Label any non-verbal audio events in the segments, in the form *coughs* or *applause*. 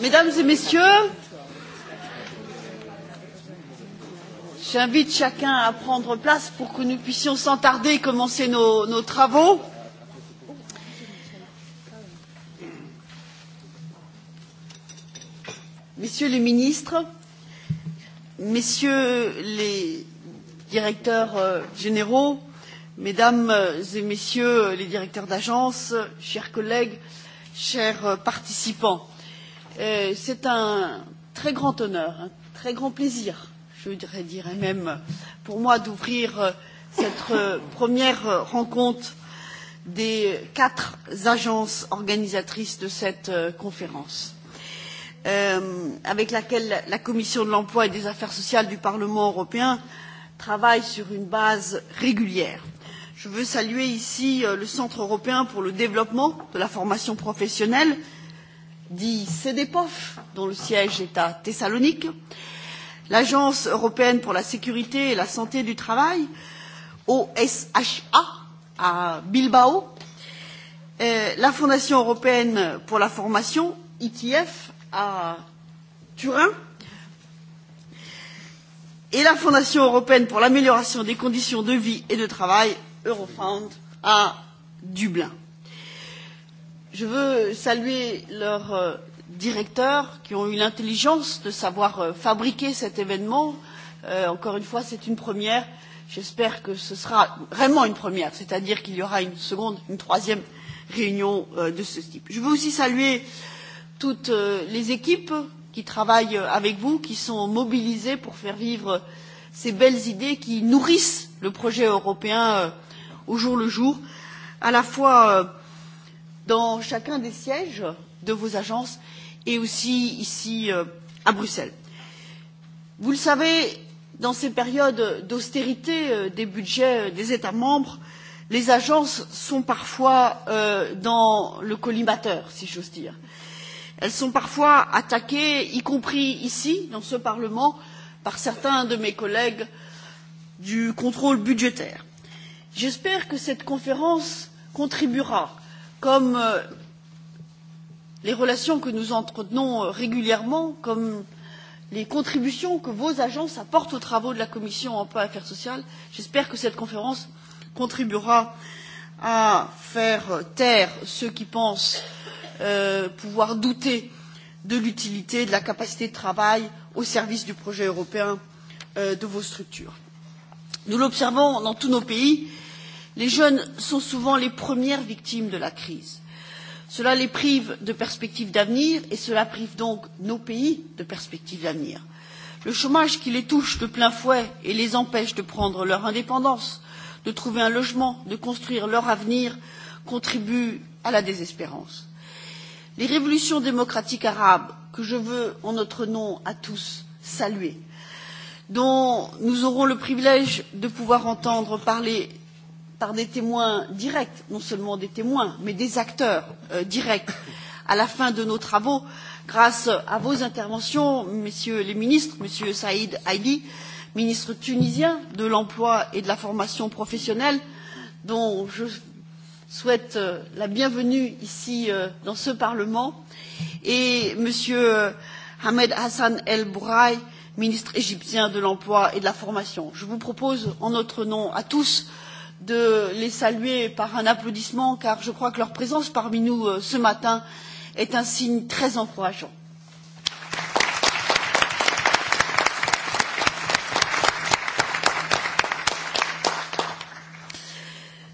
Mesdames et messieurs, j'invite chacun à prendre place pour que nous puissions sans tarder commencer nos, nos travaux. Messieurs les ministres, messieurs les directeurs euh, généraux, mesdames et messieurs les directeurs d'agence, chers collègues, chers euh, participants. Euh, c'est un très grand honneur, un très grand plaisir, je dirais même, pour moi d'ouvrir euh, cette première rencontre des quatre agences organisatrices de cette conférence avec laquelle la commission de l'emploi et des affaires sociales du parlement européen travaille sur une base régulière je veux saluer ici euh, le centre européen pour le développement de la formation professionnelle dit cedepov dont le siège est à thessalonique l'agence européenne pour la sécurité et la santé du travail osha à bilbao la fondation européenne pour la formation itf à turin et la fondation européenne pour l'amélioration des conditions de vie et de travail Eurofound à Dublin. Je veux saluer leurs euh, directeurs qui ont eu l'intelligence de savoir euh, fabriquer cet événement. Euh, encore une fois, c'est une première. J'espère que ce sera vraiment une première, c'est-à-dire qu'il y aura une seconde, une troisième réunion euh, de ce type. Je veux aussi saluer toutes euh, les équipes qui travaillent euh, avec vous, qui sont mobilisées pour faire vivre ces belles idées qui nourrissent le projet européen euh, au jour le jour, à la fois euh, dans chacun des sièges de vos agences et aussi ici euh, à Bruxelles. Vous le savez, dans ces périodes d'austérité euh, des budgets des États membres, les agences sont parfois dans le collimateur, si j'ose dire. Elles sont parfois attaquées, y compris ici, dans ce Parlement, par certains de mes collègues du contrôle budgétaire j'espère que cette conférence contribuera comme euh, les relations que nous entretenons euh, régulièrement comme les contributions que vos agences apportent aux travaux de la commission de l'emploi et des affaires sociales j'espère que cette conférence contribuera à faire taire ceux qui pensent euh, pouvoir douter de l'utilité de la capacité de travail au service du projet européen euh, de vos structures. nous l'observons dans tous nos pays les jeunes sont souvent les premières victimes de la crise. cela les prive de perspectives d'avenir et cela prive donc nos pays de perspectives d'avenir. le chômage qui les touche de plein fouet et les empêche de prendre leur indépendance de trouver un logement de construire leur avenir contribue à la désespérance. les révolutions démocratiques arabes que je veux en notre nom à tous saluer dont nous aurons le privilège de pouvoir entendre parler par des témoins directs, non seulement des témoins, mais des acteurs euh, directs à la fin de nos travaux, grâce à vos interventions, messieurs les ministres, monsieur Saïd Haïdi, ministre tunisien de l'emploi et de la formation professionnelle, dont je souhaite euh, la bienvenue ici euh, dans ce Parlement, et monsieur euh, Ahmed Hassan El Bouraï, ministre égyptien de l'emploi et de la formation. Je vous propose, en notre nom à tous, euh, de les saluer par un applaudissement car je crois que leur présence parmi nous euh, ce matin est un signe très encourageant.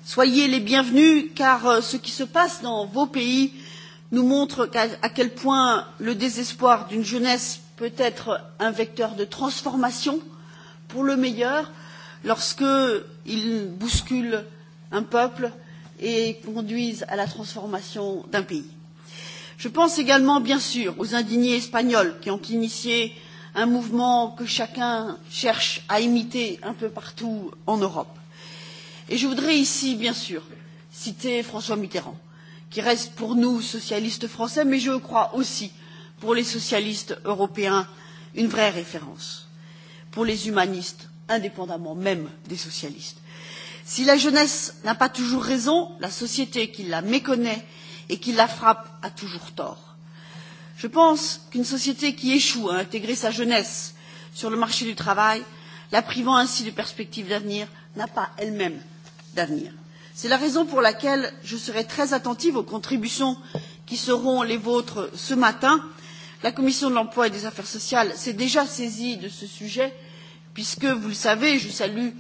Soyez les bienvenus car euh, ce qui se passe dans vos pays nous montre à quel point le désespoir d'une jeunesse peut être un vecteur de transformation pour le meilleur lorsque ils bousculent un peuple et conduisent à la transformation d'un pays. Je pense également, bien sûr, aux indignés espagnols qui ont initié un mouvement que chacun cherche à imiter un peu partout en Europe. Et je voudrais ici, bien sûr, citer François Mitterrand, qui reste pour nous socialistes français, mais je crois aussi pour les socialistes européens une vraie référence, pour les humanistes indépendamment même des socialistes. Si la jeunesse n'a pas toujours raison, la société qui la méconnaît et qui la frappe a toujours tort. Je pense qu'une société qui échoue à intégrer sa jeunesse sur le marché du travail, la privant ainsi de perspectives d'avenir, n'a pas elle-même d'avenir. C'est la raison pour laquelle je serai très attentive aux contributions qui seront les vôtres ce matin. La commission de l'emploi et des affaires sociales s'est déjà saisie de ce sujet puisque, vous le savez, je salue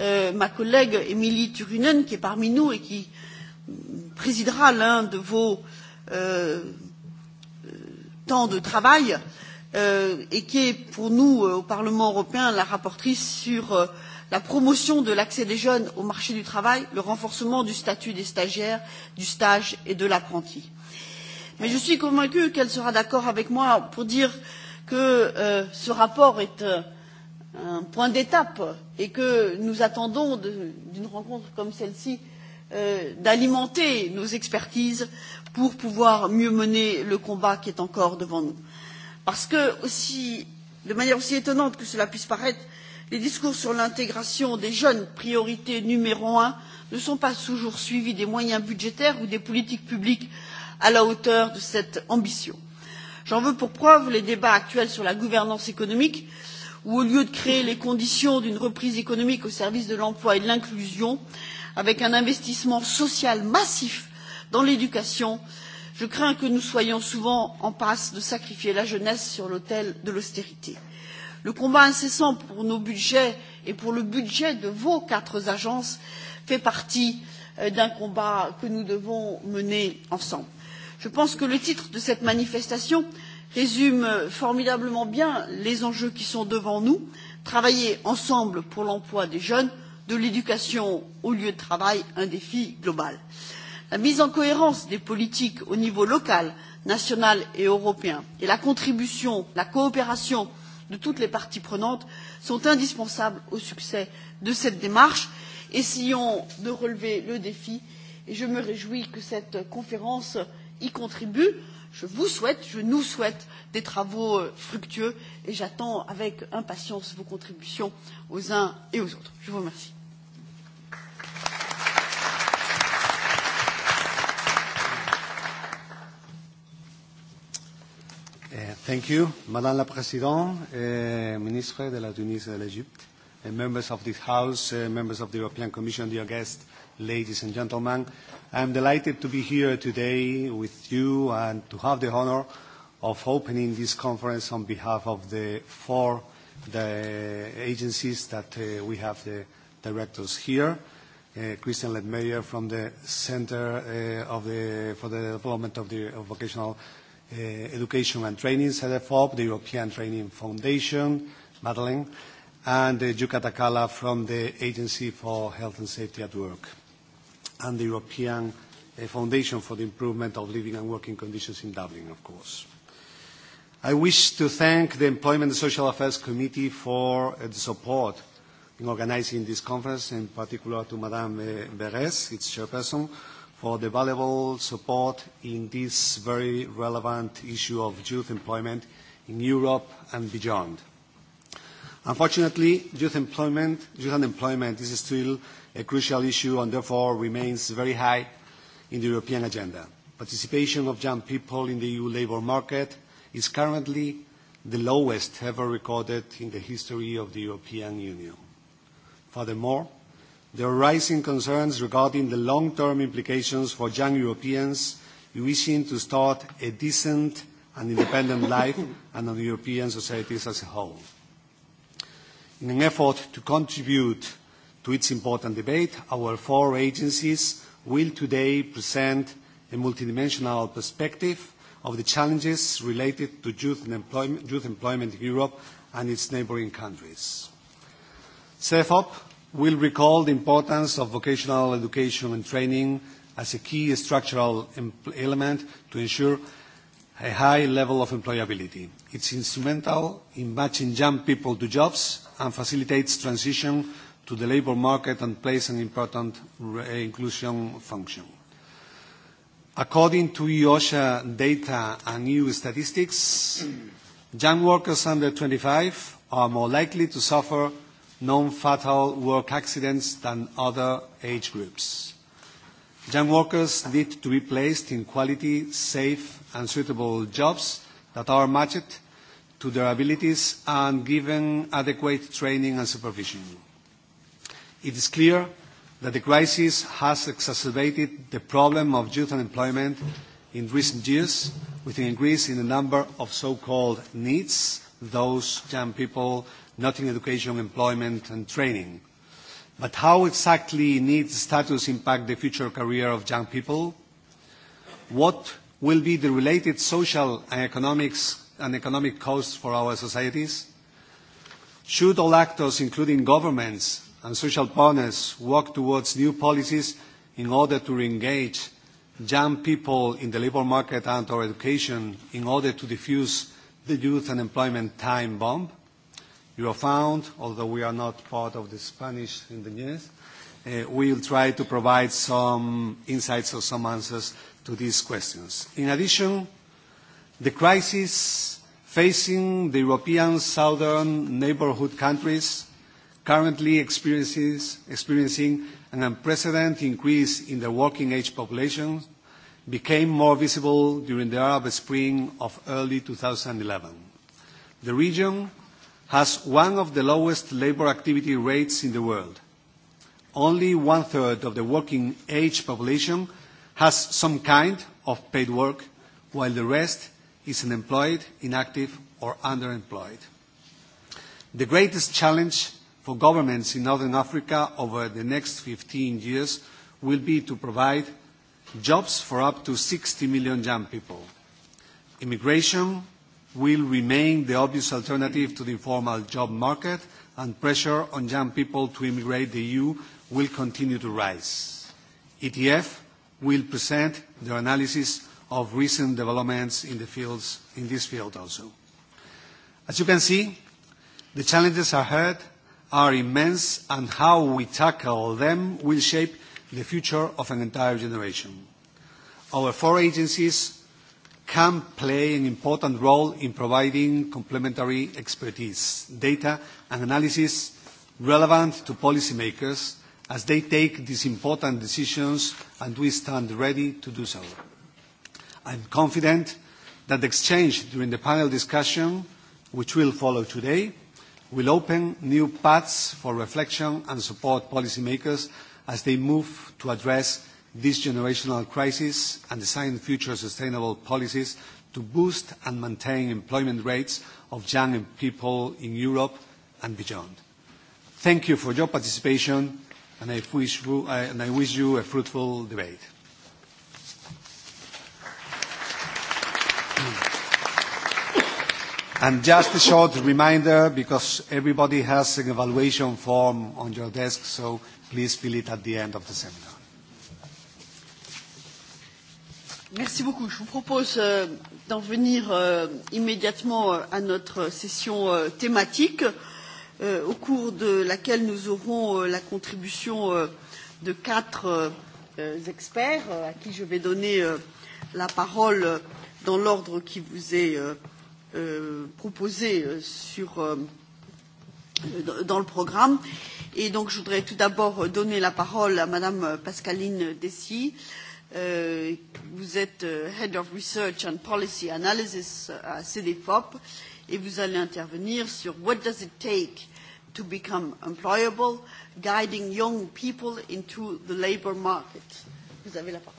euh, ma collègue emilie Turunen qui est parmi nous et qui présidera l'un de vos euh, temps de travail euh, et qui est pour nous au Parlement européen la rapporteure sur la promotion de l'accès des jeunes au marché du travail, le renforcement du statut des stagiaires, du stage et de l'apprenti. Mais je suis convaincue qu'elle sera d'accord avec moi pour dire que ce rapport est euh, un point d'étape et que nous attendons d'une rencontre comme celle ci euh, d'alimenter nos expertises pour pouvoir mieux mener le combat qui est encore devant nous. Parce que, aussi, de manière aussi étonnante que cela puisse paraître, les discours sur l'intégration des jeunes priorité numéro un ne sont pas toujours suivis des moyens budgétaires ou des politiques publiques à la hauteur de cette ambition. j'en veux pour preuve les débats actuels sur la gouvernance économique qui ou au lieu de créer les conditions d'une reprise économique au service de l'emploi et de l'inclusion avec un investissement social massif dans l'éducation je crains que nous soyons souvent en passe de sacrifier la jeunesse sur l'autel de l'austérité. le combat incessant pour nos budgets et pour le budget de vos quatre agences fait partie euh, d'un combat que nous devons mener ensemble. je pense que le titre de cette manifestation est résume formidablement bien les enjeux qui sont devant nous travailler ensemble pour l'emploi des jeunes de l'éducation au lieu de travail un défi global. la mise en cohérence des politiques au niveau local national et européen et la contribution la coopération de toutes les parties prenantes sont indispensables au succès de cette démarche. essayons de relever le défi et je me réjouis que cette conférence y contribue je vous souhaite, je nous souhaite des travaux euh, fructueux et j'attends avec impatience vos contributions aux uns et aux autres. Je vous remercie. Eh, thank you, Madame la Présidente, uh, Ministre de la Tunisie et de l'Égypte, uh, members of this House, uh, members of the European Commission, dear guests, ladies and gentlemen. I am delighted to be here today with you and to have the honor of opening this conference on behalf of the four the agencies that uh, we have the directors here. Uh, Christian Ledmeyer from the Center uh, of the, for the Development of, the, of Vocational uh, Education and Training, CEDEFOP, the European Training Foundation, Madeleine, and uh, Yuka Takala from the Agency for Health and Safety at Work and the European uh, Foundation for the Improvement of Living and Working Conditions in Dublin, of course. I wish to thank the Employment and Social Affairs Committee for uh, the support in organizing this conference, in particular to Madame uh, Beres, its chairperson, for the valuable support in this very relevant issue of youth employment in Europe and beyond. Unfortunately, youth employment, youth unemployment is still a crucial issue and therefore remains very high in the European agenda. Participation of young people in the EU labour market is currently the lowest ever recorded in the history of the European Union. Furthermore, there are rising concerns regarding the long-term implications for young Europeans wishing to start a decent and independent life and on European societies as a whole. In an effort to contribute to its important debate, our four agencies will today present a multidimensional perspective of the challenges related to youth and employment, youth employment in Europe and its neighbouring countries. CEFOP will recall the importance of vocational education and training as a key structural element to ensure a high level of employability. It's instrumental in matching young people to jobs and facilitates transition to the labour market and plays an important eh, inclusion function. According to EOSHA data and EU statistics, young workers under 25 are more likely to suffer non-fatal work accidents than other age groups. Young workers need to be placed in quality, safe and suitable jobs that are matched to their abilities and given adequate training and supervision. It is clear that the crisis has exacerbated the problem of youth unemployment in recent years with an increase in the number of so-called needs, those young people not in education, employment and training. But how exactly needs status impact the future career of young people? What will be the related social and economics and economic costs for our societies? Should all actors, including governments and social partners, work towards new policies in order to re-engage young people in the labour market and our education in order to defuse the youth unemployment time bomb? You found, although we are not part of the Spanish in the news, uh, will try to provide some insights or some answers to these questions. In addition, The crisis facing the European southern neighbourhood countries currently experiences, experiencing an unprecedented increase in the working age population became more visible during the Arab Spring of early 2011. The region has one of the lowest labour activity rates in the world. Only one-third of the working age population has some kind of paid work, while the rest is unemployed, inactive, or underemployed. The greatest challenge for governments in Northern Africa over the next 15 years will be to provide jobs for up to 60 million young people. Immigration will remain the obvious alternative to the informal job market, and pressure on young people to immigrate the EU will continue to rise. ETF will present their analysis of recent developments in, the fields, in this field also. As you can see, the challenges ahead are immense and how we tackle them will shape the future of an entire generation. Our four agencies can play an important role in providing complementary expertise, data and analysis relevant to policymakers as they take these important decisions and we stand ready to do so. I'm confident that the exchange during the panel discussion, which will follow today, will open new paths for reflection and support policymakers as they move to address this generational crisis and design future sustainable policies to boost and maintain employment rates of young people in Europe and beyond. Thank you for your participation, and I wish uh, and I wish you a fruitful debate. And just a short reminder, because everybody has an evaluation form on your desk, so please fill it at the end of the seminar. Merci beaucoup. Je vous propose euh, d'en venir euh, immédiatement euh, à notre session euh, thématique, euh, au cours de laquelle nous aurons euh, la contribution euh, de quatre euh, euh experts, euh, à qui je vais donner euh, la parole euh, dans l'ordre qui vous est euh, Euh, euh, sur, euh, dans le programme. Et donc, je voudrais tout d'abord donner la parole à Madame Pascaline Dessy. Euh, vous êtes euh, Head of Research and Policy Analysis à CDFOP et vous allez intervenir sur What does it take to become employable, guiding young people into the labor market. Vous avez la parole.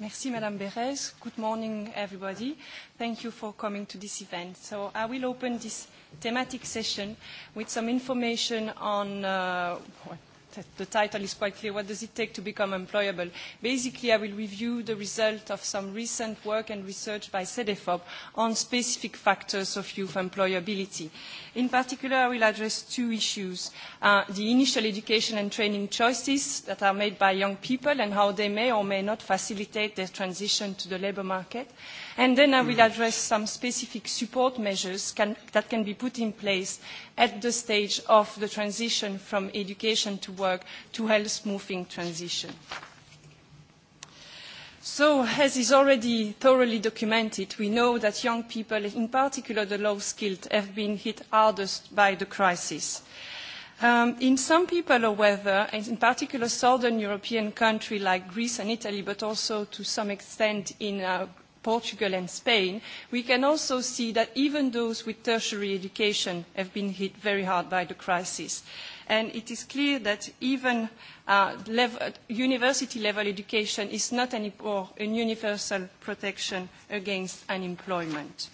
Merci, Madame Beres. Good morning, everybody. Thank you for coming to this event. So I will open this thematic session with some information on uh, the title is quite clear, what does it take to become employable? Basically, I will review the result of some recent work and research by CEDEFOP on specific factors of youth employability. In particular, I will address two issues, uh, the initial education and training choices that are made by young people and how they may or may not facilitate their transition to the labour market, And then I will address some specific support measures can, that can be put in place at the stage of the transition from education to work to help smoothing transition. So, as is already thoroughly documented, we know that young people, in particular the low-skilled, have been hit hardest by the crisis. Um, in some people, however, and in particular southern European countries like Greece and Italy, but also to some extent in uh, Portugal and Spain, we can also see that even those with tertiary education have been hit very hard by the crisis. And it is clear that even uh, university level education is not anymore a universal protection against unemployment.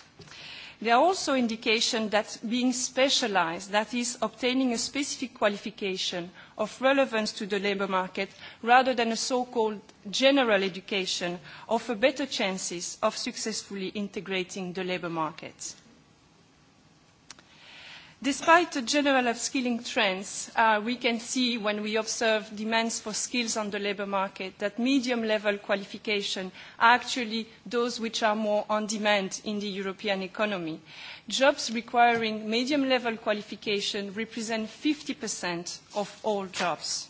There are also indications that being specialized, that is, obtaining a specific qualification of relevance to the labour market rather than a so-called general education offer better chances of successfully integrating the labour market. Despite the general upskilling trends, uh, we can see when we observe demands for skills on the labour market that medium-level qualification are actually those which are more on demand in the European economy jobs requiring medium-level qualification represent 50% of all jobs.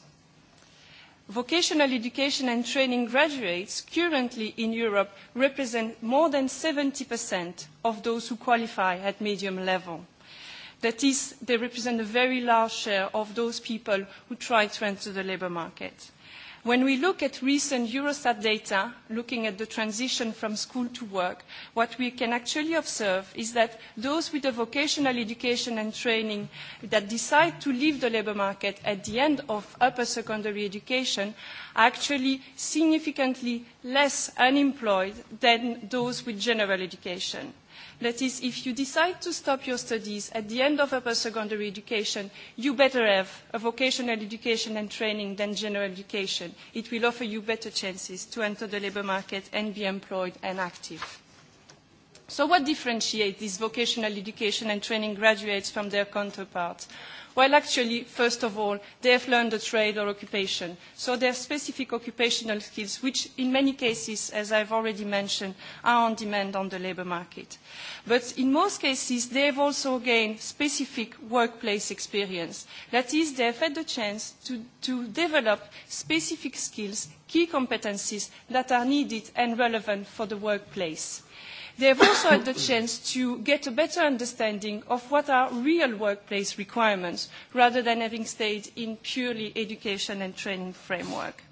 Vocational education and training graduates currently in Europe represent more than 70% of those who qualify at medium level. That is, they represent a very large share of those people who try to enter the labour market. When we look at recent Eurostat data, looking at the transition from school to work, what we can actually observe is that those with a vocational education and training that decide to leave the labour market at the end of upper secondary education are actually significantly less unemployed than those with general education. That is, if you decide to stop your studies at the end of upper secondary education, you better have a vocational education and training than general education. It will offer you better chances to enter the labour market and be employed and active. So what differentiates these vocational education and training graduates from their counterparts? Well, actually, first of all, they have learned a trade or occupation. So they have specific occupational skills, which in many cases, as I've already mentioned, are on demand on the labour market. But in most cases, they have also gained specific workplace experience. That is, they have had the chance to, to develop specific skills, key competencies that are needed and relevant for the workplace. They have also had the chance to get a better understanding of what are real workplace requirements rather than having stayed in purely education and training framework.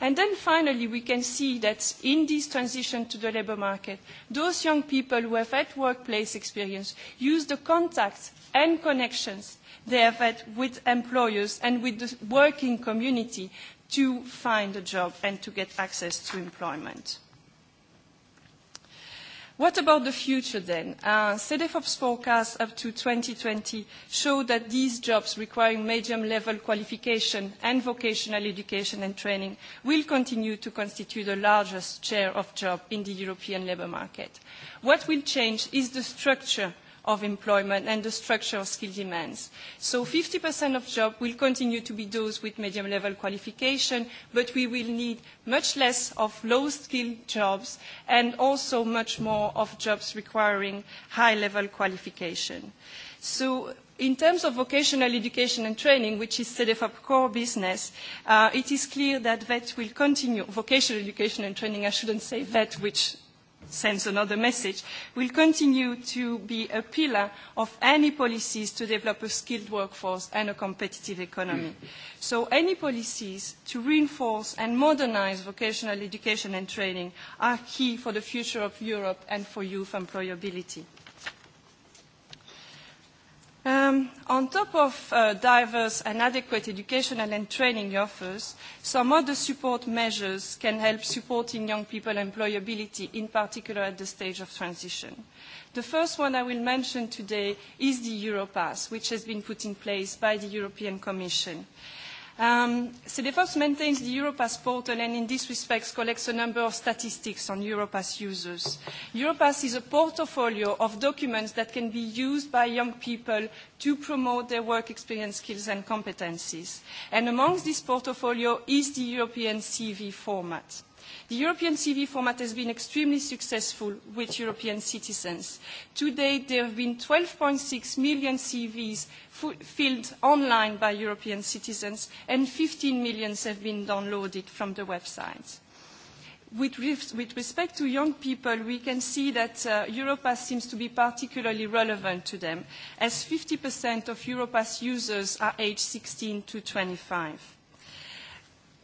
And then finally, we can see that in this transition to the labour market, those young people who have had workplace experience use the contacts and connections they have had with employers and with the working community to find a job and to get access to employment. What about the future then? Uh, CDFOP's forecasts up to 2020 show that these jobs requiring medium-level qualification and vocational education and training will continue to constitute the largest share of jobs in the European labour market. What will change is the structure of employment and the structure of skill demands. So 50% of jobs will continue to be those with medium level qualification, but we will need much less of low skilled jobs and also much more of jobs requiring high level qualification. So in terms of vocational education and training, which is CEDEFOP core business, uh, it is clear that VET will continue, vocational education and training, I shouldn't say VET, which sends another message, will continue to be a pillar of any policies to develop a skilled workforce and a competitive economy. Hmm. So any policies to reinforce and modernize vocational education and training are key for the future of Europe and for youth employability. Um, on top of uh, diverse and adequate educational and training offers, some other support measures can help supporting young people employability, in particular at the stage of transition. The first one I will mention today is the Europass, which has been put in place by the European Commission. Um, CDFOS maintains the Europass portal and in this respect collects a number of statistics on Europass users. Europass is a portfolio of documents that can be used by young people to promote their work experience, skills and competencies. And amongst this portfolio is the European CV format. The European CV format has been extremely successful with European citizens. To date, there have been 12.6 million CVs filled online by European citizens, and 15 million have been downloaded from the website. With, with respect to young people, we can see that uh, Europass seems to be particularly relevant to them, as 50% of Europass users are aged 16 to 25.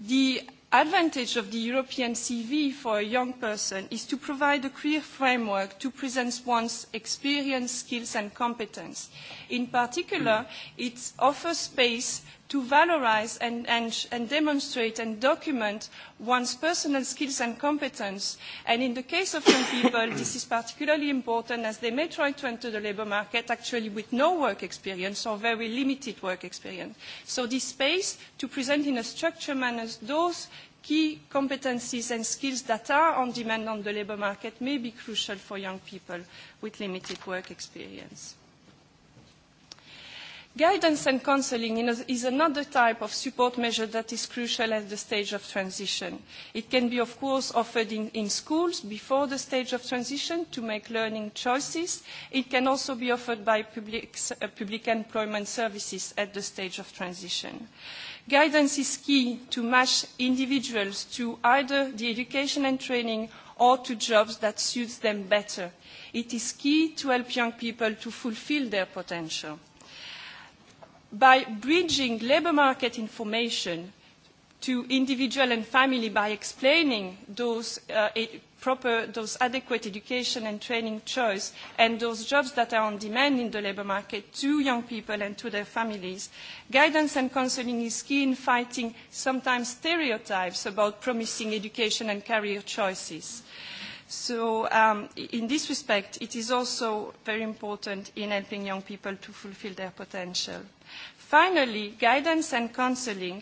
The advantage of the European CV for a young person is to provide a clear framework to present one's experience, skills and competence. In particular, it offers space to valorize and, and, and demonstrate and document one's personal skills and competence. And in the case of young people, *coughs* this is particularly important as they may try to enter the labor market actually with no work experience or very limited work experience. So this space to present in a structured manner those key competencies and skills that are on demand on the labour market may be crucial for young people with limited work experience. Guidance and counseling is another type of support measure that is crucial at the stage of transition. It can be, of course, offered in, in schools before the stage of transition to make learning choices. It can also be offered by public, uh, public employment services at the stage of transition. Guidance is key to match individuals to either the education and training or to jobs that suits them better. It is key to help young people to fulfill their potential by bridging labour market information to individual and family by explaining those uh, e, proper, those adequate education and training choice and those jobs that are on demand in the labour market to young people and to their families. Guidance and counselling is key in fighting sometimes stereotypes about promising education and career choices. So um, in this respect, it is also very important in helping young people to fulfil their potential. Finally, guidance and counselling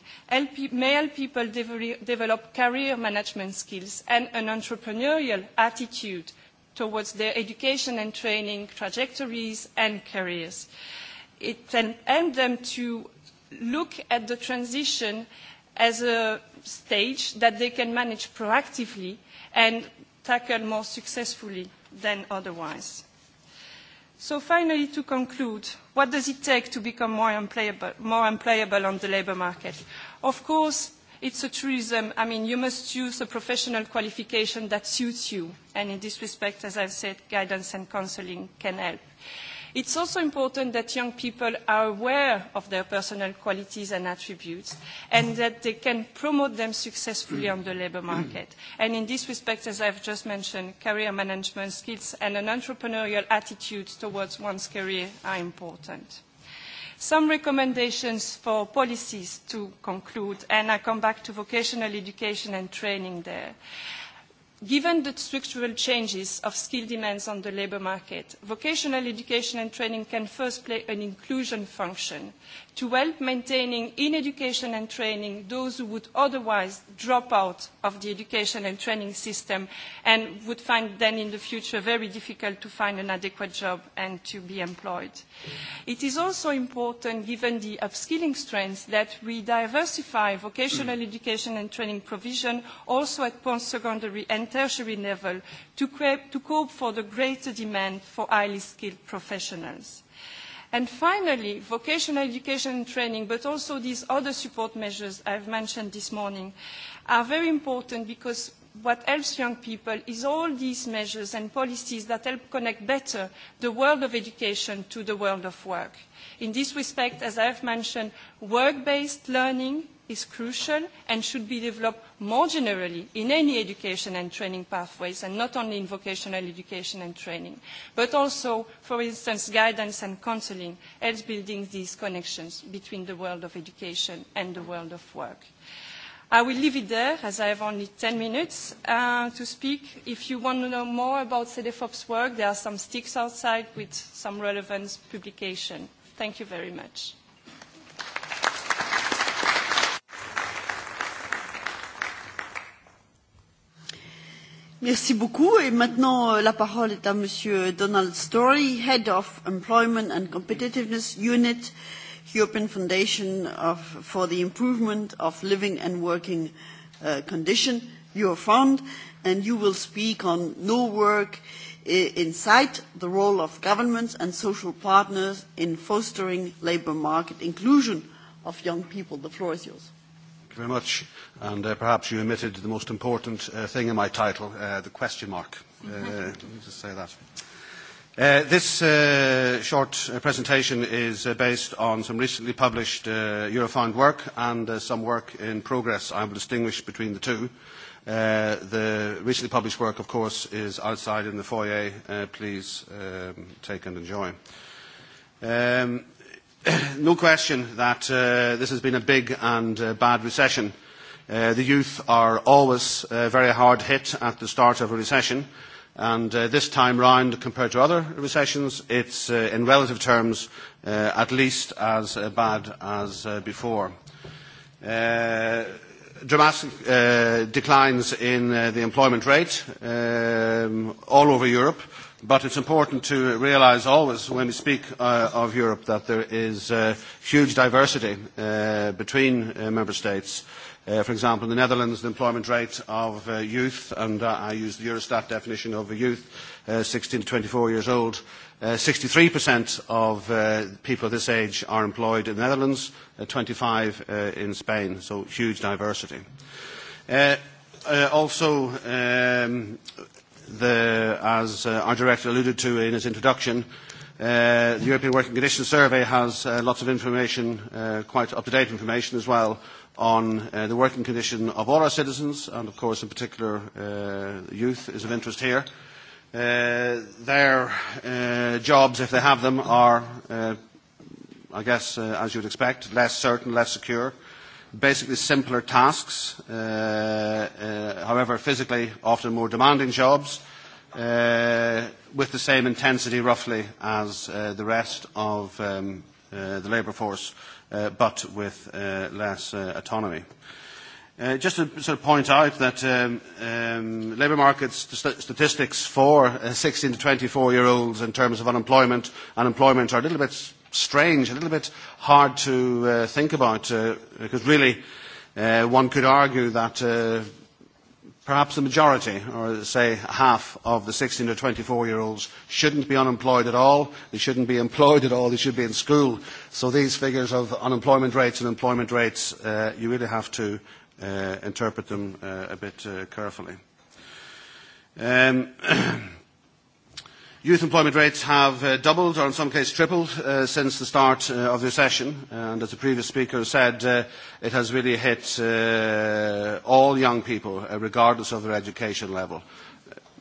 may help people develop career management skills and an entrepreneurial attitude towards their education and training trajectories and careers. It can help them to look at the transition as a stage that they can manage proactively and tackle more successfully than otherwise. So finally, to conclude, what does it take to become more employable, more employable on the labour market? Of course, it's a truism. I mean, you must use a professional qualification that suits you. And in this respect, as I've said, guidance and counselling can help. It's also important that young people are aware of their personal qualities and attributes and that they can promote them successfully on the labour market. And in this respect, as I've just mentioned, career management skills and an entrepreneurial attitude towards one's career are important some recommendations for policies to conclude, and I come back to vocational education and training there. Given the structural changes of skill demands on the labour market, vocational education and training can first play an inclusion function to help maintaining in education and training those who would otherwise drop out of the education and training system and would find then in the future very difficult to find an adequate job and to be employed. It is also important, given the upskilling strengths, that we diversify vocational mm. education and training provision also at post-secondary and tertiary level to, create, to cope for the greater demand for highly skilled professionals. And finally, vocational education and training, but also these other support measures I've mentioned this morning, are very important because what helps young people is all these measures and policies that help connect better the world of education to the world of work. In this respect, as I have mentioned, work-based learning is crucial and should be developed more generally in any education and training pathways and not only in vocational education and training, but also, for instance, guidance and counselling helps building these connections between the world of education and the world of work. I will leave it there, as I have only 10 minutes uh, to speak. If you want to know more about CDFOP's work, there are some sticks outside with some relevant publication. Thank you very much. Merci beaucoup. Et maintenant, euh, la parole est à Monsieur Donald Story, Head of Employment and Competitiveness Unit European Foundation of, for the Improvement of Living and Working uh, Condition, Eurofund, and you will speak on no work inside the role of governments and social partners in fostering labour market inclusion of young people. The floor is yours. Thank you very much. And uh, perhaps you omitted the most important uh, thing in my title, uh, the question mark. Uh, let me just say that. Uh, Uh, this uh, short uh, presentation is uh, based on some recently published uh, Eurofound work and uh, some work in progress. I will distinguish between the two. Uh, The recently published work, of course, is outside in the foyer. Uh, Please um, take and enjoy. Um, *coughs* no question that uh, this has been a big and uh, bad recession. Uh, The youth are always uh, very hard hit at the start of a recession, and uh, this time round, compared to other recessions, it's uh, in relative terms uh, at least as uh, bad as uh, before. Uh, dramatic uh, declines in uh, the employment rate um, all over Europe, but it's important to realise always when we speak uh, of Europe that there is uh, huge diversity uh, between uh, member states. Uh, Uh, for example, in the Netherlands, the employment rate of uh, youth, and uh, I use the Eurostat definition of youth, uh, 16 to 24 years old, uh, 63% of uh, people this age are employed in the Netherlands, uh, 25 uh, in Spain, so huge diversity. Uh, uh, also, um, the, as uh, our director alluded to in his introduction, uh, the European Working Conditions Survey has uh, lots of information, uh, quite up-to-date information as well, on uh, the working condition of all our citizens, and of course in particular uh, youth is of interest here. Uh, their uh, jobs, if they have them, are, uh, I guess, uh, as you'd expect, less certain, less secure, basically simpler tasks, uh, uh, however physically often more demanding jobs, uh, with the same intensity roughly as uh, the rest of um, uh, the labour force. Uh, uh, but with uh, less uh, autonomy. Uh, just to sort of point out that um, um, labour market st- statistics for uh, 16 to 24 year olds in terms of unemployment and are a little bit strange, a little bit hard to uh, think about, uh, because really uh, one could argue that uh, perhaps the majority, or say half, of the 16 to 24-year-olds shouldn't be unemployed at all. They shouldn't be employed at all. They should be in school. So these figures of unemployment rates and employment rates, uh, you really have to uh, interpret them uh, a bit uh, carefully. Um, *clears throat* Youth employment rates have uh, doubled, or in some cases tripled, uh, since the start uh, of the recession. And as the previous speaker said, uh, it has really hit uh, all young people, uh, regardless of their education level.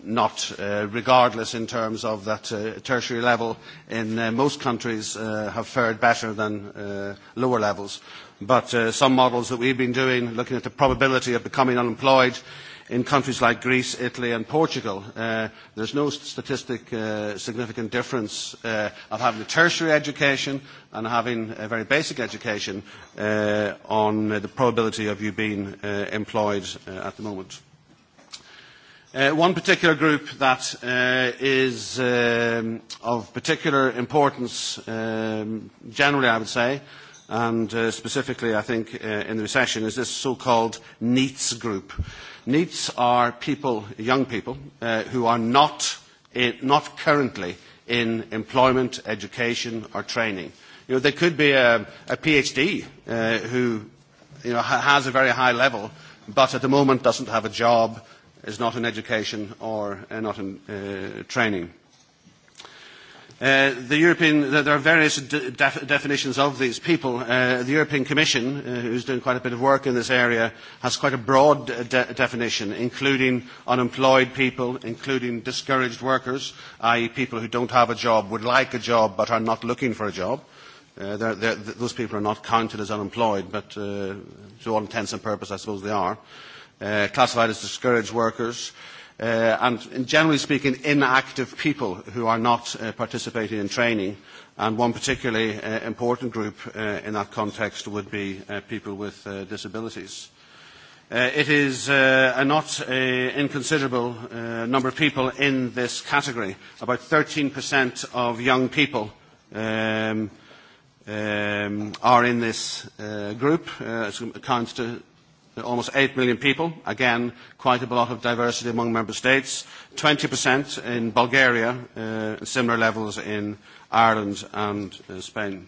Not uh, regardless in terms of that uh, tertiary level in uh, most countries uh, have fared better than uh, lower levels. But uh, some models that we've been doing, looking at the probability of becoming unemployed, in countries like Greece, Italy and Portugal, uh, there's no statistic uh, significant difference uh, of having a tertiary education and having a very basic education uh, on uh, the probability of you being uh, employed uh, at the moment. Uh, one particular group that uh, is um, of particular importance, um, generally I would say, and uh, specifically I think uh, in the recession, is this so-called NEETS group. Uh, NEETs are people, young people, uh, who are not, in, not currently in employment, education or training. You know, there could be a, a PhD uh, who you know, ha- has a very high level, but at the moment doesn't have a job, is not in education or uh, not in uh, training. Uh, the European, there are various de- def- definitions of these people. Uh, the European Commission, uh, who's doing quite a bit of work in this area, has quite a broad de- definition, including unemployed people, including discouraged workers, i.e. people who don't have a job, would like a job, but are not looking for a job. Uh, they're, they're, those people are not counted as unemployed, but uh, to all intents and purposes, I suppose they are. Uh, classified as discouraged workers. Uh, uh, and generally speaking inactive people who are not uh, participating in training and one particularly uh, important group uh, in that context would be uh, people with uh, disabilities. Uh, it is uh, a not a uh, inconsiderable uh, number of people in this category. About 13% of young people um, um, are in this uh, group. Uh, it accounts to There are almost 8 million people. Again, quite a lot of diversity among member states. 20% in Bulgaria, uh, similar levels in Ireland and uh, Spain.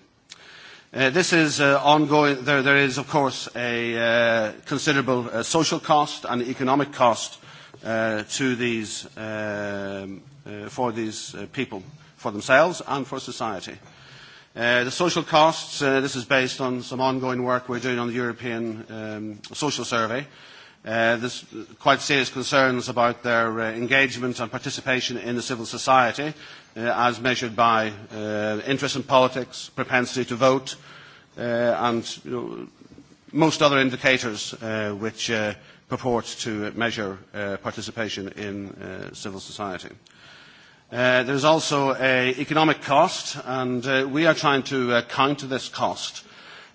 Uh, this is uh, ongoing. There, there is, of course, a uh, considerable uh, social cost and economic cost uh, to these, uh, uh, for these uh, people, for themselves and for society. Uh, the social costs, uh, this is based on some ongoing work we're doing on the European um, Social Survey. Uh, there's quite serious concerns about their uh, engagement and participation in the civil society uh, as measured by uh, interest in politics, propensity to vote, uh, and you know, most other indicators uh, which uh, purport to measure uh, participation in uh, civil society. Uh, Uh, there's also an economic cost, and uh, we are trying to uh, counter this cost.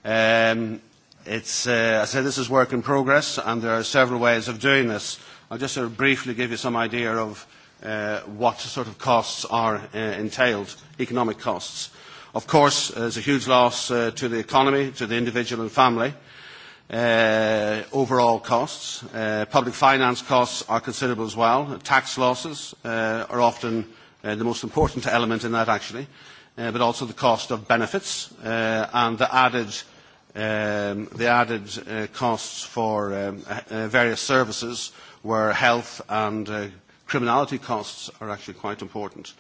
Um, it's, uh, I say this is work in progress, and there are several ways of doing this. I'll just sort of briefly give you some idea of uh, what sort of costs are uh, entailed, economic costs. Of course, there's a huge loss uh, to the economy, to the individual and family. Uh, overall costs. Uh, public finance costs are considerable as well. Tax losses uh, are often uh, Uh, the most important element in that actually, uh, but also the cost of benefits uh, and the added, um, costs for um, various services where health and criminality costs are actually quite important.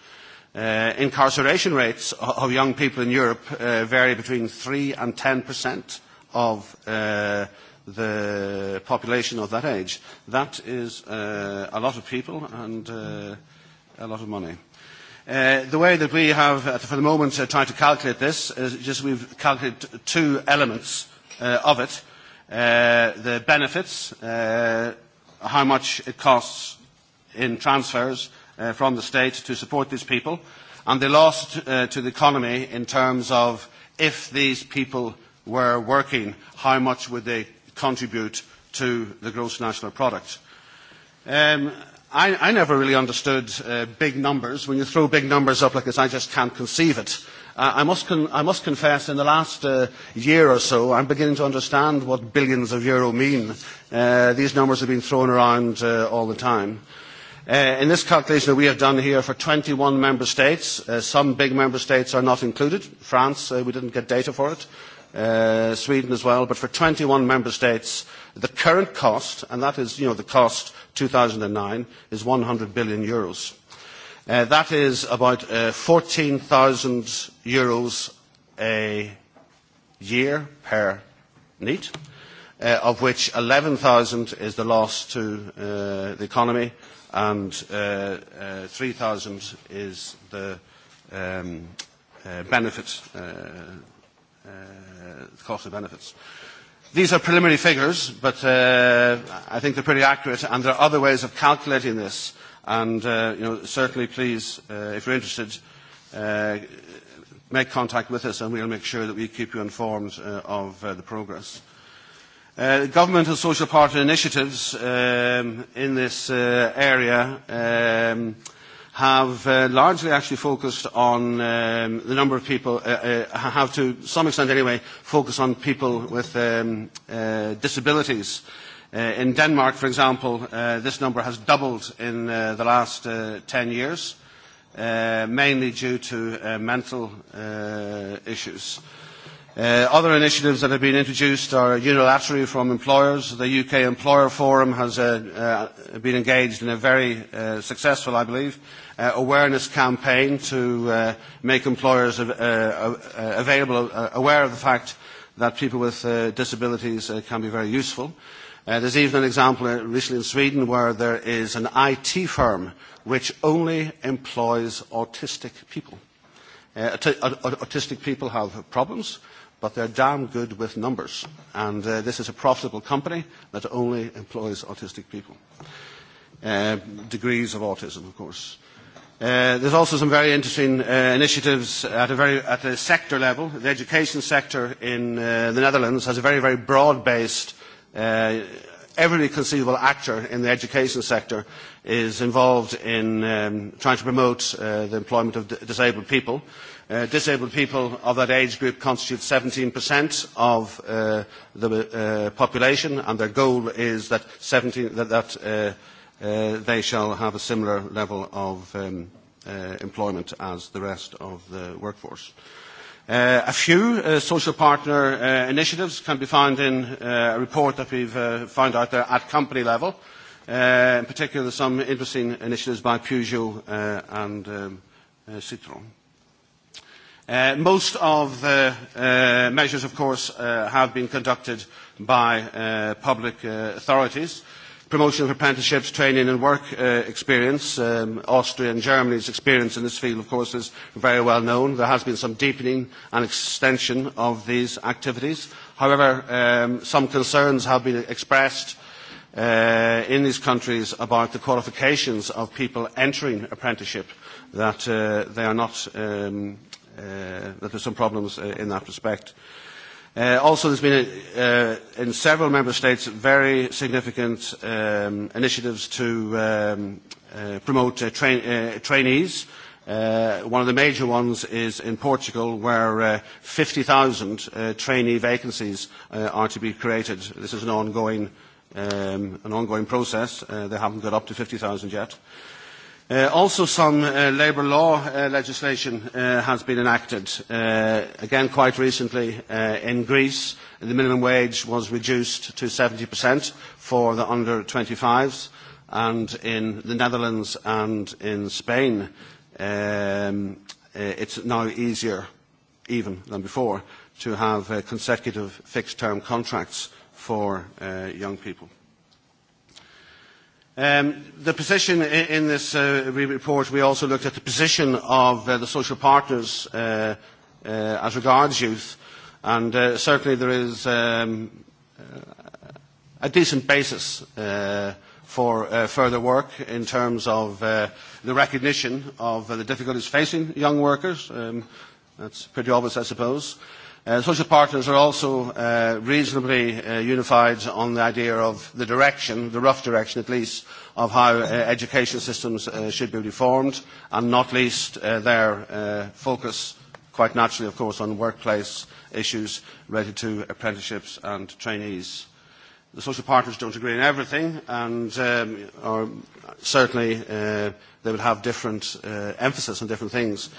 incarceration rates of young people in Europe vary between 3 and 10 of the population of that age. That is a lot of people and a lot of money. Uh, the way that we have, uh, for the moment, uh, tried to calculate this is just we've calculated two elements uh, of it. Uh, the benefits, uh, how much it costs in transfers uh, from the state to support these people, and the loss uh, to the economy in terms of if these people were working, how much would they contribute to the gross national product. Um, i, I never really understood uh, big numbers. When you throw big numbers up like this, I just can't conceive it. Uh, I, must con- I must confess, in the last uh, year or so, I'm beginning to understand what billions of euro mean. Uh, these numbers have been thrown around uh, all the time. Uh, in this calculation that we have done here for 21 member states, uh, some big member states are not included. France, uh, we didn't get data for it. Uh, Sweden as well, but for 21 member states, the current cost, and that is, you know, the cost 2009 is 100 billion euros. Uh, that is about uh, 14,000 euros a year per NEET, uh, of which 11,000 is the loss to uh, the economy and uh, uh, 3,000 is the um, uh, benefit, uh, uh, cost of benefits. Uh, These are preliminary figures, but uh, I think they're pretty accurate, and there are other ways of calculating this. And uh, you know, certainly, please, uh, if you're interested, uh, make contact with us, and we'll make sure that we keep you informed uh, of uh, the progress. Uh, government and social partner initiatives um, in this uh, area. Um, have uh, largely actually focused on um, the number of people, uh, uh, have to some extent anyway, focus on people with um, uh, disabilities. Uh, in Denmark, for example, uh, this number has doubled in uh, the last uh, 10 years, uh, mainly due to uh, mental uh, issues. Uh, other initiatives that have been introduced are unilaterally from employers. The UK Employer Forum has uh, uh, been engaged in a very uh, successful, I believe, uh, awareness campaign to uh, make employers uh, uh, available, uh, aware of the fact that people with uh, disabilities uh, can be very useful. Uh, there's even an example uh, recently in Sweden where there is an IT firm which only employs autistic people. Uh, autistic people have problems but they're damn good with numbers. And uh, this is a profitable company that only employs autistic people. Uh, degrees of autism, of course. Uh, there's also some very interesting uh, initiatives at a, very, at a sector level. The education sector in uh, the Netherlands has a very, very broad-based, uh, every conceivable actor in the education sector is involved in um, trying to promote uh, the employment of disabled people. Uh, disabled people of that age group constitute 17% of uh, the uh, population, and their goal is that, 17, that, that uh, uh, they shall have a similar level of um, uh, employment as the rest of the workforce. Uh, a few uh, social partner uh, initiatives can be found in uh, a report that we've uh, found out there at company level, uh, in particular some interesting initiatives by Peugeot uh, and um, uh, Citroën. Uh, most of the uh, measures, of course, uh, have been conducted by uh, public uh, authorities. Promotion of apprenticeships, training and work uh, experience. Um, Austria and Germany's experience in this field, of course, is very well known. There has been some deepening and extension of these activities. However, um, some concerns have been expressed uh, in these countries about the qualifications of people entering apprenticeship, that uh, they are not um, Uh, that there's some problems uh, in that respect. Uh, also, there's been, a, uh, in several member states, very significant um, initiatives to um, uh, promote uh, tra uh, trainees. Uh, one of the major ones is in Portugal, where uh, 50,000 uh, trainee vacancies uh, are to be created. This is an ongoing, um, an ongoing process. Uh, they haven't got up to 50,000 yet. Uh, Uh, also, some uh, labour law uh, legislation uh, has been enacted. Uh, again, quite recently uh, in Greece, the minimum wage was reduced to 70% for the under 25s, and in the Netherlands and in Spain, um, uh, it's now easier even than before to have uh, consecutive fixed-term contracts for uh, young people. Um, the position in, in this uh, report, we also looked at the position of uh, the social partners uh, uh, as regards youth, and uh, certainly there is um, uh, a decent basis uh, for uh, further work in terms of uh, the recognition of uh, the difficulties facing young workers. Um, that's pretty obvious, I suppose. Uh, Uh, social partners are also uh, reasonably uh, unified on the idea of the direction, the rough direction at least, of how uh, education systems uh, should be reformed, and not least uh, their uh, focus, quite naturally, of course, on workplace issues related to apprenticeships and trainees. The social partners don't agree on everything, and um, are certainly uh, they would have different uh, emphasis on different things.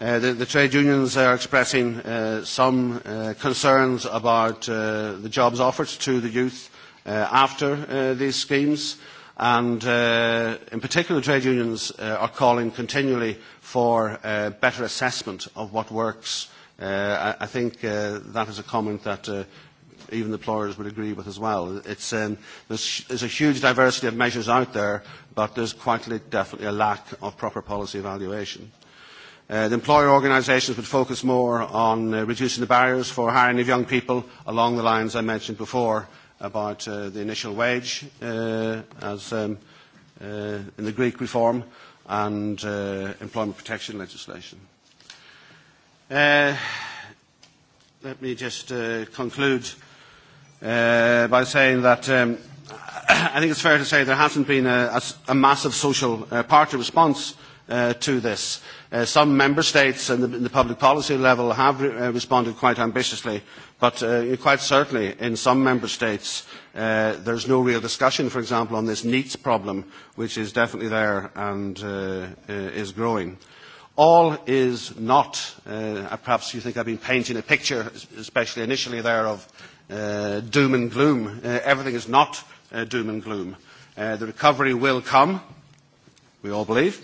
Uh, the, the trade unions are expressing uh, some uh, concerns about uh, the jobs offered to the youth uh, after uh, these schemes. And uh, in particular, trade unions uh, are calling continually for uh, better assessment of what works. Uh, I, I think uh, that is a comment that uh, even the employers would agree with as well. It's, um, there's, there's a huge diversity of measures out there, but there's quite definitely a lack of proper policy evaluation. Uh, the employer organisations would focus more on uh, reducing the barriers for hiring of young people along the lines I mentioned before about uh, the initial wage uh, as um, uh, in the Greek reform and uh, employment protection legislation. Uh, let me just uh, conclude uh, by saying that um, *coughs* I think it's fair to say there hasn't been a, a, a massive social uh, party response uh, to this. Uh, Uh, some member states and the, the public policy level have re uh, responded quite ambitiously, but uh, quite certainly in some member states uh, there's no real discussion, for example, on this NEATS problem, which is definitely there and uh, uh, is growing. All is not, uh, uh perhaps you think I've been painting a picture, especially initially there, of uh, doom and gloom. Uh, everything is not uh, doom and gloom. Uh, the recovery will come, we all believe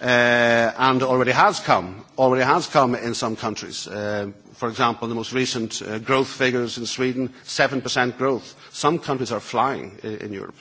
uh, and already has come, already has come in some countries. Uh, for example, the most recent uh, growth figures in Sweden, 7% growth. Some countries are flying in, in Europe.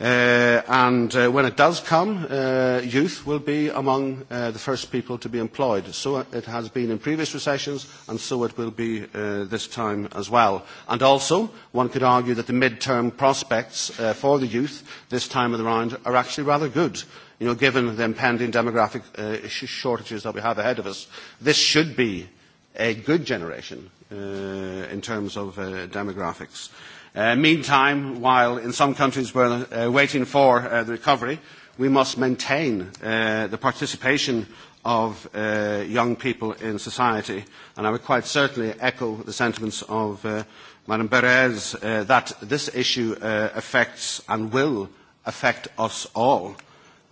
Uh, and uh, when it does come, uh, youth will be among uh, the first people to be employed. So it has been in previous recessions, and so it will be uh, this time as well. And also, one could argue that the mid-term prospects uh, for the youth this time around are actually rather good you know, given the impending demographic uh, shortages that we have ahead of us, this should be a good generation uh, in terms of uh, demographics. Uh, meantime, while in some countries we're uh, waiting for uh, the recovery, we must maintain uh, the participation of uh, young people in society. And I would quite certainly echo the sentiments of uh, Madam Perez uh, that this issue uh, affects and will affect us all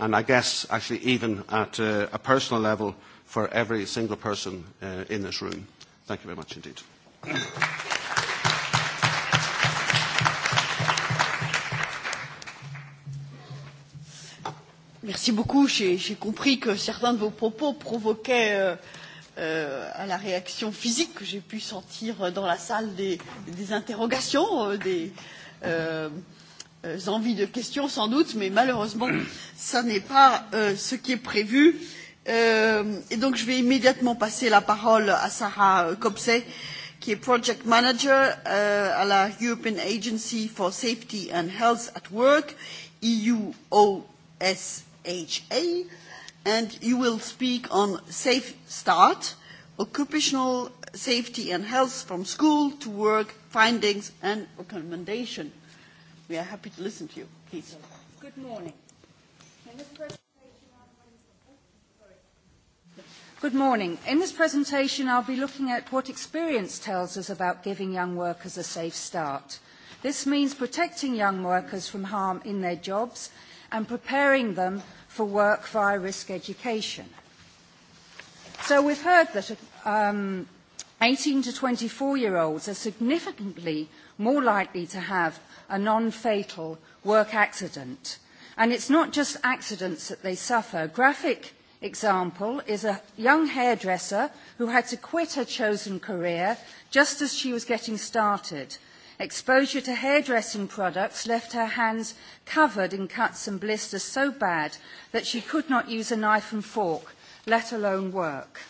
and I guess actually even at a, uh, a personal level for every single person uh, in this room. Thank you very much indeed. Merci beaucoup. J'ai compris que certains de vos propos provoquaient euh, euh, à la réaction physique que j'ai pu sentir dans la salle des, des interrogations, euh, des, euh, euh, envies de questions sans doute, mais malheureusement, ce n'est pas euh, ce qui est prévu. Euh, et donc, je vais immédiatement passer la parole à Sarah Kopsey, euh, qui est Project Manager à la European Agency for Safety and Health at Work, EUOSHA, and you will speak on Safe Start, occupational safety and health from school to work, findings and recommendations. We are happy to listen to you. Please. Good morning. Good morning. In this presentation, I'll be looking at what experience tells us about giving young workers a safe start. This means protecting young workers from harm in their jobs and preparing them for work via risk education. So we've heard that um, 18 to 24 year olds are significantly more likely to have a non-fatal work accident. And it's not just accidents that they suffer. Graphic example is a young hairdresser who had to quit her chosen career just as she was getting started. Exposure to hairdressing products left her hands covered in cuts and blisters so bad that she could not use a knife and fork, let alone work.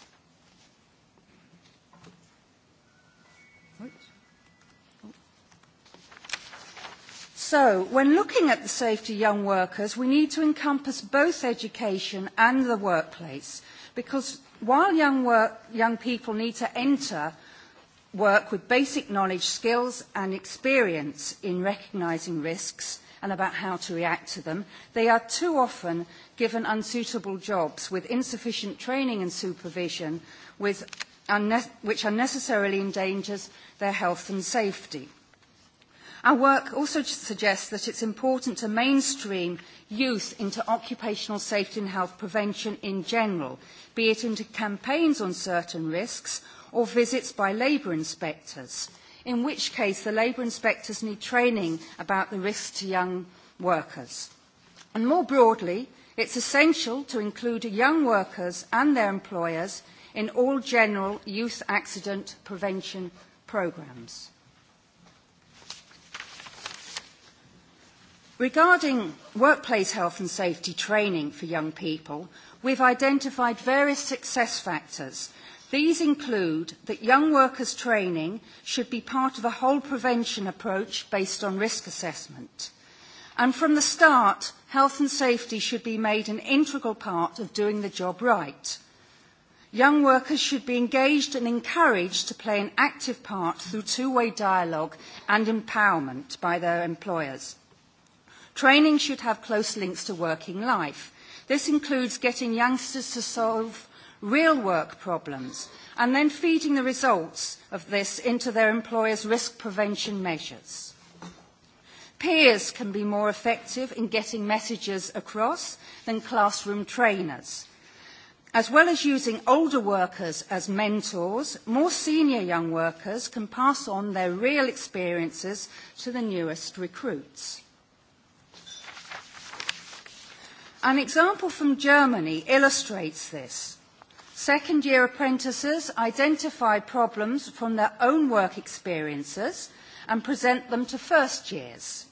So, when looking at the safety of young workers, we need to encompass both education and the workplace, because while young, work, young people need to enter work with basic knowledge, skills and experience in recognising risks and about how to react to them, they are too often given unsuitable jobs with insufficient training and supervision with unne- which unnecessarily endangers their health and safety. Our work also suggests that it's important to mainstream youth into occupational safety and health prevention in general, be it into campaigns on certain risks or visits by labour inspectors, in which case the labour inspectors need training about the risks to young workers. And more broadly, it's essential to include young workers and their employers in all general youth accident prevention programmes. Regarding workplace health and safety training for young people, we've identified various success factors. These include that young workers' training should be part of a whole prevention approach based on risk assessment. And from the start, health and safety should be made an integral part of doing the job right. Young workers should be engaged and encouraged to play an active part through two-way dialogue and empowerment by their employers. Training should have close links to working life. This includes getting youngsters to solve real work problems and then feeding the results of this into their employers' risk prevention measures. Peers can be more effective in getting messages across than classroom trainers. As well as using older workers as mentors, more senior young workers can pass on their real experiences to the newest recruits. An example from Germany illustrates this. Second year apprentices identify problems from their own work experiences and present them to first years.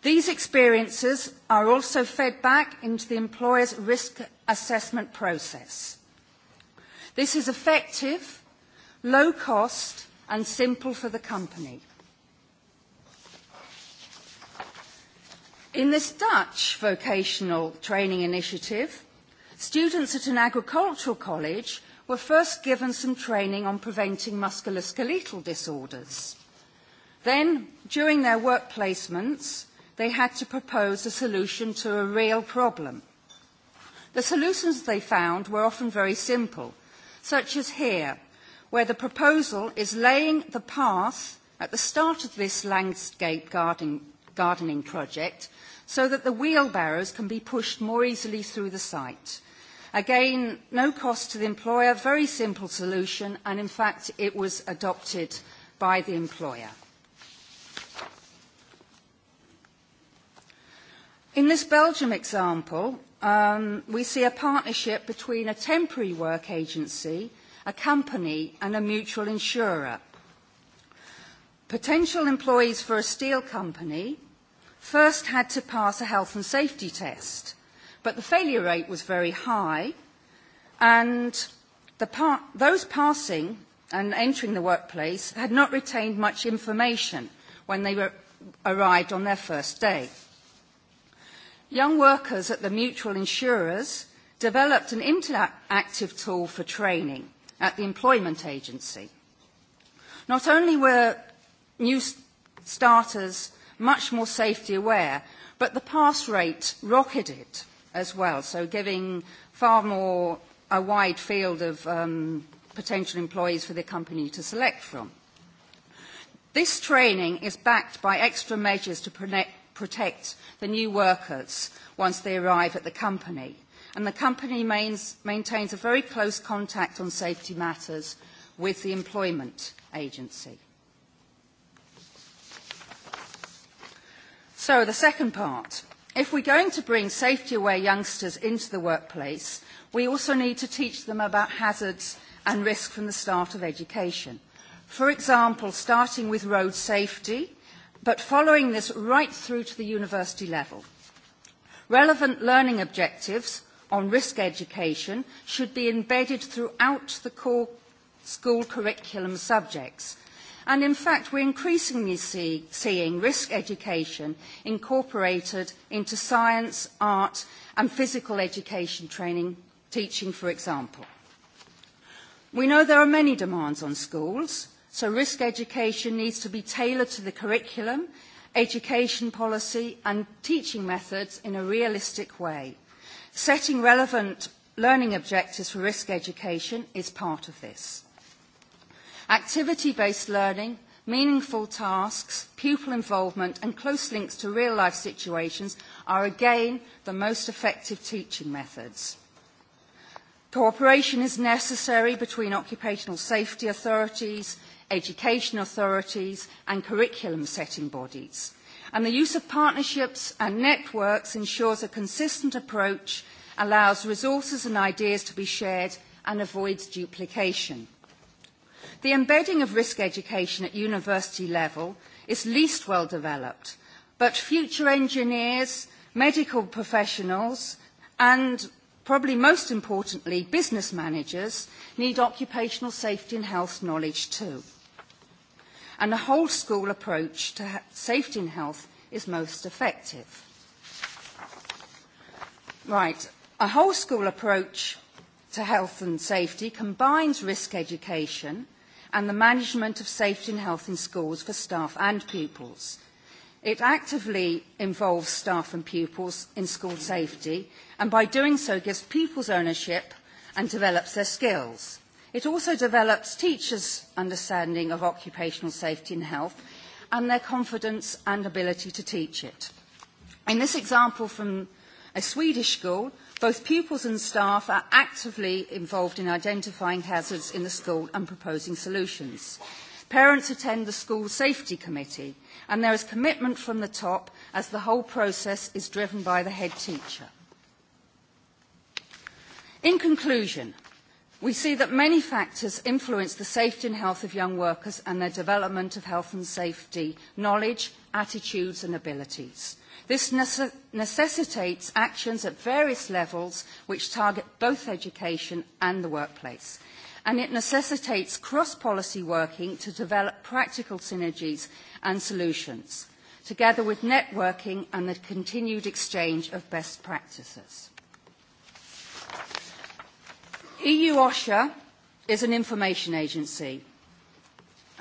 These experiences are also fed back into the employer's risk assessment process. This is effective, low cost and simple for the company. In this Dutch vocational training initiative, students at an agricultural college were first given some training on preventing musculoskeletal disorders. Then, during their work placements, they had to propose a solution to a real problem. The solutions they found were often very simple, such as here, where the proposal is laying the path at the start of this landscape garden gardening project so that the wheelbarrows can be pushed more easily through the site. Again, no cost to the employer, very simple solution, and in fact it was adopted by the employer. In this Belgium example, um, we see a partnership between a temporary work agency, a company and a mutual insurer. Potential employees for a steel company first had to pass a health and safety test, but the failure rate was very high, and the par- those passing and entering the workplace had not retained much information when they were, arrived on their first day. Young workers at the mutual insurers developed an interactive tool for training at the employment agency. Not only were new starters much more safety aware, but the pass rate rocketed as well, so giving far more a wide field of um, potential employees for the company to select from. This training is backed by extra measures to protect the new workers once they arrive at the company. And the company mains, maintains a very close contact on safety matters with the employment agency. So the second part. If we're going to bring safety-aware youngsters into the workplace, we also need to teach them about hazards and risk from the start of education. For example, starting with road safety, but following this right through to the university level. Relevant learning objectives on risk education should be embedded throughout the core school curriculum subjects, And in fact, are increasingly see, seeing risk education incorporated into science, art, and physical education training, teaching, for example. We know there are many demands on schools, so risk education needs to be tailored to the curriculum, education policy, and teaching methods in a realistic way. Setting relevant learning objectives for risk education is part of this. Activity-based learning, meaningful tasks, pupil involvement and close links to real-life situations are again the most effective teaching methods. Cooperation is necessary between occupational safety authorities, education authorities and curriculum setting bodies. And the use of partnerships and networks ensures a consistent approach, allows resources and ideas to be shared and avoids duplication. The embedding of risk education at university level is least well developed, but future engineers, medical professionals, and probably most importantly, business managers need occupational safety and health knowledge too. And a whole school approach to safety and health is most effective. Right, a whole school approach to health and safety combines risk education and the management of safety and health in schools for staff and pupils. It actively involves staff and pupils in school safety and by doing so gives pupils ownership and develops their skills. It also develops teachers' understanding of occupational safety and health and their confidence and ability to teach it. In this example from a Swedish school, Both pupils and staff are actively involved in identifying hazards in the school and proposing solutions. Parents attend the school safety committee and there is commitment from the top as the whole process is driven by the head teacher. In conclusion, We see that many factors influence the safety and health of young workers and their development of health and safety knowledge, attitudes and abilities. This necessitates actions at various levels which target both education and the workplace. And it necessitates cross-policy working to develop practical synergies and solutions, together with networking and the continued exchange of best practices. EU OSHA is an information agency.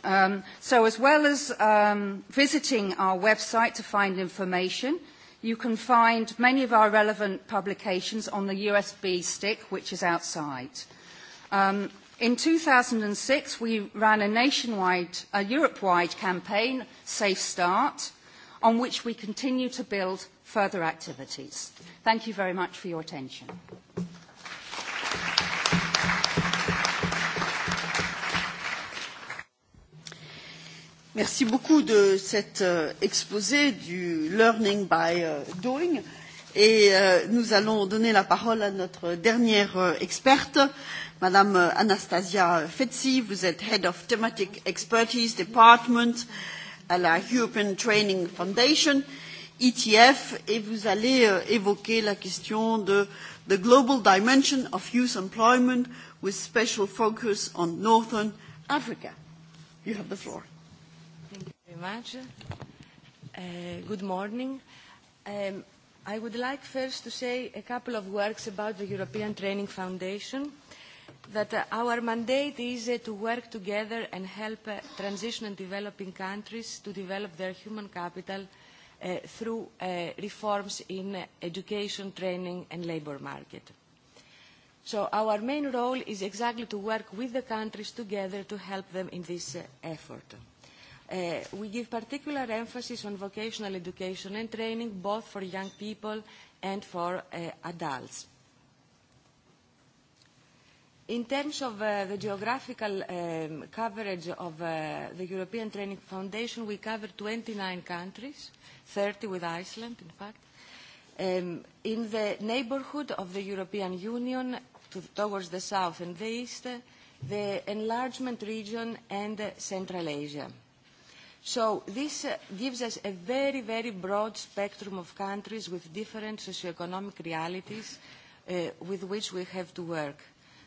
Um, so as well as um, visiting our website to find information, you can find many of our relevant publications on the USB stick, which is outside. Um, in 2006, we ran a nationwide, a Europe-wide campaign, Safe Start, on which we continue to build further activities. Thank you very much for your attention. Merci beaucoup de cet euh, exposé du Learning by euh, Doing. Et euh, nous allons donner la parole à notre dernière experte, Madame Anastasia Fetsi. Vous êtes Head of Thematic Expertise Department à la European Training Foundation, ETF, et vous allez évoquer la question de the global dimension of youth employment with special focus on Northern Africa. You have the floor very much. Uh, good morning. Um, I would like first to say a couple of words about the European Training Foundation, that uh, our mandate is uh, to work together and help uh, transition and developing countries to develop their human capital uh, through uh, reforms in uh, education, training and labour market. So our main role is exactly to work with the countries together to help them in this uh, effort. Uh, we give particular emphasis on vocational education and training, both for young people and for uh, adults. In terms of uh, the geographical um, coverage of uh, the European Training Foundation, we cover 29 countries, 30 with Iceland, in fact. Um, in the neighborhood of the European Union, to, towards the south and the east, the enlargement region and uh, Central Asia. So this uh, gives us a very, very broad spectrum of countries with different socioeconomic realities uh, with which we have to work.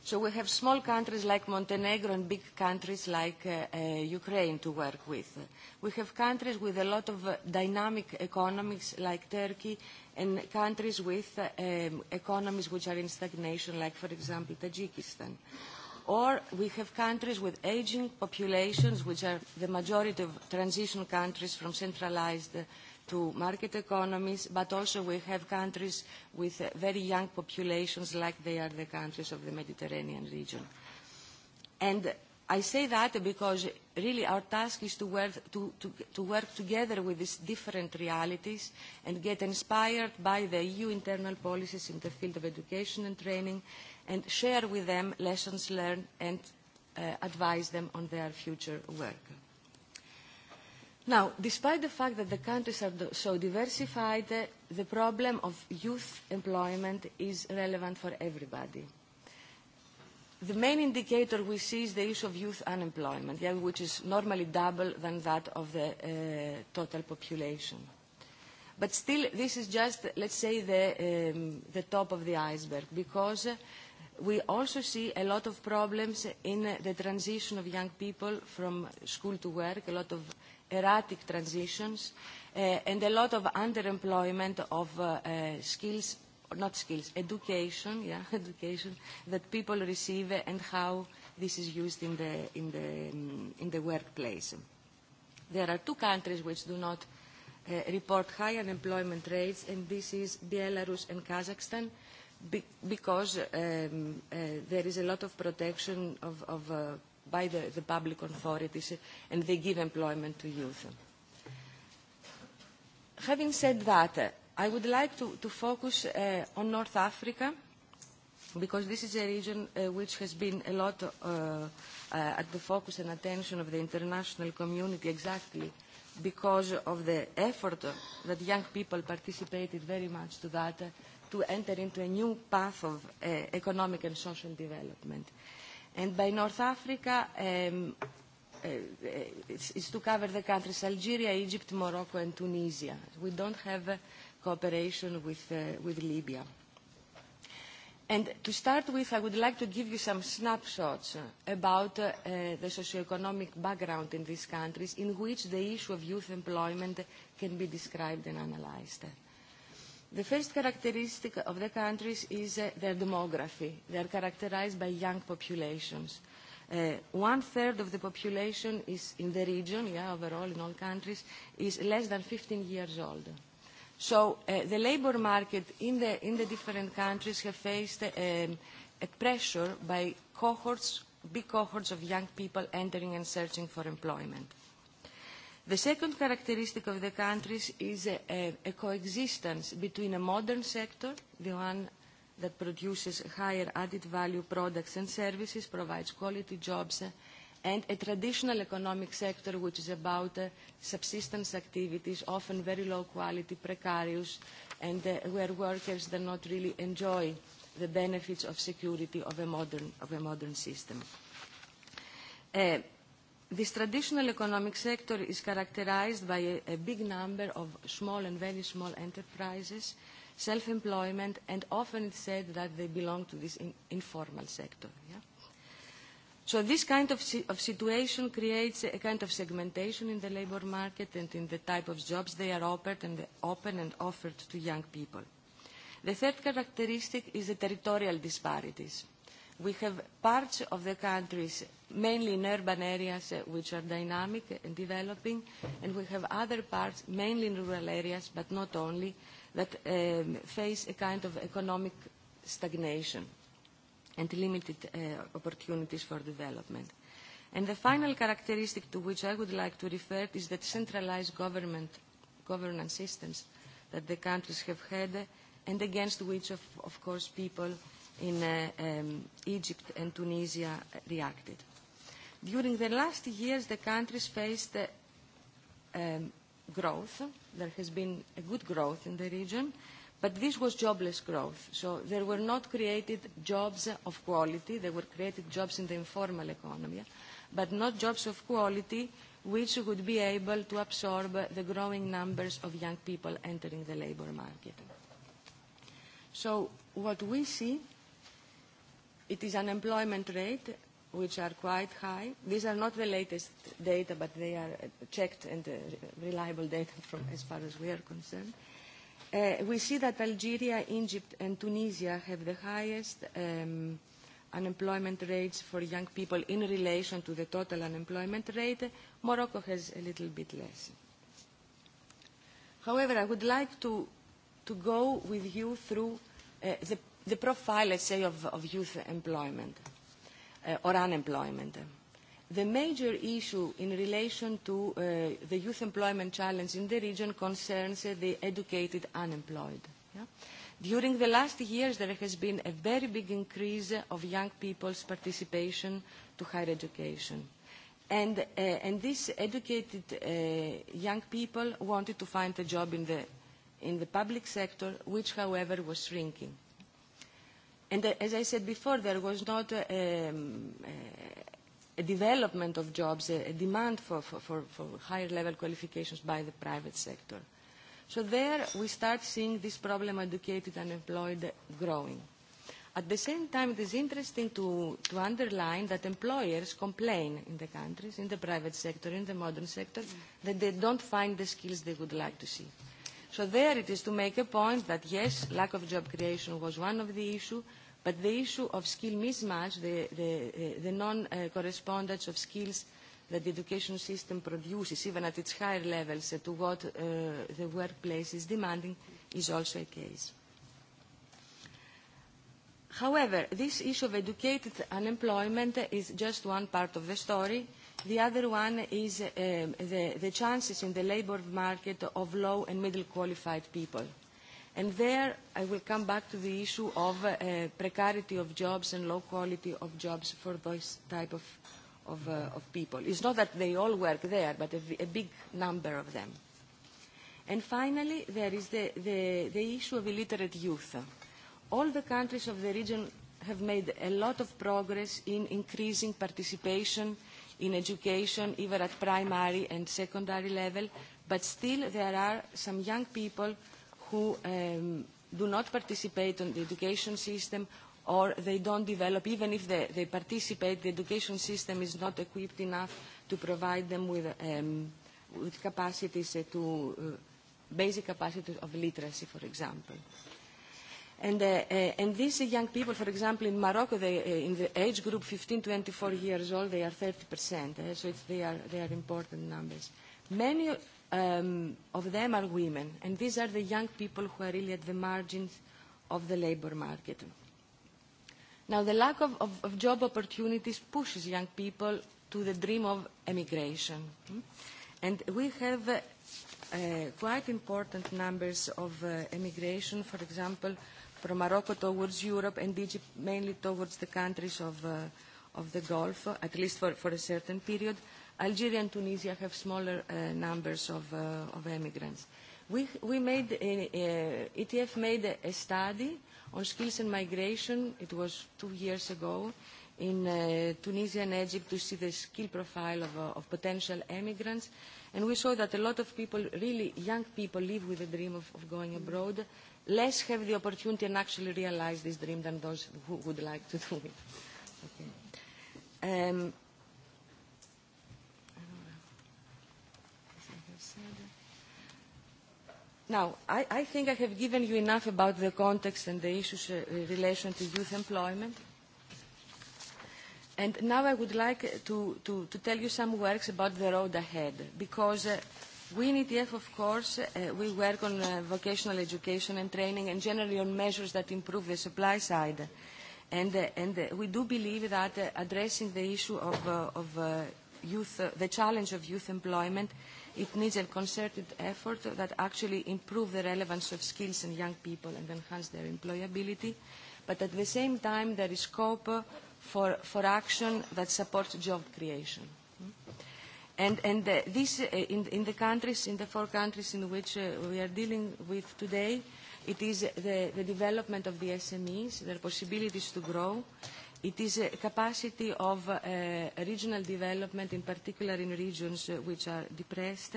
So we have small countries like Montenegro and big countries like uh, uh, Ukraine to work with. We have countries with a lot of uh, dynamic economies like Turkey and countries with uh, um, economies which are in stagnation like, for example, Tajikistan. Uh, or we have countries with aging populations, which are the majority of transition countries from centralized to market economies, but also we have countries with uh, very young populations like they are the countries of the Mediterranean region. And I say that because really our task is to work, to, to, to work together with these different realities and get inspired by the EU internal policies in the field of education and training and share with them lessons learned and uh, advise them on their future work. Now, despite the fact that the countries are so diversified, the problem of youth employment is relevant for everybody. The main indicator we see is the issue of youth unemployment, yeah, which is normally double than that of the uh, total population. But still, this is just, let's say, the, um, the top of the iceberg, because uh, We also see a lot of problems in the transition of young people from school to work, a lot of erratic transitions, uh, and a lot of underemployment of uh, uh, skills, not skills, education, *laughs* yeah, education that people receive and how this is used in the, in the, mm, in the workplace. There are two countries which do not uh, report high unemployment rates, and this is Belarus and Kazakhstan because um, uh, there is a lot of protection of, of, uh, by the, the public authorities and they give employment to youth. Having said that, uh, I would like to, to focus uh, on North Africa because this is a region uh, which has been a lot uh, uh, at the focus and attention of the international community exactly because of the effort that young people participated very much to that uh, to enter into a new path of uh, economic and social development. And by North Africa, um, uh, it's, it's to cover the countries Algeria, Egypt, Morocco, and Tunisia. We don't have uh, cooperation with, uh, with Libya. And to start with, I would like to give you some snapshots about uh, uh, the socioeconomic background in these countries in which the issue of youth employment can be described and analyzed. Uh, The first characteristic of the countries is uh, their demography. They are characterized by young populations. Uh, one third of the population is in the region, yeah, overall in all countries, is less than 15 years old. So uh, the labor market in the, in the different countries have faced um, a pressure by cohorts, big cohorts of young people entering and searching for employment. The second characteristic of the countries is a, a, a coexistence between a modern sector, the one that produces higher added value products and services, provides quality jobs, and a traditional economic sector which is about uh, subsistence activities, often very low quality, precarious, and uh, where workers do not really enjoy the benefits of security of a modern, of a modern system. Uh, This traditional economic sector is characterized by a, a big number of small and very small enterprises, self-employment, and often it's said that they belong to this in, informal sector. Yeah? So this kind of, si of situation creates a a kind of segmentation in the labor market and in the type of jobs they are offered and, open and offered to young people. The third characteristic is the territorial disparities. We have parts of the countries mainly in urban areas uh, which are dynamic and developing, and we have other parts, mainly in rural areas, but not only, that um, face a kind of economic stagnation and limited uh, opportunities for development. And the final characteristic to which I would like to refer is that centralized government governance systems that the countries have had and against which, of, of course, people in uh, um, Egypt and Tunisia reacted. During the last years, the countries faced uh, um, growth. There has been a good growth in the region, but this was jobless growth. So there were not created jobs of quality. There were created jobs in the informal economy, but not jobs of quality which would be able to absorb the growing numbers of young people entering the labor market. So what we see, it is unemployment rate which are quite high. These are not the latest data, but they are uh, checked and uh, reliable data from as far as we are concerned. Uh, we see that Algeria, Egypt, and Tunisia have the highest um, unemployment rates for young people in relation to the total unemployment rate. Morocco has a little bit less. However, I would like to, to go with you through uh, the, the profile, let's say, of, of youth employment. Uh, or unemployment. The major issue in relation to uh, the youth employment challenge in the region concerns uh, the educated unemployed. Yeah? During the last years, there has been a very big increase of young people's participation to higher education. And, uh, and these educated uh, young people wanted to find a job in the, in the public sector, which, however, was shrinking. And uh, as I said before, there was not uh, um, uh, a development of jobs, a, a demand for, for, for higher level qualifications by the private sector. So there we start seeing this problem educated and employed growing. At the same time, it is interesting to, to underline that employers complain in the countries, in the private sector, in the modern sector, that they don't find the skills they would like to see. So there it is to make a point that yes, lack of job creation was one of the issues, but the issue of skill mismatch, the, the, uh, the non-correspondence of skills that the education system produces, even at its higher levels, to what uh, the workplace is demanding, is also a case. However, this issue of educated unemployment is just one part of the story The other one is uh, the, the chances in the labour market of low and middle qualified people. And there I will come back to the issue of uh, precarity of jobs and low quality of jobs for those type of, of, uh, of people. It's not that they all work there, but a, a big number of them. And finally, there is the, the, the issue of illiterate youth. All the countries of the region have made a lot of progress in increasing participation in education, even at primary and secondary level, but still there are some young people who um, do not participate in the education system or they don't develop, even if they, they participate, the education system is not equipped enough to provide them with, um, with capacities uh, to, uh, basic capacities of literacy, for example. And, uh, uh, and these young people, for example, in Morocco, they, uh, in the age group 15 to 24 years old, they are 30%. Uh, eh? so it's, they, are, they are important numbers. Many um, of them are women, and these are the young people who are really at the margins of the labor market. Now, the lack of, of, of job opportunities pushes young people to the dream of emigration. Hmm? And we have uh, uh, quite important numbers of uh, emigration, for example, from Morocco towards Europe and Egypt mainly towards the countries of, uh, of the Gulf, at least for, for a certain period. Algeria and Tunisia have smaller uh, numbers of, uh, of immigrants. We, we made, uh, uh ETF made a, a study on skills and migration. It was two years ago in uh, Tunisia and Egypt to see the skill profile of, uh, of potential emigrants. And we saw that a lot of people, really young people, live with the dream of, of going abroad. Mm-hmm less have the opportunity and actually realize this dream than those who would like to do it. Okay. Um, Now, I, I think I have given you enough about the context and the issues uh, in relation to youth employment. And now I would like to, to, to tell you some words about the road ahead, because uh, We in ETF, of course, uh, we work on uh, vocational education and training and generally on measures that improve the supply side. And, uh, and uh, we do believe that uh, addressing the issue of, uh, of uh, youth, uh, the challenge of youth employment, it needs a concerted effort that actually improve the relevance of skills in young people and enhance their employability. But at the same time, there is scope for, for action that supports job creation. Mm -hmm. And, and uh, this, uh, in, in the countries, in the four countries in which uh, we are dealing with today, it is the, the development of the SMEs, their possibilities to grow. It is a capacity of uh, regional development, in particular in regions uh, which are depressed,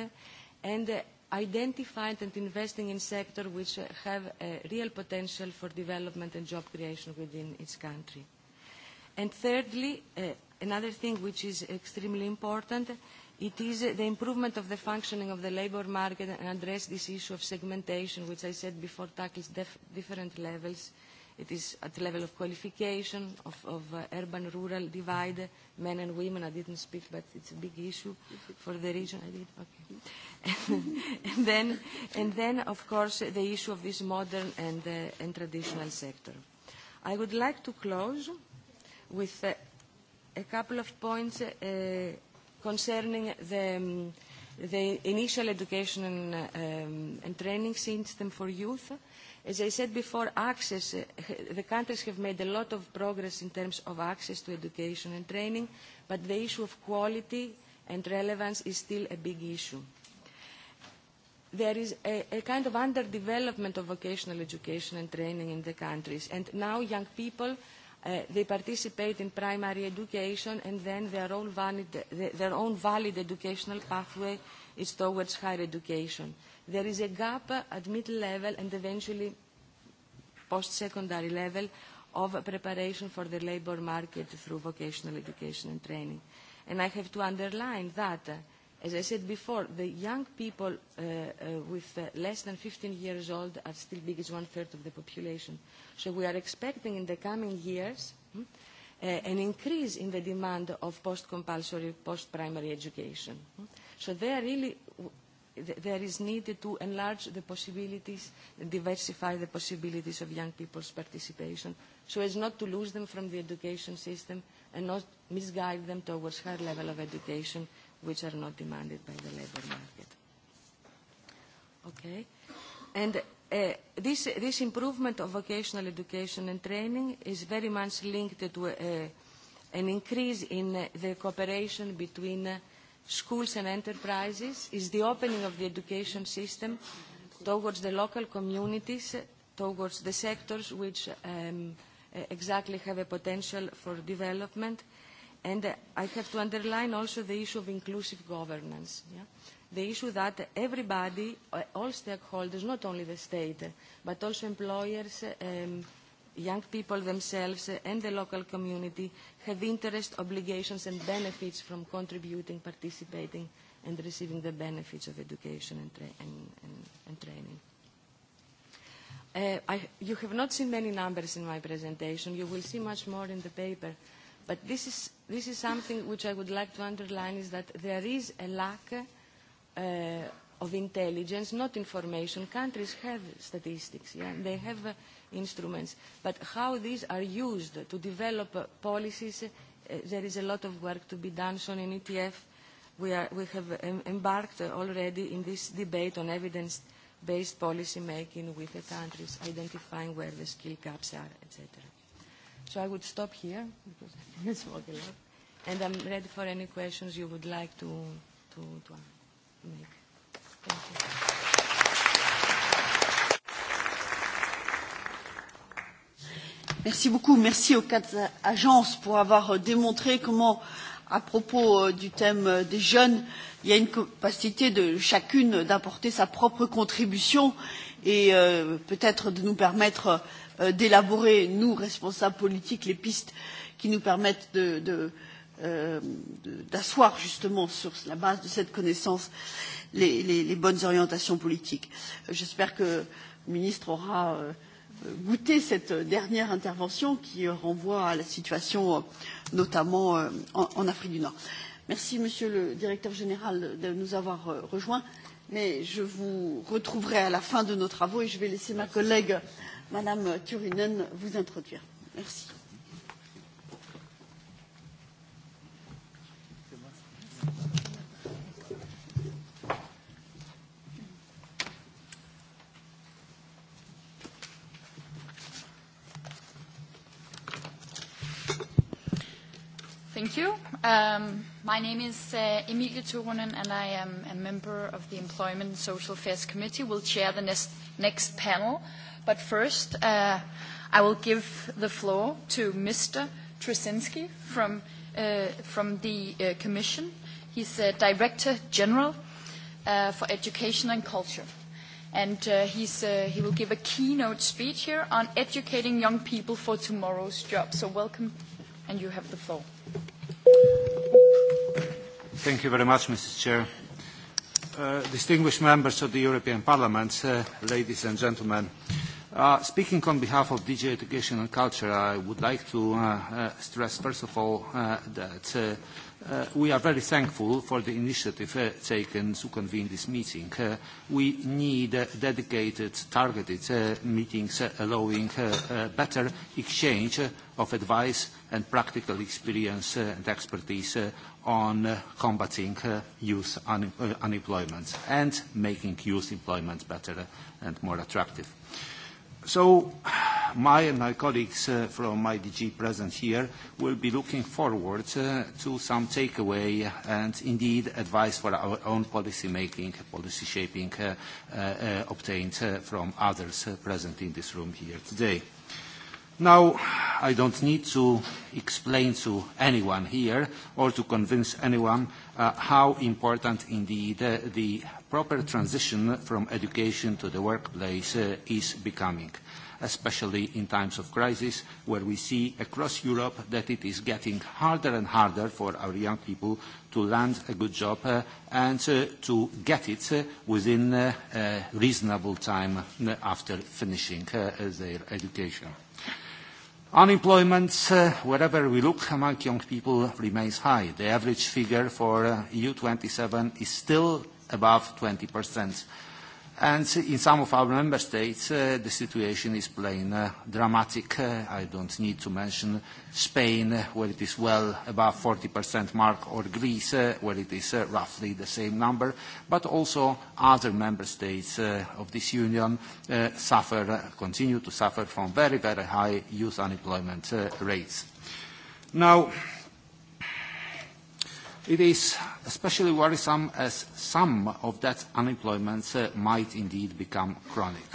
and uh, identifying and investing in sectors which uh, have a real potential for development and job creation within its country. And thirdly, uh, another thing which is extremely important it is the improvement of the functioning of the labour market and address this issue of segmentation, which I said before tackles different levels. It is at the level of qualification, of, of uh, urban-rural divide, men and women. I didn't speak, but it's a big issue for the region. I did? Okay. *laughs* and, then, and then, of course, the issue of this modern and, uh, and traditional sector. I would like to close with uh, a couple of points uh, concerning the, um, the initial education and, um, and training system for youth. As I said before, access, uh, the countries have made a lot of progress in terms of access to education and training, but the issue of quality and relevance is still a big issue. There is a, a kind of underdevelopment of vocational education and training in the countries, and now young people Eh, they participate in primary education and then their own, valid, their own valid educational pathway is towards higher education. There is a gap at middle level and eventually post-secondary level of preparation for the labor market through vocational education and training. And I have to underline that As I said before, the young people uh, uh, with uh, less than 15 years old are still big as one-third of the population. So we are expecting in the coming years hmm, uh, an increase in the demand of post-compulsory, post-primary education. Hmm? So there really there is needed to enlarge the possibilities, diversify the possibilities of young people's participation, so as not to lose them from the education system and not misguide them towards higher level of education which are not demanded by the labour market. Okay? And uh, this, this improvement of vocational education and training is very much linked to uh, an increase in uh, the cooperation between uh, schools and enterprises, is the opening of the education system towards the local communities, towards the sectors which um, exactly have a potential for development, And I have to underline also the issue of inclusive governance. Yeah? The issue that everybody, all stakeholders, not only the state, but also employers, um, young people themselves, and the local community have interest, obligations, and benefits from contributing, participating, and receiving the benefits of education and, tra and, and, and training. Uh, I, you have not seen many numbers in my presentation. You will see much more in the paper. But this is, this is something which I would like to underline is that there is a lack uh, of intelligence, not information. Countries have statistics, yeah? they have uh, instruments, but how these are used to develop uh, policies, uh, there is a lot of work to be done. So in ETF, we, are, we have um, embarked uh, already in this debate on evidence-based policy making with the countries, identifying where the skill gaps are, etc. So I would stop here because *laughs* I've been smoking a lot. And I'm ready for any questions you would like to, to, to make. Thank you. Merci beaucoup. Merci aux quatre agences pour avoir euh, démontré comment, à propos euh, du thème euh, des jeunes, il y a une capacité de chacune d'apporter sa propre contribution et peut-être de nous permettre Euh, d'élaborer nous responsables politiques les pistes qui nous permettent euh, d'asseoir justement sur la base de cette connaissance les, les, les bonnes orientations politiques. Euh, j'espère que le ministre aura goûté cette dernière intervention qui renvoie à la situation notamment en, en afrique du nord. merci monsieur le directeur général de nous avoir rejoints mais je vous retrouverai à la fin de nos travaux et je vais laisser ma collègue Madame Turunen vous introduire. Merci. Thank you. Um, my name is uh, Emilia Turunen, and I am a member of the Employment and Social Affairs Committee. We'll chair the next, next panel, But first, uh, I will give the floor to Mr. Trzynski from, uh, from the uh, Commission. He's the Director General uh, for Education and Culture. And uh, he's, uh, he will give a keynote speech here on educating young people for tomorrow's job. So welcome, and you have the floor. Thank you very much, Mrs. Chair. Uh, distinguished members of the European Parliament, uh, ladies and gentlemen, uh, Uh, speaking on behalf of DG Education and Culture, I would like to uh, uh, stress, first of all, uh, that uh, Uh, we are very thankful for the initiative uh, taken to convene this meeting. Uh, we need uh, dedicated, targeted uh, meetings uh, allowing better exchange of advice and practical experience and expertise on combating youth un unemployment and making youth employment better and more attractive. So my and my colleagues uh, from IDG present here will be looking forward uh, to some takeaway and indeed advice for our own policy making, policy shaping uh, uh, uh, obtained uh, from others uh, present in this room here today. Now, I don't need to explain to anyone here or to convince anyone uh, how important indeed uh, the proper transition from education to the workplace uh, is becoming, especially in times of crisis where we see across Europe that it is getting harder and harder for our young people to land a good job uh, and uh, to get it uh, within uh, a reasonable time after finishing uh, their education. Unemployment, uh, wherever we look among young people, remains high. The average figure for uh, EU27 is still above 20%. And in some of our member states, uh, the situation is plain uh, dramatic. Uh, I don't need to mention Spain, uh, where it is well above 40% mark, or Greece, uh, where it is uh, roughly the same number, but also other member states uh, of this union uh, suffer, uh, continue to suffer from very, very high youth unemployment uh, rates. Now, It is especially worrisome as some of that unemployment uh, might indeed become chronic.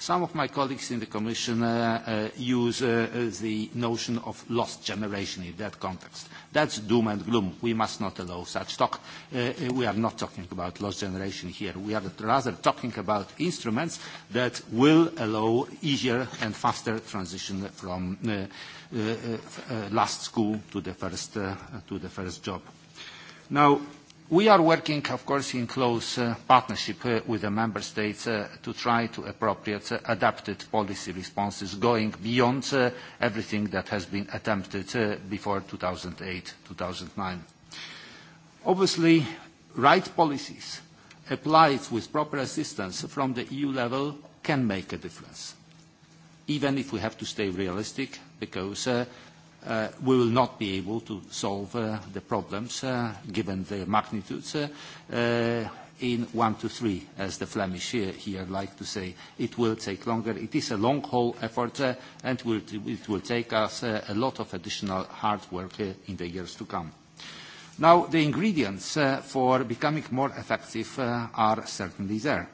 Some of my colleagues in the Commission uh, uh, use uh, uh the notion of lost generation in that context. That's doom and gloom. We must not allow such talk. Uh, uh, we are not talking about lost generation here. We are rather talking about instruments that will allow easier and faster transition from uh, uh, uh, uh last school to the first, uh, to the first job. Now, we are working, of course, in close uh, partnership uh, with the member states uh, to try to appropriate adapted policy responses going beyond everything that has been attempted before 2008, 2009. Obviously, right policies applied with proper assistance from the EU level can make a difference, even if we have to stay realistic, because Uh, we will not be able to solve uh, the problems, uh, given the magnitudes, uh, uh, in one to three, as the Flemish here, here like to say. It will take longer. It is a long-haul effort, and will, it will take us a lot of additional hard work in the years to come. Now, the ingredients for becoming more effective are certainly there.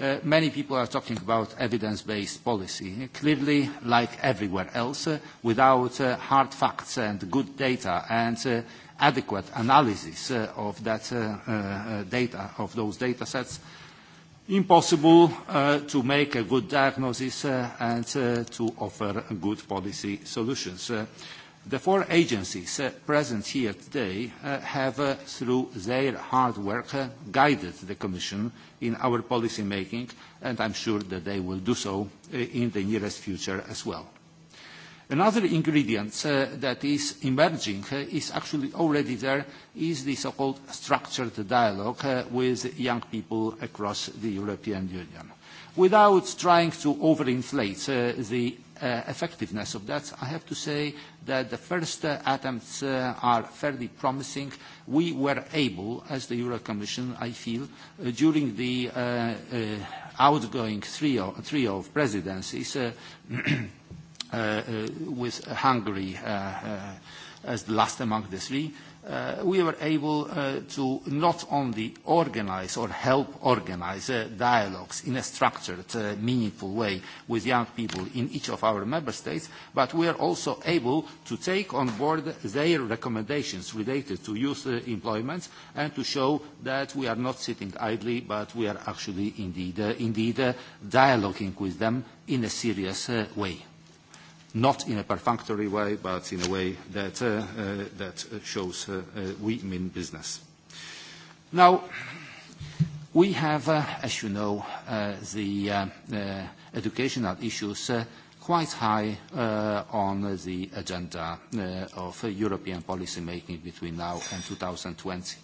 Uh, many people are talking about evidence-based policy. Eh, clearly, like everywhere else, uh, without uh, hard facts and good data and uh, adequate analysis uh, of that uh, data, of those data sets, impossible to make a good diagnosis and to offer good policy solutions. The four agencies uh, present here today uh, have, uh, through their hard work, uh, guided the Commission in our policy making, and I'm sure that they will do so uh, in the nearest future as well. Another ingredient uh, that is emerging is actually already there is the so-called structured dialogue with young people across the European Union. Without trying to overinflate the uh, effectiveness of that, I have to say that the first uh, attempts uh, are fairly promising. We were able, as the Euro Commission, I feel, uh, during the uh, uh, outgoing trio, trio of presidencies uh, *clears throat* uh, uh, with Hungary uh, uh, as the last among the three, uh, Uh, we were able uh, to not only organize or help organize uh, dialogues in a structured, uh, meaningful way with young people in each of our member states, but we are also able to take on board their recommendations related to youth uh, employment and to show that we are not sitting idly, but we are actually indeed, uh, indeed uh, dialoguing with them in a serious uh, way not in a perfunctory way, but in a way that, uh, uh that shows uh, uh, we mean business. Now, we have, uh, as you know, uh, the uh, uh, educational issues uh, quite high uh, on the agenda uh, of European policymaking between now and 2020.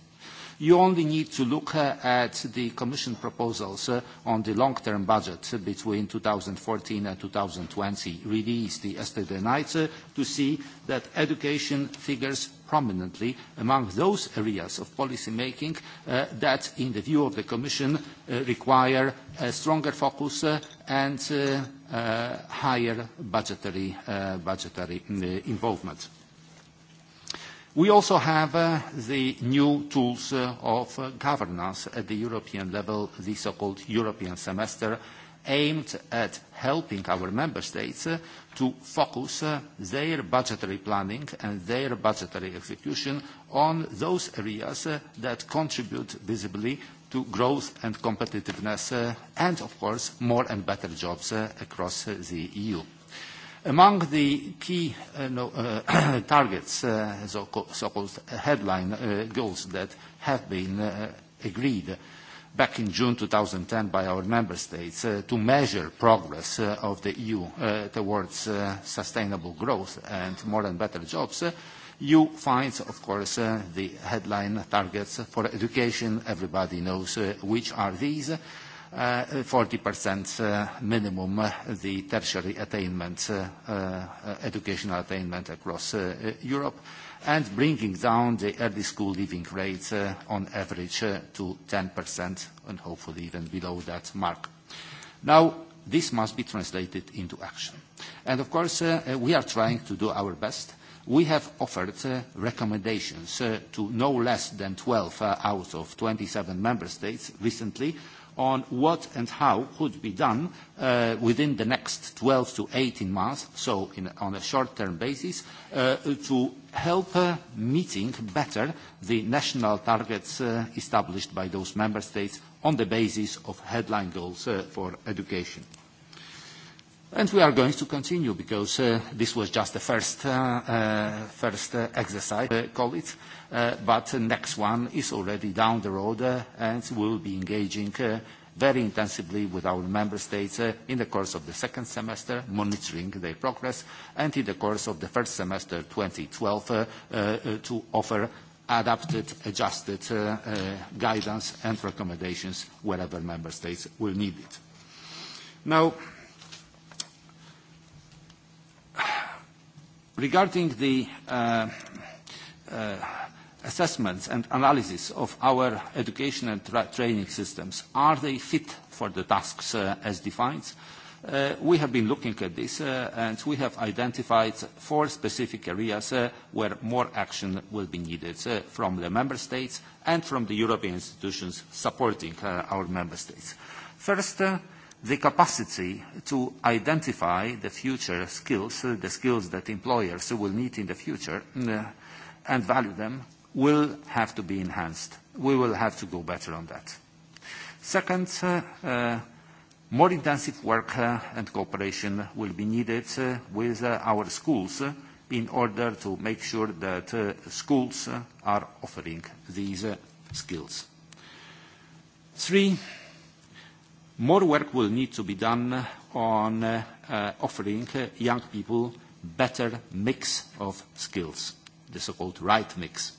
You only need to look uh, at the Commission proposals uh, on the long-term budget between 2014 and 2020, released yesterday night, uh, to see that education figures prominently among those areas of policy making that, in the view of the Commission, require a stronger focus and higher budgetary mm, involvement. We also have uh, the new tools uh, of uh, governance at the European level, the so-called European semester, aimed at helping our member states to focus their budgetary planning and their budgetary execution on those areas that contribute visibly to growth and competitiveness, and of course, more and better jobs across the EU. Among the key uh, no, uh, *clears throat* targets, uh, so-called so headline uh, goals that have been uh, agreed back in June 2010 by our member states uh, to measure progress uh, of the EU uh, towards uh, sustainable growth and more and better jobs, uh, you e find, of course, uh, the headline targets for education. Everybody knows uh, which are these. Uh, 40% eh, eh, minimum eh, the tertiary attainment, educational attainment across Europe, and bringing down the early school leaving rate on average to 10% and hopefully even below that mark. Now, this must be translated into action. And of course, we are trying to do our best we have offered recommendations to no less than 12 out of 27 member states recently on what and how could be done uh, within the next 12 to 18 months, so in, on a short-term basis, uh, to help uh, meeting better the national targets uh, established by those member states on the basis of headline goals uh, for education. And we are going to continue because uh, this was just the first, uh, uh, exercise, call it. the next one is already down the road, and we'll be engaging very intensively with our member states in the course of the second semester, monitoring their progress, and in the course of the first semester 2012, to offer adapted, adjusted guidance and recommendations wherever member states will need it. Regarding the uh, uh, assessments and analysis of our education and training systems, are they fit for the tasks uh, as defined? Uh, we have been looking at this, uh, and we have identified four specific areas uh, where more action will be needed uh, from the member states and from the European institutions supporting our member states. First, the capacity to identify the future skills, the skills that employers will need in the future, mm, uh, and value them, will have to be enhanced. We will have to go better on that. Second, uh, uh more intensive work uh, and cooperation will be needed uh, with uh, our schools in order to make sure that schools are offering these skills. Three, More work will need to be done on uh, uh offering uh, young people better mix of skills, the so-called right mix.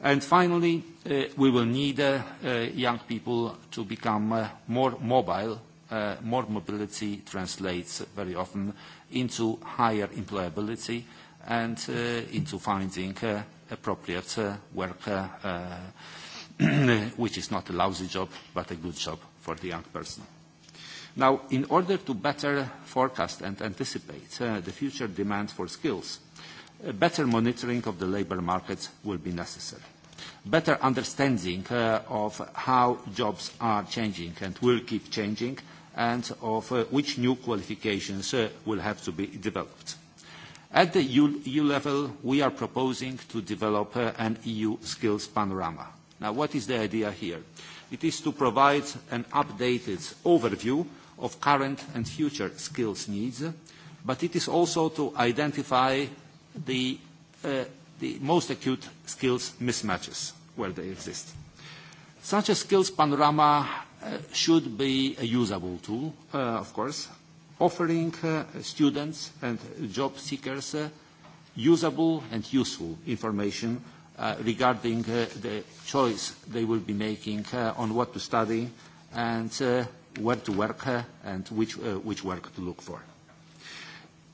And finally, uh, we will need uh, uh, young people to become uh, more mobile. Uh, more mobility translates very often into higher employability and uh, into finding uh, appropriate uh, work, uh, uh *clears throat* which is not a lousy job, but a good job for the young person. Now, in order to better forecast and anticipate uh, the future demand for skills, a uh, better monitoring of the labour markets will be necessary. Better understanding uh, of how jobs are changing and will keep changing, and of uh, which new qualifications uh, will have to be developed. At the EU, EU level, we are proposing to develop uh, an EU skills panorama. Now, what is the idea here? Uh, it is to provide an updated overview of current and future skills needs, but it is also to identify the, uh, the most acute skills mismatches where they exist. Such a skills panorama uh, should be a usable tool, uh, of course, offering uh, students and job seekers uh, usable and useful information Uh, regarding uh, the choice they will be making uh, on what to study and uh, where to work uh, and which, uh, which work to look for.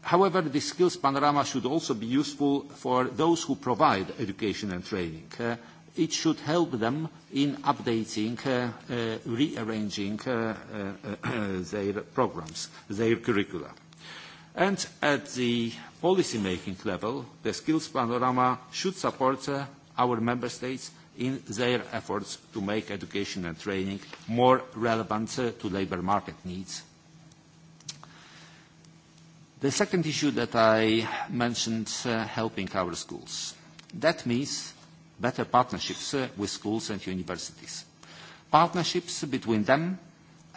However, the skills panorama should also be useful for those who provide education and training. Uh, it should help them in updating, uh, uh, rearranging uh, uh, uh their programs, their curricula. And at the policy-making level, the skills panorama should support uh, our member states in their efforts to make education and training more relevant uh, to labour market needs. The second issue that I mentioned, uh, helping our schools. That means better partnerships uh, with schools and universities. Partnerships between them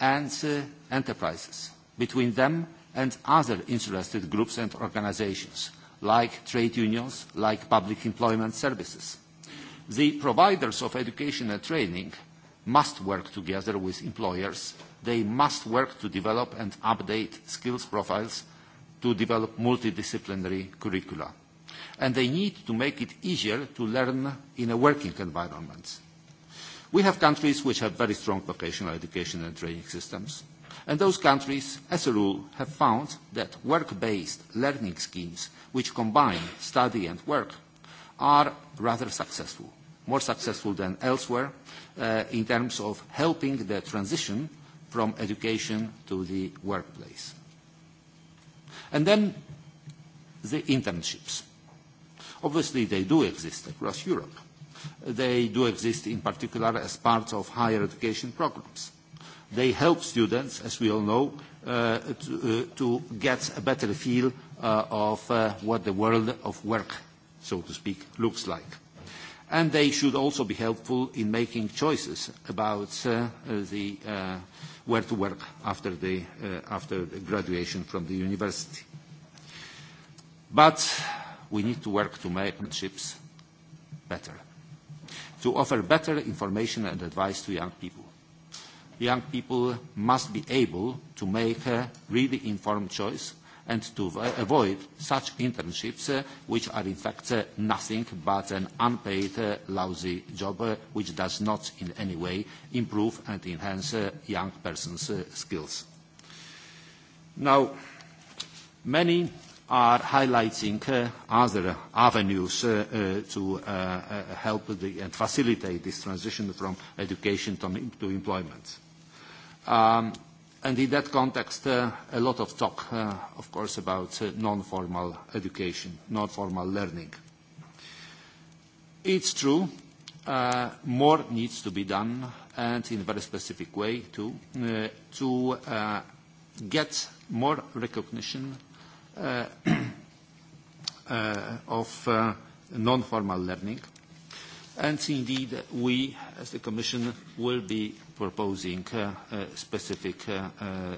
and uh, enterprises, between them and other interested groups and organizations, like trade unions, like public employment services. The providers of education and training must work together with employers. They must work to develop and update skills profiles to develop multidisciplinary curricula. And they need to make it easier to learn in a working environment. We have countries which have very strong vocational education and training systems. And those countries, as a rule, have found that work-based learning schemes, which combine study and work, are rather successful, more successful than elsewhere, uh, in terms of helping the transition from education to the workplace. And then the internships. Obviously, they do exist across Europe. They do exist in particular as part of higher education programs. They help students, as we all know, uh, to, uh, to get a better feel uh, of uh, what the world of work, so to speak, looks like. And they should also be helpful in making choices about uh, the, uh, where to work after, the, uh, after the graduation from the university. But we need to work to make internships better, to offer better information and advice to young people young people must be able to make a really informed choice and to avoid such internships uh, which are in fact uh, nothing but an unpaid uh, lousy job which does not in any way improve and enhance young persons' skills. Now, many are highlighting other avenues to help the, and facilitate this transition from education to employment. Um, and in that context, uh, a lot of talk, uh, of course, about uh, non-formal education, non-formal learning. It's true, more needs to be done, and in a very specific way, too, to get more recognition *clears throat* of non-formal learning And indeed, we, as the Commission, will be proposing uh, uh, specific, uh, uh, uh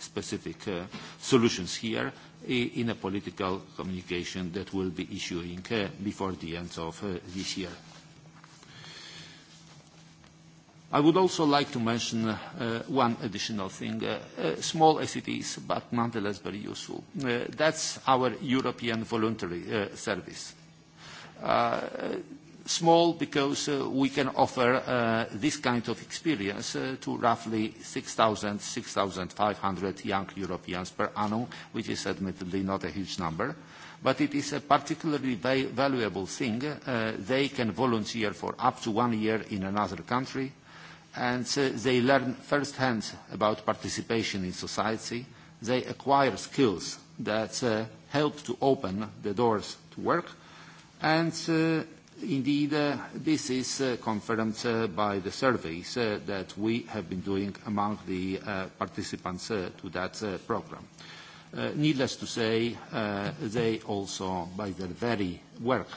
specific uh, solutions here in a political communication that will be issuing before the end of this year. I would also like to mention one additional thing, small as it is, but nonetheless very useful. That's our European Voluntary Service small because uh, we can offer uh, this kind of experience uh, to roughly 6,000, 6,500 young Europeans per annum, which is admittedly not a huge number. But it is a particularly valuable thing. They can volunteer for up to one year in another country, and they learn firsthand about participation in society. They acquire skills that help to open the doors to work, and Indeed, uh, this is uh, confirmed uh, by the surveys that we have been doing among the participants to that program. Needless to say, they also, by their very work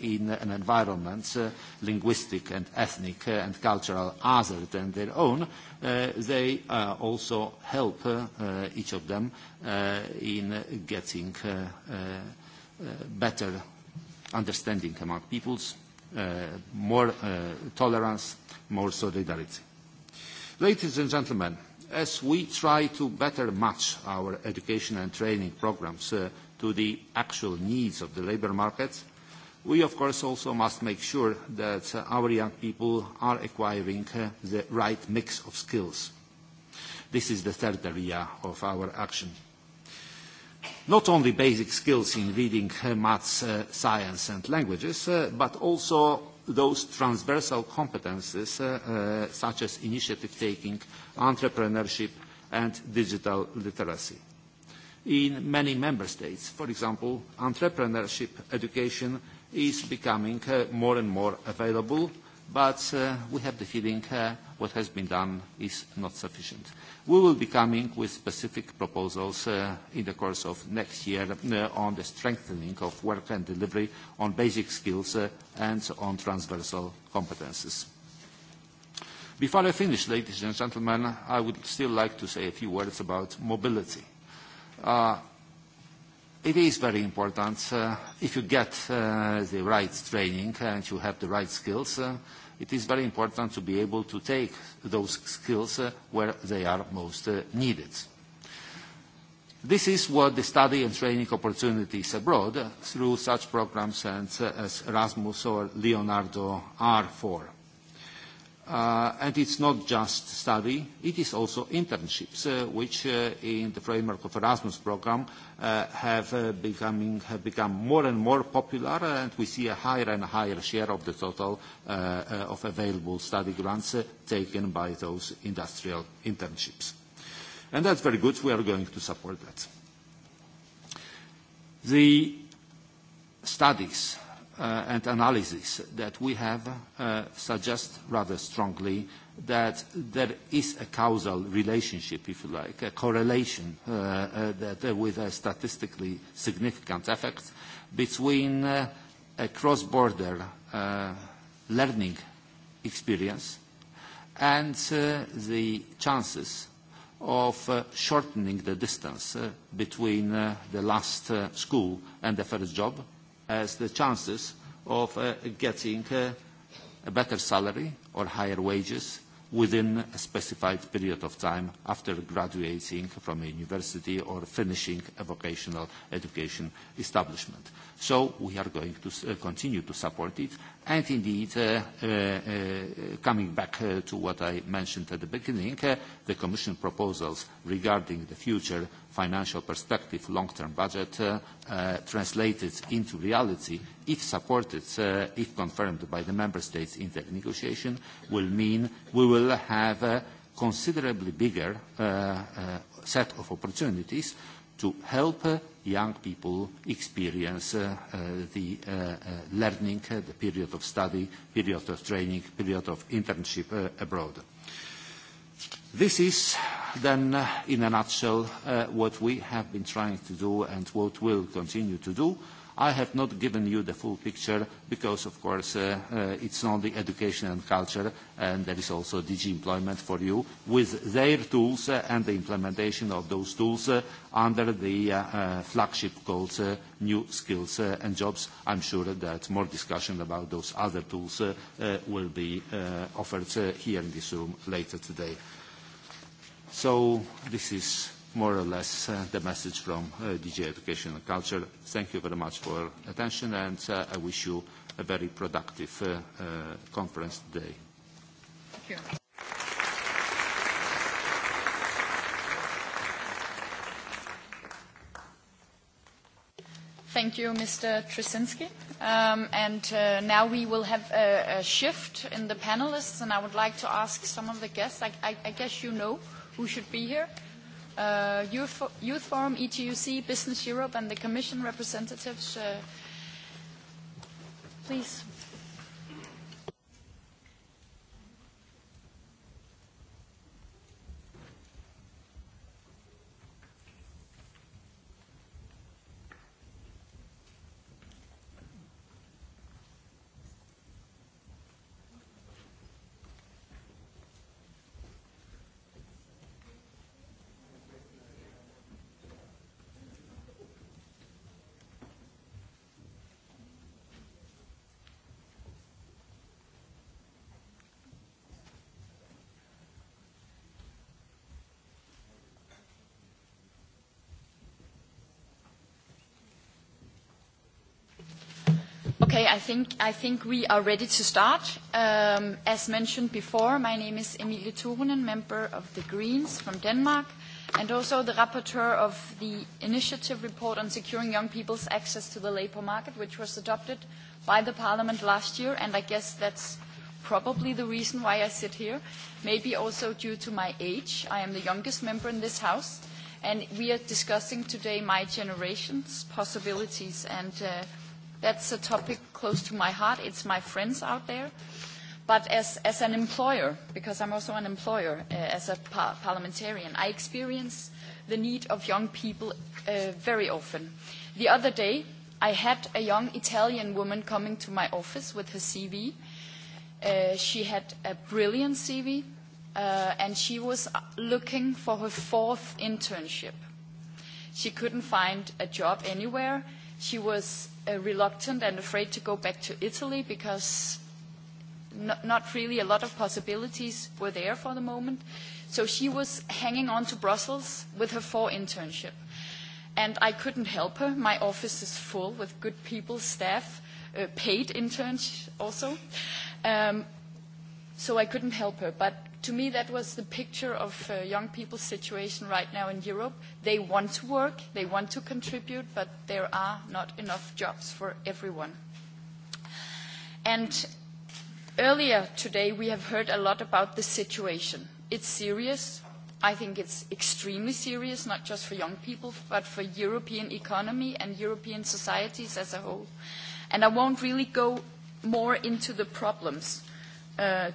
in an environment, linguistic and ethnic and cultural other than their own, they also help each of them in getting better understanding among peoples, uh, more uh, tolerance, more solidarity. Ladies and gentlemen, as we try to better match our education and training programs uh, to the actual needs of the labour market, we of course also must make sure that uh, our young people are acquiring uh, the right mix of skills. This is the third area of our action not only basic skills in reading, uh, maths, uh, science and languages, uh, but also those transversal competences uh, uh, such as initiative taking, entrepreneurship and digital literacy. In many member states, for example, entrepreneurship education is becoming uh, more and more available, but we have the feeling what has been done is not sufficient. We will be coming with specific proposals uh, in the course of next year uh, on the strengthening of work and delivery on basic skills uh, and on transversal competences. Before I finish, ladies and gentlemen, I would still like to say a few words about mobility. Uh, it is very important uh, if you get uh, the right training and you have the right skills, uh, it is very important to be able to take those skills uh, where they are most uh, needed. This is what the study and training opportunities abroad uh, through such programs and, uh, as Erasmus or Leonardo are for. Uh, and it's not just study, it is also internships, uh, which uh, in the framework of Erasmus program uh, have, uh, becoming, have become more and more popular uh, and we see a higher and higher share of the total uh, uh, of available study grants uh, taken by those industrial internships. And that's very good, we are going to support that. The studies Uh, and analysis that we have uh, suggest rather strongly that there is a causal relationship, if you like, a correlation uh, with a statistically significant effect between a cross-border learning experience and the chances of shortening the distance between the last school and the first job as the chances of uh, getting uh, a better salary or higher wages within a specified period of time after graduating from a university or finishing a vocational education establishment. So we are going to uh, continue to support it. And indeed, uh, uh, uh, coming back to what I mentioned at the beginning, the Commission proposals regarding the future financial perspective long-term budget uh, uh, translated into reality, if supported, uh, if confirmed by the member states in the negotiation, will mean we will have a considerably bigger uh, uh, set of opportunities to help young people experience the learning, the period of study, period of training, period of internship abroad. This is then, in a nutshell, uh, what we have been trying to do and what we'll continue to do. I have not given you the full picture because, of course, uh, uh, it's only education and culture, and there is also DG Employment for you with their tools uh, and the implementation of those tools uh, under the uh, flagship called New Skills and Jobs. I'm sure that more discussion about those other tools will be offered here in this room later today. So this is more or less uh, the message from uh, DG Education and Culture. Thank you very much for your attention, and uh, I wish you a very productive uh, conference today. Thank you. Thank you, Mr. Trzynski. Um, and uh, now we will have a, a shift in the panelists, and I would like to ask some of the guests. I, I, I guess you know who should be here. Uh, Youth, Youth Forum, ETUC, Business Europe, and the Commission representatives. Uh, please. Okay, I think, I think we are ready to start. Um, as mentioned before, my name is Emilie Turunen, member of the Greens from Denmark, and also the rapporteur of the initiative report on securing young people's access to the labor market, which was adopted by the Parliament last year, and I guess that's probably the reason why I sit here, maybe also due to my age. I am the youngest member in this House, and we are discussing today my generation's possibilities and uh, That's a topic close to my heart. It's my friends out there. But as, as an employer, because I'm also an employer uh, as a par parliamentarian, I experience the need of young people uh, very often. The other day, I had a young Italian woman coming to my office with her CV. Uh, she had a brilliant CV, uh, and she was uh, looking for her fourth internship. She couldn't find a job anywhere. She was Uh, reluctant and afraid to go back to Italy because no, not really a lot of possibilities were there for the moment. So she was hanging on to Brussels with her four internship. And I couldn't help her. My office is full with good people, staff, uh, paid interns also. Um, so I couldn't help her. But to me, that was the picture of uh, young people's situation right now in Europe. They want to work, they want to contribute, but there are not enough jobs for everyone. And earlier today, we have heard a lot about the situation. It's serious. I think it's extremely serious, not just for young people, but for European economy and European societies as a whole. And I won't really go more into the problems. Uh,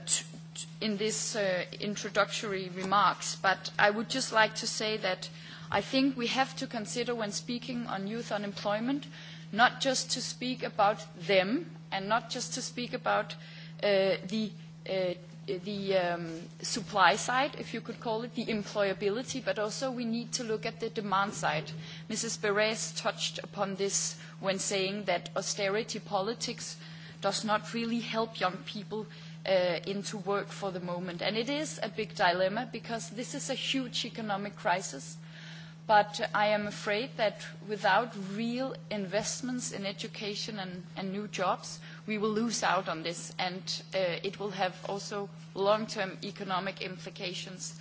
in this uh, introductory remarks, but I would just like to say that I think we have to consider when speaking on youth unemployment, not just to speak about them and not just to speak about uh, the, uh, the um, supply side, if you could call it, the employability, but also we need to look at the demand side. Mrs. Beres touched upon this when saying that austerity politics does not really help young people uh, into work for the moment. And it is a big dilemma because this is a huge economic crisis. But I am afraid that without real investments in education and, and new jobs, we will lose out on this. And uh, it will have also long-term economic implications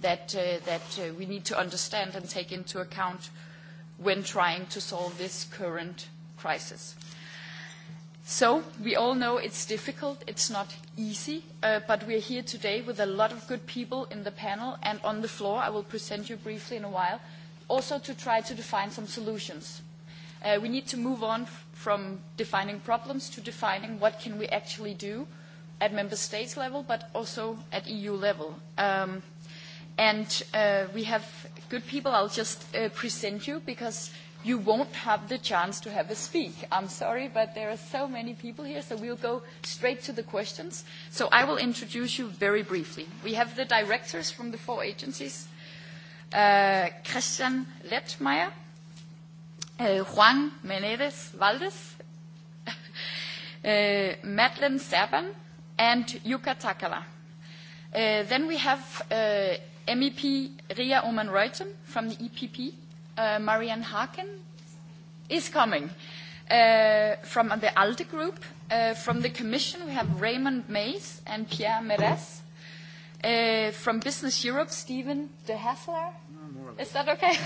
that, uh, that uh, we need to understand and take into account when trying to solve this current crisis. So we all know it's difficult, it's not easy, uh, but we're here today with a lot of good people in the panel and on the floor. I will present you briefly in a while, also to try to define some solutions. Uh, we need to move on from defining problems to defining what can we actually do at member states level, but also at EU level. Um, and uh, we have good people. I'll just uh, present you because you won't have the chance to have a speak. I'm sorry, but there are so many people here, so we'll go straight to the questions. So I will introduce you very briefly. We have the directors from the four agencies. Uh, Christian Lettmeier, uh, Juan Menedes Valdes, *laughs* uh, Madeleine Serban, and Yuka Takala. Uh, then we have uh, MEP Ria Oman-Reuten from the EPP, uh, Marianne Haken is coming. Uh, from the ALDE group, uh, from the Commission, we have Raymond Mays and Pierre Meres. Uh, from Business Europe, Stephen de Hassler. No, is that okay?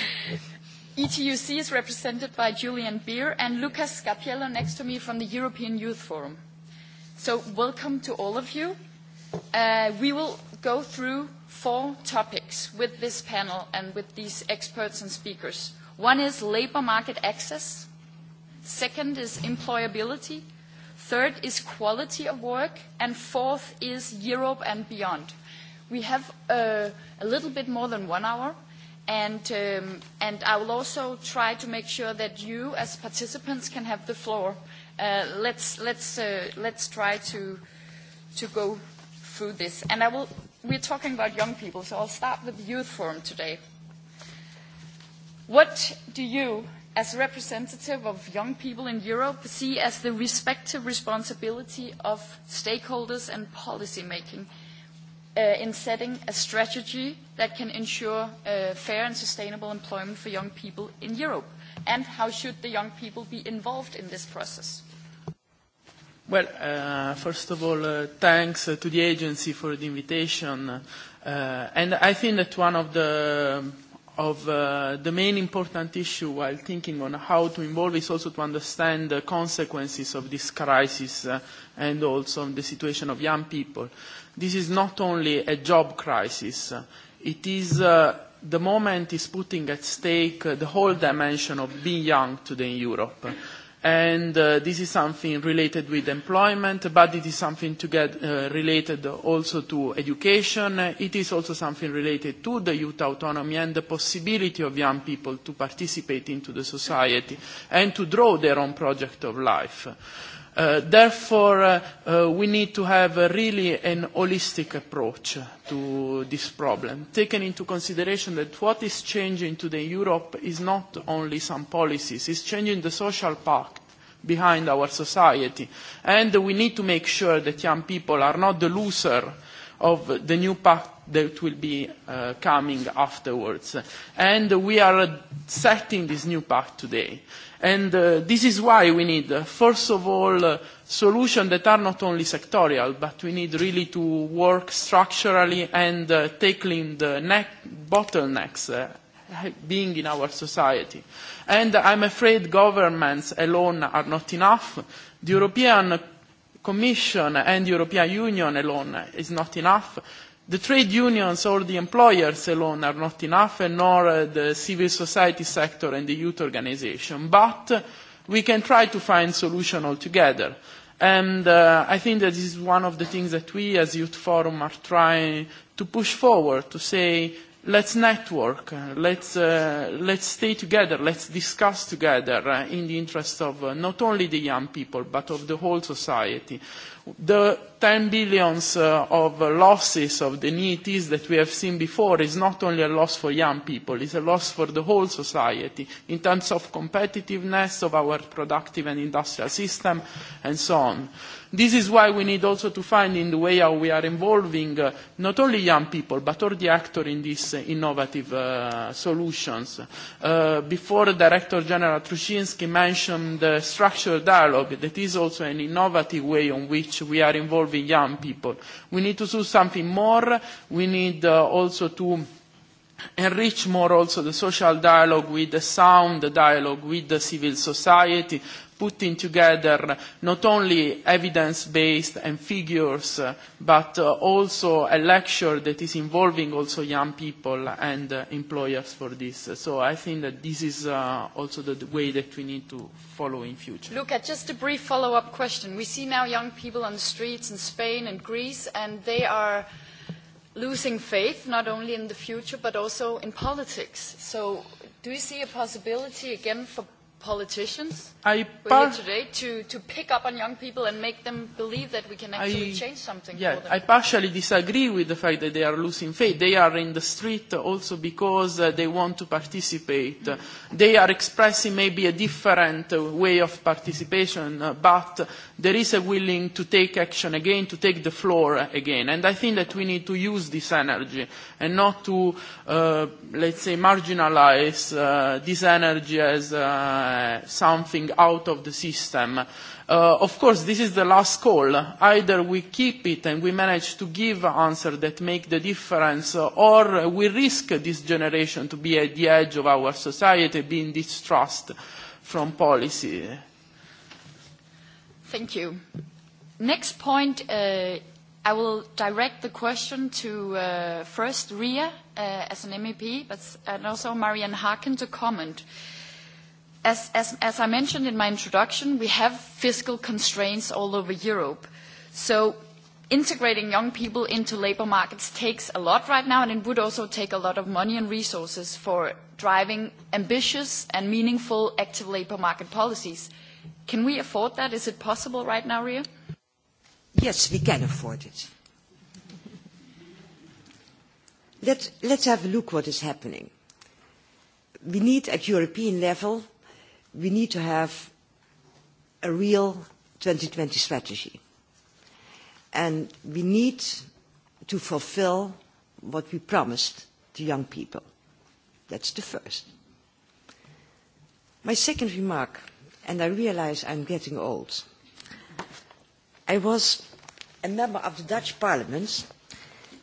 *laughs* ETUC is represented by Julian Beer and Lucas Scapiello next to me from the European Youth Forum. So welcome to all of you. Uh, we will go through four topics with this panel and with these experts and speakers. One is labor market access. Second is employability. Third is quality of work. And fourth is Europe and beyond. We have uh, a little bit more than one hour. And, um, and I will also try to make sure that you as participants can have the floor. Uh, let's, let's, uh, let's try to, to go through this. And I will we're talking about young people, so I'll start with the youth forum today. What do you, as representative of young people in Europe, see as the respective responsibility of stakeholders and policy making uh, in setting a strategy that can ensure uh, fair and sustainable employment for young people in Europe? And how should the young people be involved in this process? Well, uh, first of all, uh, thanks uh, to the agency for the invitation. Uh, and I think that one of the of uh, the main important issue while thinking on how to involve is also to understand the consequences of this crisis uh, and also the situation of young people. This is not only a job crisis. It is uh, the moment is putting at stake uh, the whole dimension of being young today in Europe and uh, this is something related with employment, but it is something to get uh, related also to education. It is also something related to the youth autonomy and the possibility of young people to participate into the society and to draw their own project of life. Uh, Uh, therefore, uh, uh, we need to have a really an holistic approach to this problem, taking into consideration that what is changing today in Europe is not only some policies, it's changing the social pact behind our society. And we need to make sure that young people are not the loser of the new pact that will be uh, coming afterwards. And we are setting this new path today. And uh, this is why we need, uh, first of all, uh, solutions that are not only sectorial, but we need really to work structurally and uh, tackling the neck bottlenecks uh, being in our society. And I'm afraid governments alone are not enough. The European Commission and European Union alone is not enough The trade unions or the employers alone are not enough, and nor uh, the civil society sector and the youth organization. But uh, we can try to find solution altogether. And uh, I think that this is one of the things that we as Youth Forum are trying to push forward, to say, let's network, uh, let's, uh, let's stay together, let's discuss together uh, in the interest of uh, not only the young people, but of the whole society. The 10 billions uh, of losses of the NEETs that we have seen before is not only a loss for young people, it's a loss for the whole society in terms of competitiveness of our productive and industrial system and so on. This is why we need also to find in the way how we are involving uh, not only young people but all the actors in these uh, innovative uh, solutions. Uh, before Director General Trushinsky mentioned the structural dialogue that is also an innovative way on which which we are involving young people. We need to do something more. We need uh, also to enrich more also the social dialogue with the sound dialogue with the civil society putting together not only evidence-based and figures, uh, but uh, also a lecture that is involving also young people and uh, employers for this. So I think that this is also the, the way that we need to follow in future. Look at just a brief follow-up question. We see now young people on the streets in Spain and Greece, and they are losing faith, not only in the future, but also in politics. So do you see a possibility, again, for politicians I par- here today to, to pick up on young people and make them believe that we can actually I, change something yeah, for them. I partially disagree with the fact that they are losing faith. They are in the street also because uh, they want to participate. Mm. They are expressing maybe a different uh, way of participation, uh, but there is a willing to take action again, to take the floor again. And I think that we need to use this energy and not to, uh, let's say, marginalize uh, this energy as uh, Uh, something out of the system. Uh, of course, this is the last call. Either we keep it and we manage to give answers that make the difference, uh, or we risk this generation to be at the edge of our society, being distrust from policy. Thank you. Next point, uh, I will direct the question to uh, first Ria uh, as an MEP, but, and also Marianne Harkin to comment. Uh, As, I mentioned in my introduction, we have fiscal constraints all over Europe. So integrating young people into labour markets takes a lot right now, and it would also take a lot of money and resources for driving ambitious and meaningful active labour market policies. Can we afford that? Is it possible right now, Ria? Yes, we can afford it. let's have a look what is happening. We need at European level we need to have a real 2020 strategy. And we need to fulfill what we promised to young people. That's the first. My second remark, and I realize I'm getting old. I was a member of the Dutch Parliament,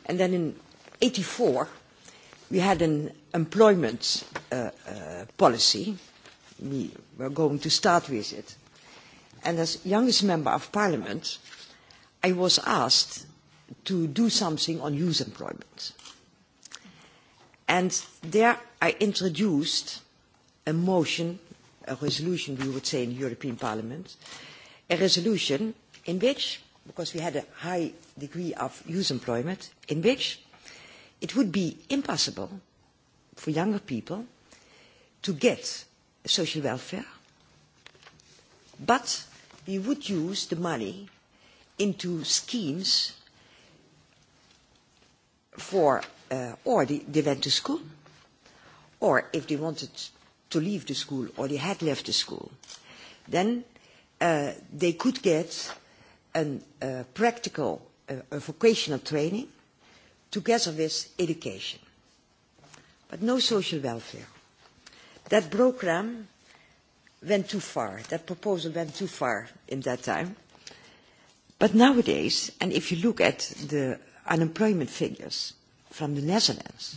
and then in 84 we had an employment uh, uh, policy we were going to start with it. And as youngest member of parliament, I was asked to do something on youth employment. And there I introduced a motion, a resolution we would say in European Parliament, a resolution in which, because we had a high degree of youth employment, in which it would be impossible for younger people to get social welfare, but we would use the money into schemes for, uh, or they, they went to school, or if they wanted to leave the school or they had left the school, then uh, they could get a uh, practical uh, a vocational training together with education, but no social welfare. That program went too far. That proposal went too far in that time. But nowadays, and if you look at the unemployment figures from the Netherlands,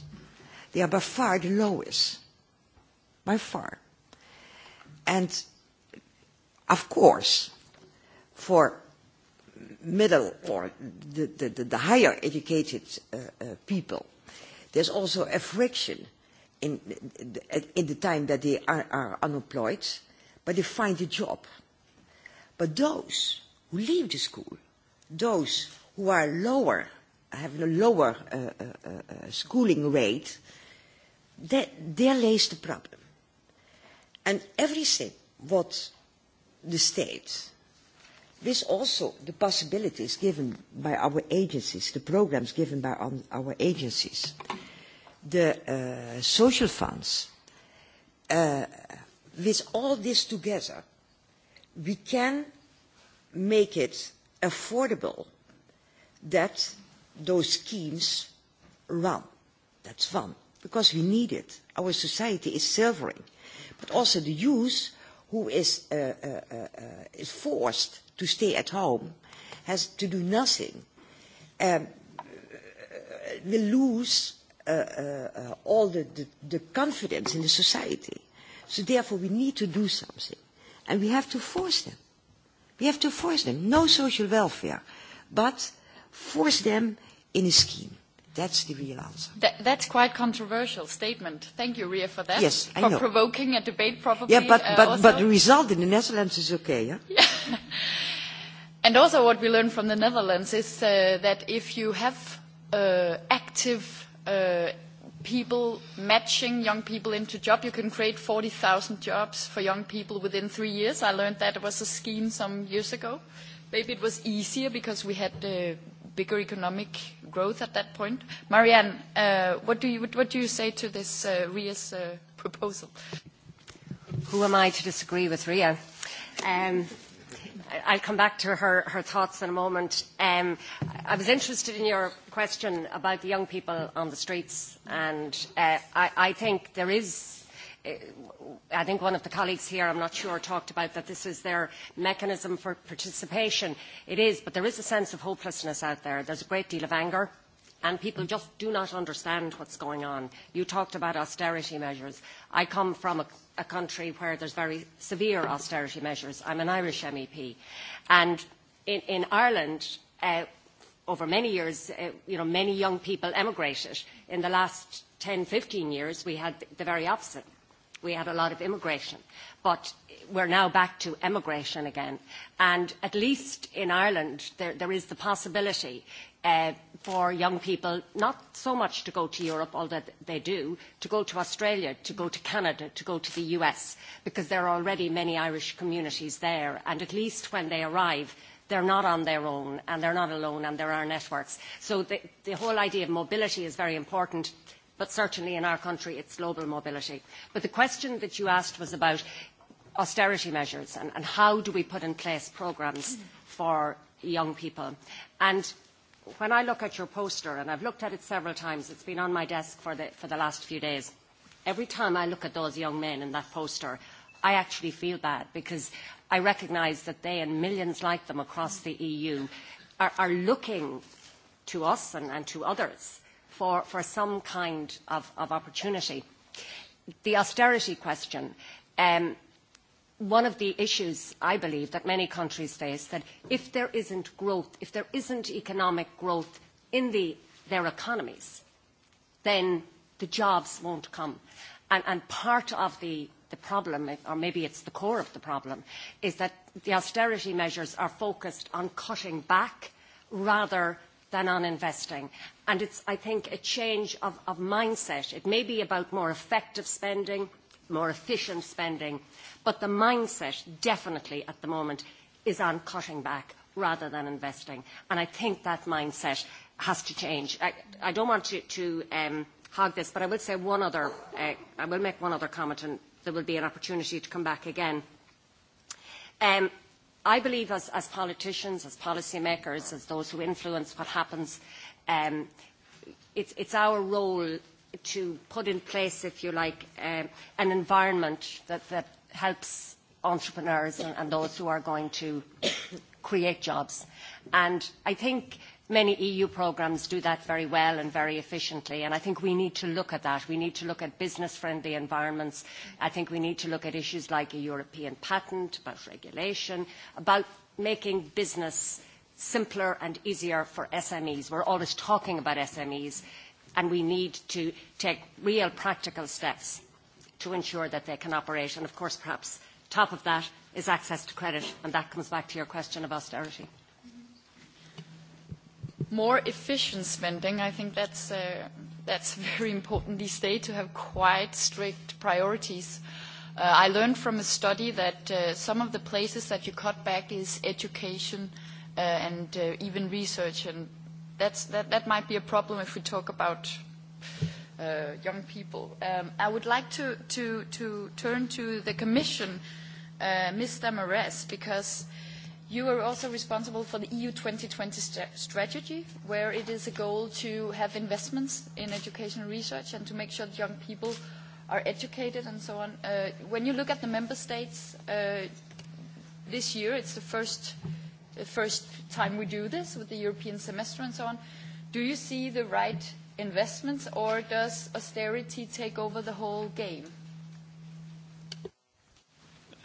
they are by far the lowest. By far. And of course, for middle or the, the, the higher educated uh, uh, people, there's also a friction in, in the time that they are, are unemployed, but they find a job. But those who leave the school, those who are lower, have a lower uh, uh, uh, schooling rate, that, there lays the problem. And everything what the state, this also the possibilities given by our agencies, the programs given by our agencies, the uh, social funds, uh, with all this together, we can make it affordable that those schemes run. That's fun, because we need it. Our society is silvering. But also the youth who is, uh, uh, uh, is forced to stay at home, has to do nothing, um, uh, uh, will lose Uh, uh, uh, all the, the, the confidence in the society. So therefore we need to do something. And we have to force them. We have to force them. No social welfare, but force them in a scheme. That's the real answer. That, that's quite controversial statement. Thank you, Ria, for that. Yes, I for know. provoking a debate, probably. Yeah, but uh, but, uh, but the result in the Netherlands is okay. Yeah. *laughs* yeah. and also, what we learned from the Netherlands is uh, that if you have uh, active Uh, people matching young people into job. You can create 40,000 jobs for young people within three years. I learned that was a scheme some years ago. Maybe it was easier because we had uh, bigger economic growth at that point. Marianne, uh, what, do you, what do you say to this uh, RIA's uh, proposal? Who am I to disagree with RIA? Um, I'll come back to her, her thoughts in a moment. Um, I was interested in your question about the young people on the streets, and uh, I, I think there is uh, I think one of the colleagues here, I'm not sure, talked about that this is their mechanism for participation. It is, but there is a sense of hopelessness out there. There's a great deal of anger and people just do not understand what's going on. You talked about austerity measures. I come from a, a country where there's very severe austerity measures. I'm an Irish MEP. And in, in Ireland, uh, over many years, uh, you know, many young people emigrated. In the last 10, 15 years, we had the very opposite. We had a lot of immigration. But we're now back to emigration again. And at least in Ireland, there, there is the possibility Uh, for young people not so much to go to Europe, although they do, to go to Australia, to go to Canada, to go to the US, because there are already many Irish communities there. And at least when they arrive, they're not on their own and they're not alone and there are networks. So the, the whole idea of mobility is very important, but certainly in our country it's global mobility. But the question that you asked was about austerity measures and, and how do we put in place programs for young people. And when I look at your poster, and I've looked at it several times, it's been on my desk for the, for the last few days, every time I look at those young men in that poster, I actually feel bad because I recognise that they and millions like them across the EU are, are looking to us and, and to others for, for some kind of, of opportunity. The austerity question. Um, one of the issues I believe that many countries face that if there isn't growth, if there isn't economic growth in the, their economies, then the jobs won't come. And, and part of the, the problem, or maybe it's the core of the problem, is that the austerity measures are focused on cutting back rather than on investing. And it's, I think, a change of, of mindset. It may be about more effective spending, more efficient spending. But the mindset definitely at the moment is on cutting back rather than investing. And I think that mindset has to change. I, I don't want to, to um, hog this, but I will say one other, uh, I will make one other comment and there will be an opportunity to come back again. Um, I believe as, as politicians, as policymakers, as those who influence what happens, um, it's, it's our role to put in place, if you like, um, an environment that, that helps entrepreneurs and, and those who are going to *coughs* create jobs. And I think many EU programs do that very well and very efficiently, and I think we need to look at that. We need to look at business-friendly environments. I think we need to look at issues like a European patent, about regulation, about making business simpler and easier for SMEs. We're always talking about SMEs, and we need to take real practical steps to ensure that they can operate. And of course, perhaps top of that is access to credit, and that comes back to your question of austerity. More efficient spending, I think that's, uh, that's *laughs* very important these days to have quite strict priorities. Uh, I learned from a study that uh, some of the places that you cut back is education uh, and uh, even research and That's, that, that might be a problem if we talk about uh, young people. Um, I would like to, to, to turn to the Commission, uh, Ms. Mares, because you are also responsible for the EU 2020 st strategy, where it is a goal to have investments in education research and to make sure that young people are educated and so on. Uh, when you look at the member states, uh, this year it's the first the first time we do this with the European semester and so on. Do you see the right investments or does austerity take over the whole game?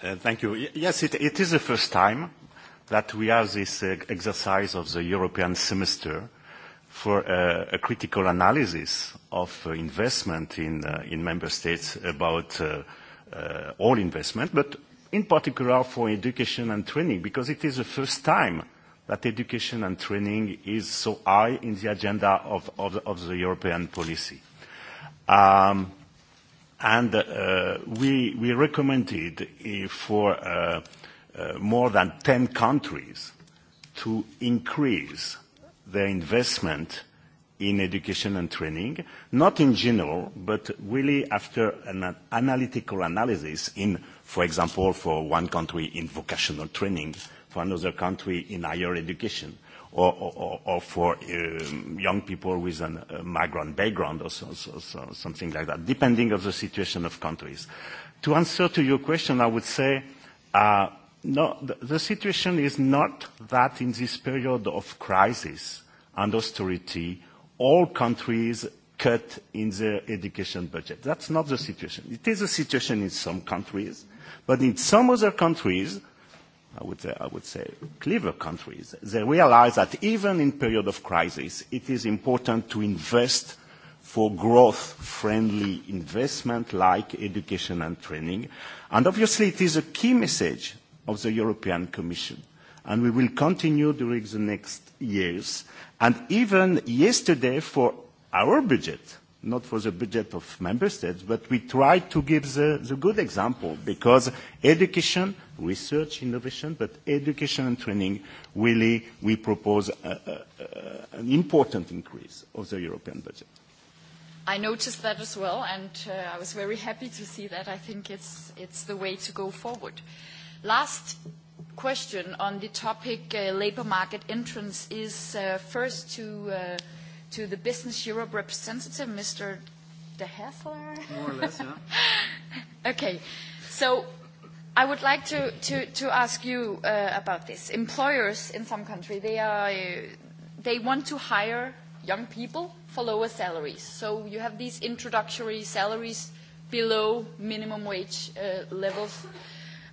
Uh, thank you. Y yes, it, it is the first time that we have this uh, exercise of the European semester for uh, a critical analysis of uh, investment in, uh, in member states about uh, uh, all investment, but in particular for education and training, because it is the first time that education and training is so high in the agenda of, of, of the European policy. Um, and uh, we, we recommended uh, for uh, uh, more than 10 countries to increase their investment in education and training, not in general, but really after an analytical analysis in for example, for one country in vocational training, for another country in higher education, or, or, or for um, young people with an, a migrant background or so, so, so, something like that, depending on the situation of countries. To answer to your question, I would say uh, no, the, the situation is not that in this period of crisis and austerity, all countries cut in their education budget. That's not the situation. It is a situation in some countries. Mm-hmm But in some other countries, I would say, I would say clever countries, they realize that even in period of crisis, it is important to invest for growth-friendly investment like education and training. And obviously, it is a key message of the European Commission, and we will continue during the next years. And even yesterday, for our budget, not for the budget of member states, but we try to give the, the good example because education, research, innovation, but education and training really we propose a, a, a, an important increase of the European budget. I noticed that as well, and uh, I was very happy to see that. I think it's, it's the way to go forward. Last question on the topic uh, labor market entrance is uh, first to uh, to the Business Europe representative, Mr. De Hessler? More or less, yeah. *laughs* okay, so I would like to, to, to ask you uh, about this. Employers in some country, they, are, they want to hire young people for lower salaries. So you have these introductory salaries below minimum wage uh, levels.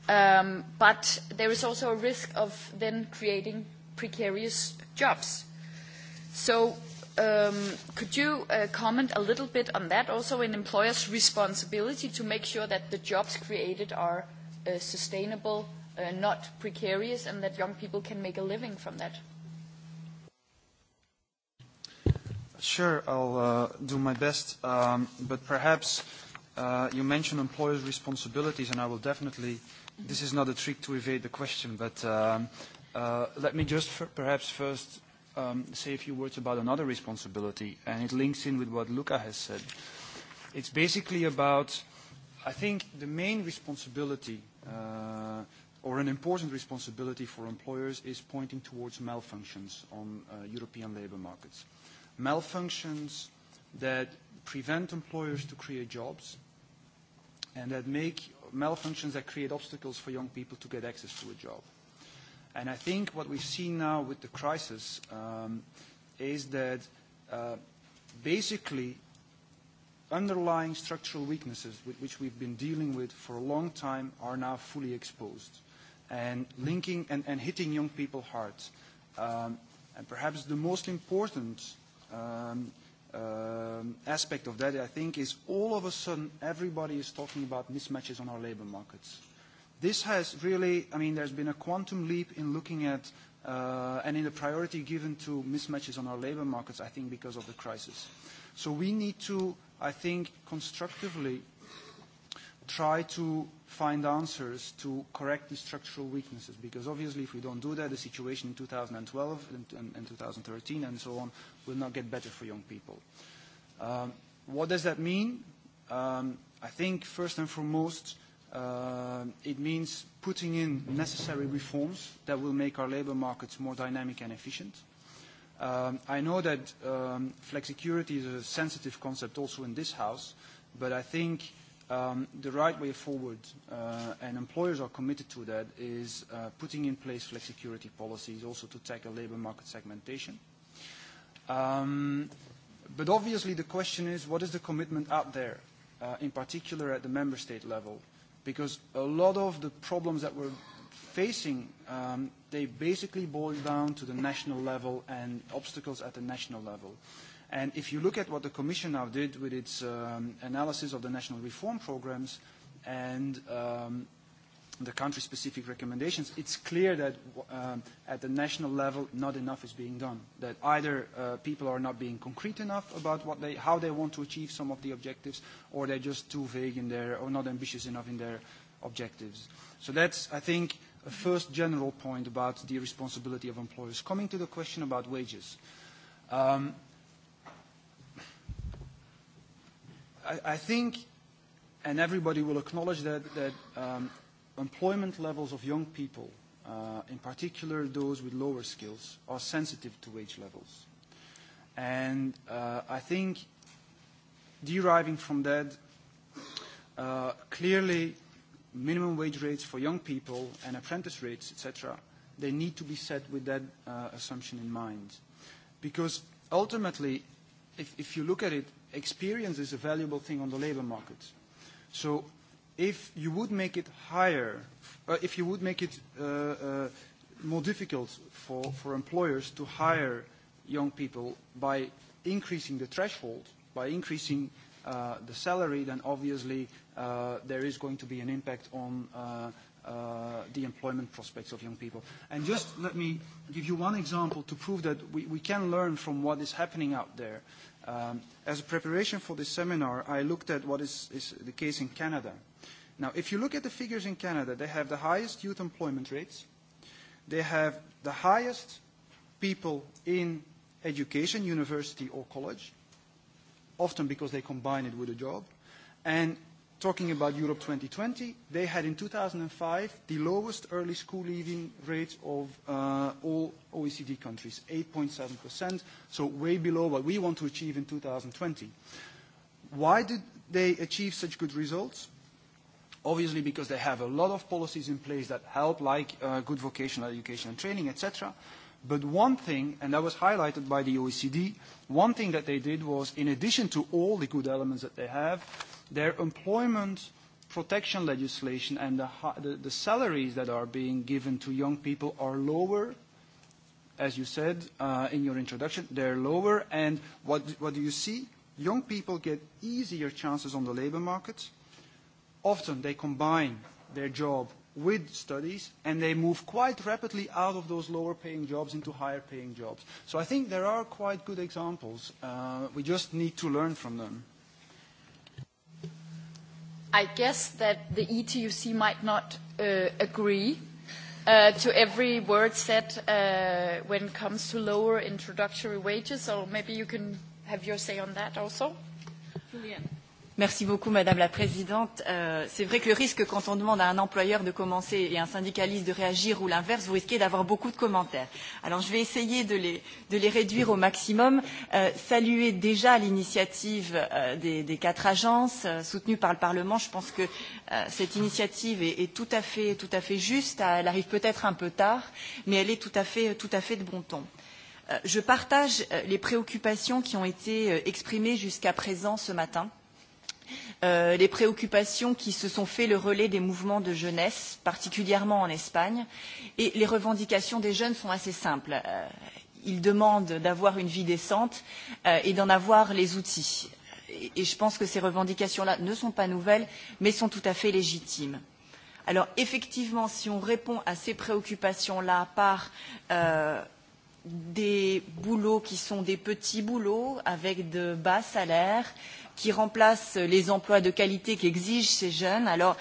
Um, but there is also a risk of then creating precarious jobs. So Um, could you uh, comment a little bit on that also in employers' responsibility to make sure that the jobs created are uh, sustainable, uh, not precarious, and that young people can make a living from that? Sure, I'll uh, do my best, um, but perhaps uh, you mentioned employers' responsibilities, and I will definitely, this is not a trick to evade the question, but um, uh, let me just perhaps first Um, say a few words about another responsibility, and it links in with what Luca has said. It's basically about, I think, the main responsibility uh, or an important responsibility for employers is pointing towards malfunctions on uh, European labor markets. Malfunctions that prevent employers to create jobs and that make malfunctions that create obstacles for young people to get access to a job. And I think what we've seen now with the crisis um, is that uh, basically underlying structural weaknesses with which we've been dealing with for a long time are now fully exposed and linking and, and hitting young people hard. Um, and perhaps the most important um, um, aspect of that, I think, is all of a sudden everybody is talking about mismatches on our labor markets. This has really, I mean, there's been a quantum leap in looking at uh, and in the priority given to mismatches on our labor markets, I think, because of the crisis. So we need to, I think, constructively try to find answers to correct these structural weaknesses, because obviously if we don't do that, the situation in 2012 and, and, and 2013 and so on will not get better for young people. Um, what does that mean? Um, I think first and foremost, Uh, it means putting in necessary reforms that will make our labor markets more dynamic and efficient. Um, I know that um, flexicurity is a sensitive concept also in this house, but I think um, the right way forward, uh, and employers are committed to that, is uh, putting in place flexicurity policies also to tackle labor market segmentation. but obviously the question is, what is the commitment out there, in particular at the member state level? because a lot of the problems that we're facing, um, they basically boil down to the national level and obstacles at the national level. And if you look at what the Commission now did with its um, analysis of the national reform programs and um, the country-specific recommendations, it's clear that um, at the national level, not enough is being done. That either uh, people are not being concrete enough about what they, how they want to achieve some of the objectives, or they're just too vague in their, or not ambitious enough in their objectives. So that's, I think, a first general point about the responsibility of employers. Coming to the question about wages. Um, I, I think, and everybody will acknowledge that, that um, employment levels of young people, uh, in particular those with lower skills, are sensitive to wage levels. And uh, I think deriving from that, uh, clearly minimum wage rates for young people and apprentice rates, etc., they need to be set with that uh, assumption in mind. Because ultimately, if, if you look at it, experience is a valuable thing on the labor market. So if you would make it higher, uh, if you would make it uh, uh, more difficult for, for employers to hire young people by increasing the threshold, by increasing uh, the salary, then obviously uh, there is going to be an impact on uh, uh, the employment prospects of young people. And just let me give you one example to prove that we, we can learn from what is happening out there. Uh, Um, as a preparation for this seminar, I looked at what is, is the case in Canada. Now, if you look at the figures in Canada, they have the highest youth employment rates. They have the highest people in education, university or college, often because they combine it with a job. And talking about Europe 2020, they had in 2005 the lowest early school leaving rate of uh, all OECD countries, 8.7%, so way below what we want to achieve in 2020. Why did they achieve such good results? Obviously, because they have a lot of policies in place that help, like uh, good vocational education and training, etc. But one thing, and that was highlighted by the OECD, one thing that they did was, in addition to all the good elements that they have, their employment protection legislation and the, the, the salaries that are being given to young people are lower, as you said uh, in your introduction, they're lower. And what, what do you see? Young people get easier chances on the labor market. Often they combine their job with studies and they move quite rapidly out of those lower paying jobs into higher paying jobs. So I think there are quite good examples. Uh, we just need to learn from them. I guess that the ETUC might not uh, agree uh, to every word said uh, when it comes to lower introductory wages, or maybe you can have your say on that also. Julian. Merci beaucoup, Madame la Présidente. Euh, c'est vrai que le risque, quand on demande à un employeur de commencer et à un syndicaliste de réagir ou l'inverse, vous risquez d'avoir beaucoup de commentaires. Alors, je vais essayer de les, de les réduire au maximum. Euh, saluer déjà l'initiative euh, des, des quatre agences euh, soutenues par le Parlement. Je pense que euh, cette initiative est, est tout, à fait, tout à fait juste. Elle arrive peut-être un peu tard, mais elle est tout à fait, tout à fait de bon ton euh, je partage euh, les préoccupations qui ont été euh, exprimées jusqu'à présent ce matin. Euh, euh, les préoccupations qui se sont fait le relais des mouvements de jeunesse, particulièrement en Espagne. Et les revendications des jeunes sont assez simples. Euh, ils demandent d'avoir une vie décente euh, et d'en avoir les outils. Et, et je pense que ces revendications-là ne sont pas nouvelles, mais sont tout à fait légitimes. Alors effectivement, si on répond à ces préoccupations-là par euh, des boulots qui sont des petits boulots avec de bas salaires, qui remplace les emplois de qualité qu'exigent ces jeunes, alors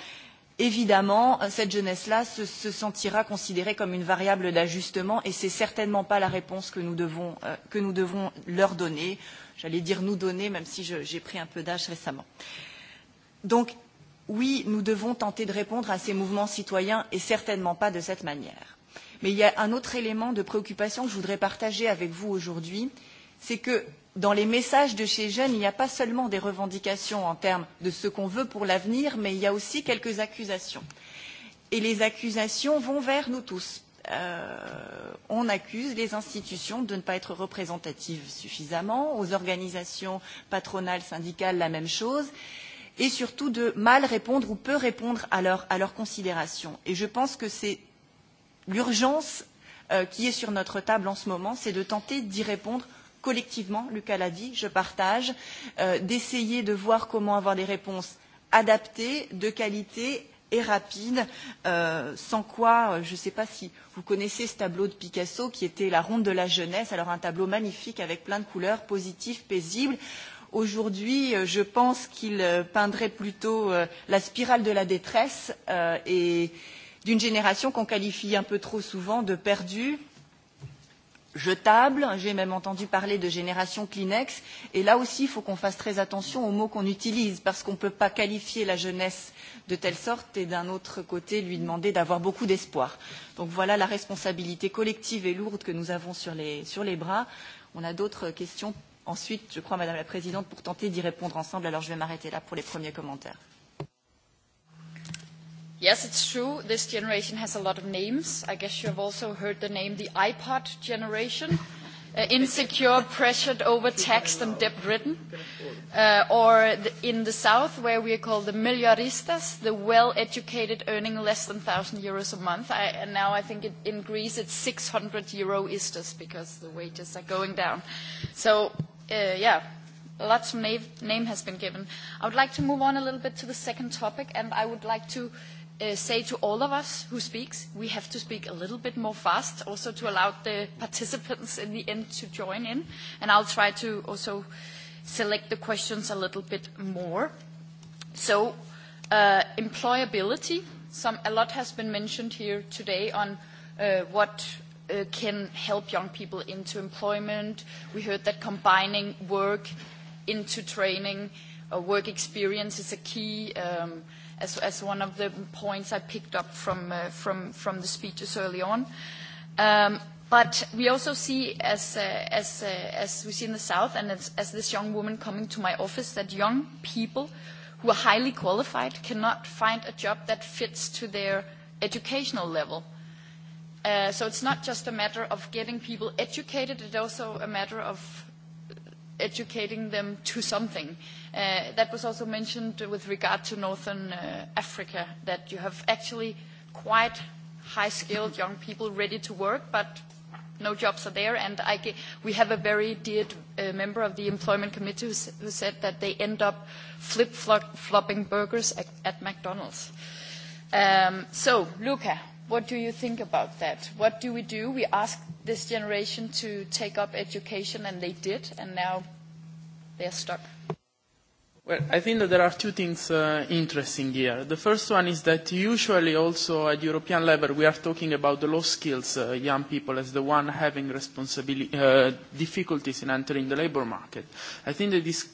évidemment, cette jeunesse-là se, se sentira considérée comme une variable d'ajustement et ce n'est certainement pas la réponse que nous devons, euh, que nous devons leur donner. J'allais dire nous donner, même si j'ai pris un peu d'âge récemment. Donc, oui, nous devons tenter de répondre à ces mouvements citoyens et certainement pas de cette manière. Mais il y a un autre élément de préoccupation que je voudrais partager avec vous aujourd'hui, euh, c'est que dans les messages de ces Jeunes, il n'y a pas seulement des revendications en termes de ce qu'on veut pour l'avenir, mais il y a aussi quelques accusations. Et les accusations vont vers nous tous. Euh, on accuse les institutions de ne pas être représentatives suffisamment, aux organisations patronales, syndicales, la même chose, et surtout de mal répondre ou peu répondre à, leurs leur, considérations. Et je pense que c'est l'urgence euh, qui est sur notre table en ce moment, c'est de tenter d'y répondre collectivement, Lucas l'a dit, je partage, euh, d'essayer de voir comment avoir des réponses adaptées, de qualité et rapide, euh, sans quoi, euh, je ne sais pas si vous connaissez ce tableau de Picasso qui était la ronde de la jeunesse, alors un tableau magnifique avec plein de couleurs, positives paisibles Aujourd'hui, euh, je pense qu'il euh, peindrait plutôt euh, la spirale de la détresse euh, et d'une génération qu'on qualifie un peu trop souvent de perdue, jetables. J'ai même entendu parler de génération Kleenex. Et là aussi, il faut qu'on fasse très attention aux mots qu'on utilise, parce qu'on ne peut pas qualifier la jeunesse de telle sorte et d'un autre côté lui demander d'avoir beaucoup d'espoir. Donc voilà la responsabilité collective et lourde que nous avons sur les, sur les bras. On a d'autres questions ensuite, je crois, Madame la Présidente, pour tenter d'y répondre ensemble. Alors je vais m'arrêter là pour les premiers commentaires. Yes, it's true. This generation has a lot of names. I guess you have also heard the name the iPod generation. Uh, insecure, pressured, overtaxed, and debt-ridden. Uh, or the, in the south, where we are called the milliaristas, the well-educated earning less than 1,000 euros a month. I, and now I think it, in Greece it's 600 euroistas because the wages are going down. So, uh, yeah, lots of name, name has been given. I would like to move on a little bit to the second topic, and I would like to uh, Uh, say to all of us who speaks, we have to speak a little bit more fast also to allow the participants in the end to join in. And I'll try to also select the questions a little bit more. So uh, employability, some, a lot has been mentioned here today on uh, what uh, can help young people into employment. We heard that combining work into training or uh, work experience is a key um, as, one of the points I picked up from, uh, the speeches early on. Um, but we also see, uh, uh, as, we see in the South, and as, this young woman coming to my office, that young people who are highly qualified cannot find a job that fits to their educational level. so it's not just a matter of getting people educated, it's also a matter of educating them to something. Uh, that was also mentioned with regard to Northern uh, Africa, that you have actually quite high-skilled young people ready to work, but no jobs are there. And I get, we have a very dear uh, member of the employment committee who, who said that they end up flip-flopping burgers at, at McDonald's. Um, so, Luca, what do you think about that? What do we do? We asked this generation to take up education, and they did, and now they're stuck. Well, I think that there are two things uh, interesting here. The first one is that usually also at European level we are talking about the low skills uh, young people as the one having responsibility, uh, difficulties in entering the labor market. I think that this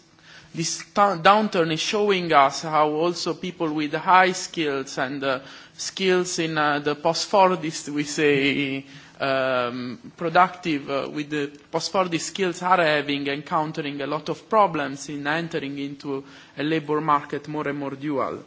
this downturn is showing us how also people with high skills and uh, skills in uh, the post 40 s we say, um, productive uh, with the post skills are having, encountering a lot of problems in entering into a labor market more and more dual. Uh,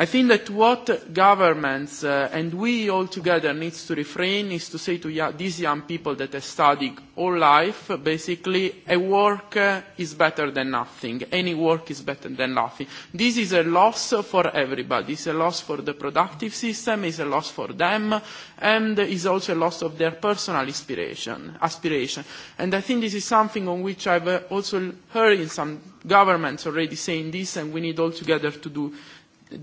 i think that what governments uh, and we all together needs to refrain is to say to these young people that have studied all life, basically, a work uh, is better than nothing. Any work is better than nothing. This is a loss for everybody. It's a loss for the productive system, it's a loss for them, and it's also a loss of their personal inspiration, aspiration. And I think this is something on which I've uh, also heard in some governments already saying this, and we need all together to do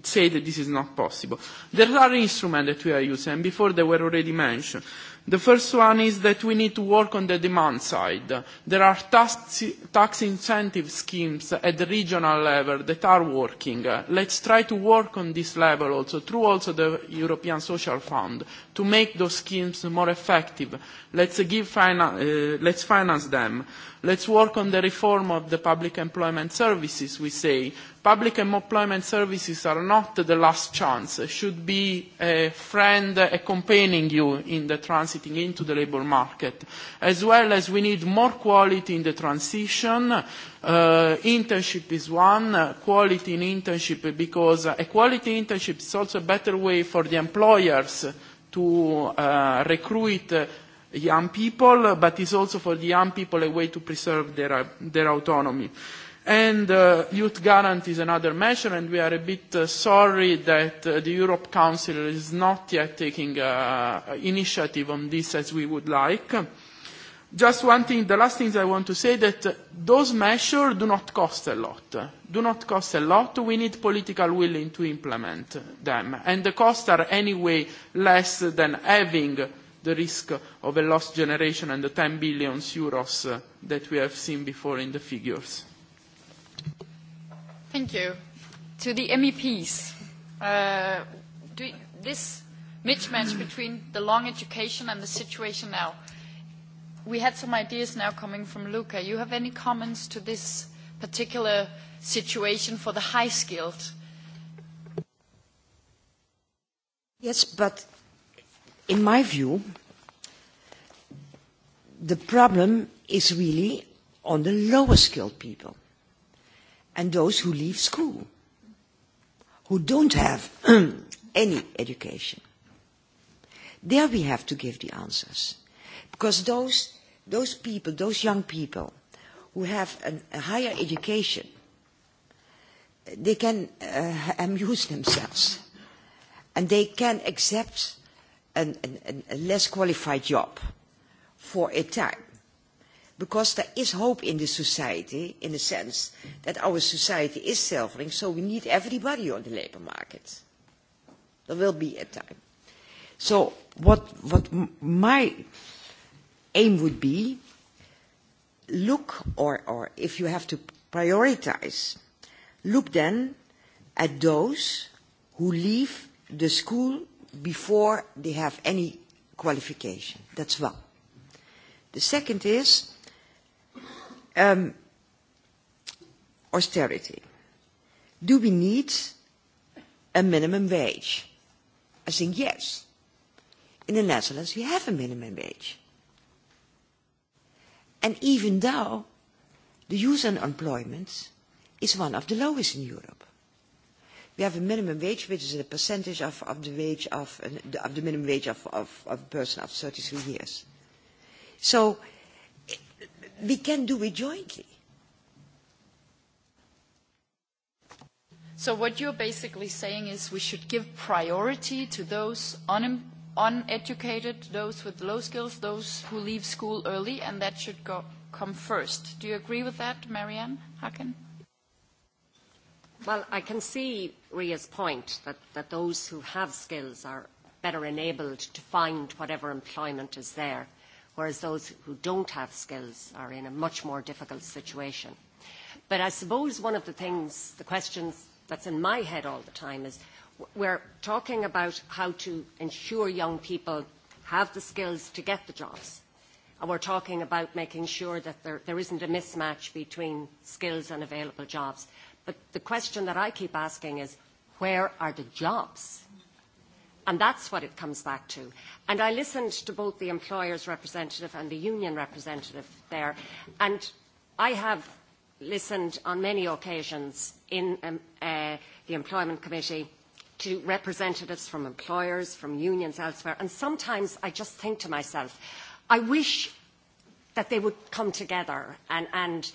say that this is not possible. There are instruments that we are using, and before they were already mentioned. The first one is that we need to work on the demand side. There are tax, tax incentive schemes at the regional level that are working. Let's try to work on this level also, through also the European Social Fund, to make those schemes more effective. Let's, give finan uh, let's finance them. Let's work on the reform of the public employment services, we say. Public employment services are not the last chance, should be a friend accompanying you in the transition capacity into the labour market, as well as we need more quality in the transition. Uh, internship is one, uh, quality in internship, because a quality internship is also a better way for the employers to uh, recruit uh, young people, but is also for the young people a way to preserve their, their autonomy. Uh, And uh, youth guarantee is another measure, and we are a bit uh, sorry that uh, the Europe Council is not yet taking uh, initiative on this as we would like. Just one thing, the last thing I want to say that uh, those measures do not cost a lot. Do not cost a lot. We need political willing to implement them. And the costs are anyway less than having the risk of a lost generation and the 10 billion euros uh, that we have seen before in the figures. Thank you. To the MEPs, uh, do, you, this mismatch between the long education and the situation now, we had some ideas now coming from Luca. You have any comments to this particular situation for the high-skilled? Yes, but in my view, the problem is really on the lower-skilled people and those who leave school, who don't have *clears throat* any education. There we have to give the answers. Because those, those people, those young people who have an, a higher education, they can uh, amuse themselves and they can accept an, an, an, a less qualified job for a time because there is hope in the society, in the sense that our society is suffering, so we need everybody on the labour market. There will be a time. So what, what my aim would be, look, or, or if you have to prioritize, look then at those who leave the school before they have any qualification. That's one. The second is Um, austerity. Do we need a minimum wage? I think yes. In the Netherlands, we have a minimum wage. And even though the youth unemployment is one of the lowest in Europe, we have a minimum wage, which is a percentage of, of the wage of, uh, of the minimum wage of, of, of a person of 33 years. So we can do it jointly. So what you're basically saying is we should give priority to those un uneducated, those with low skills, those who leave school early, and that should go come first. Do you agree with that, Marianne Hacken? Well, I can see Ria's point that, that those who have skills are better enabled to find whatever employment is there whereas those who don't have skills are in a much more difficult situation. But I suppose one of the things, the questions that's in my head all the time is we're talking about how to ensure young people have the skills to get the jobs. And we're talking about making sure that there, there isn't a mismatch between skills and available jobs. But the question that I keep asking is, where are the jobs? And that's what it comes back to. And I listened to both the employer's representative and the union representative there. And I have listened on many occasions in um, uh, the Employment Committee to representatives from employers, from unions elsewhere. And sometimes I just think to myself, I wish that they would come together and, and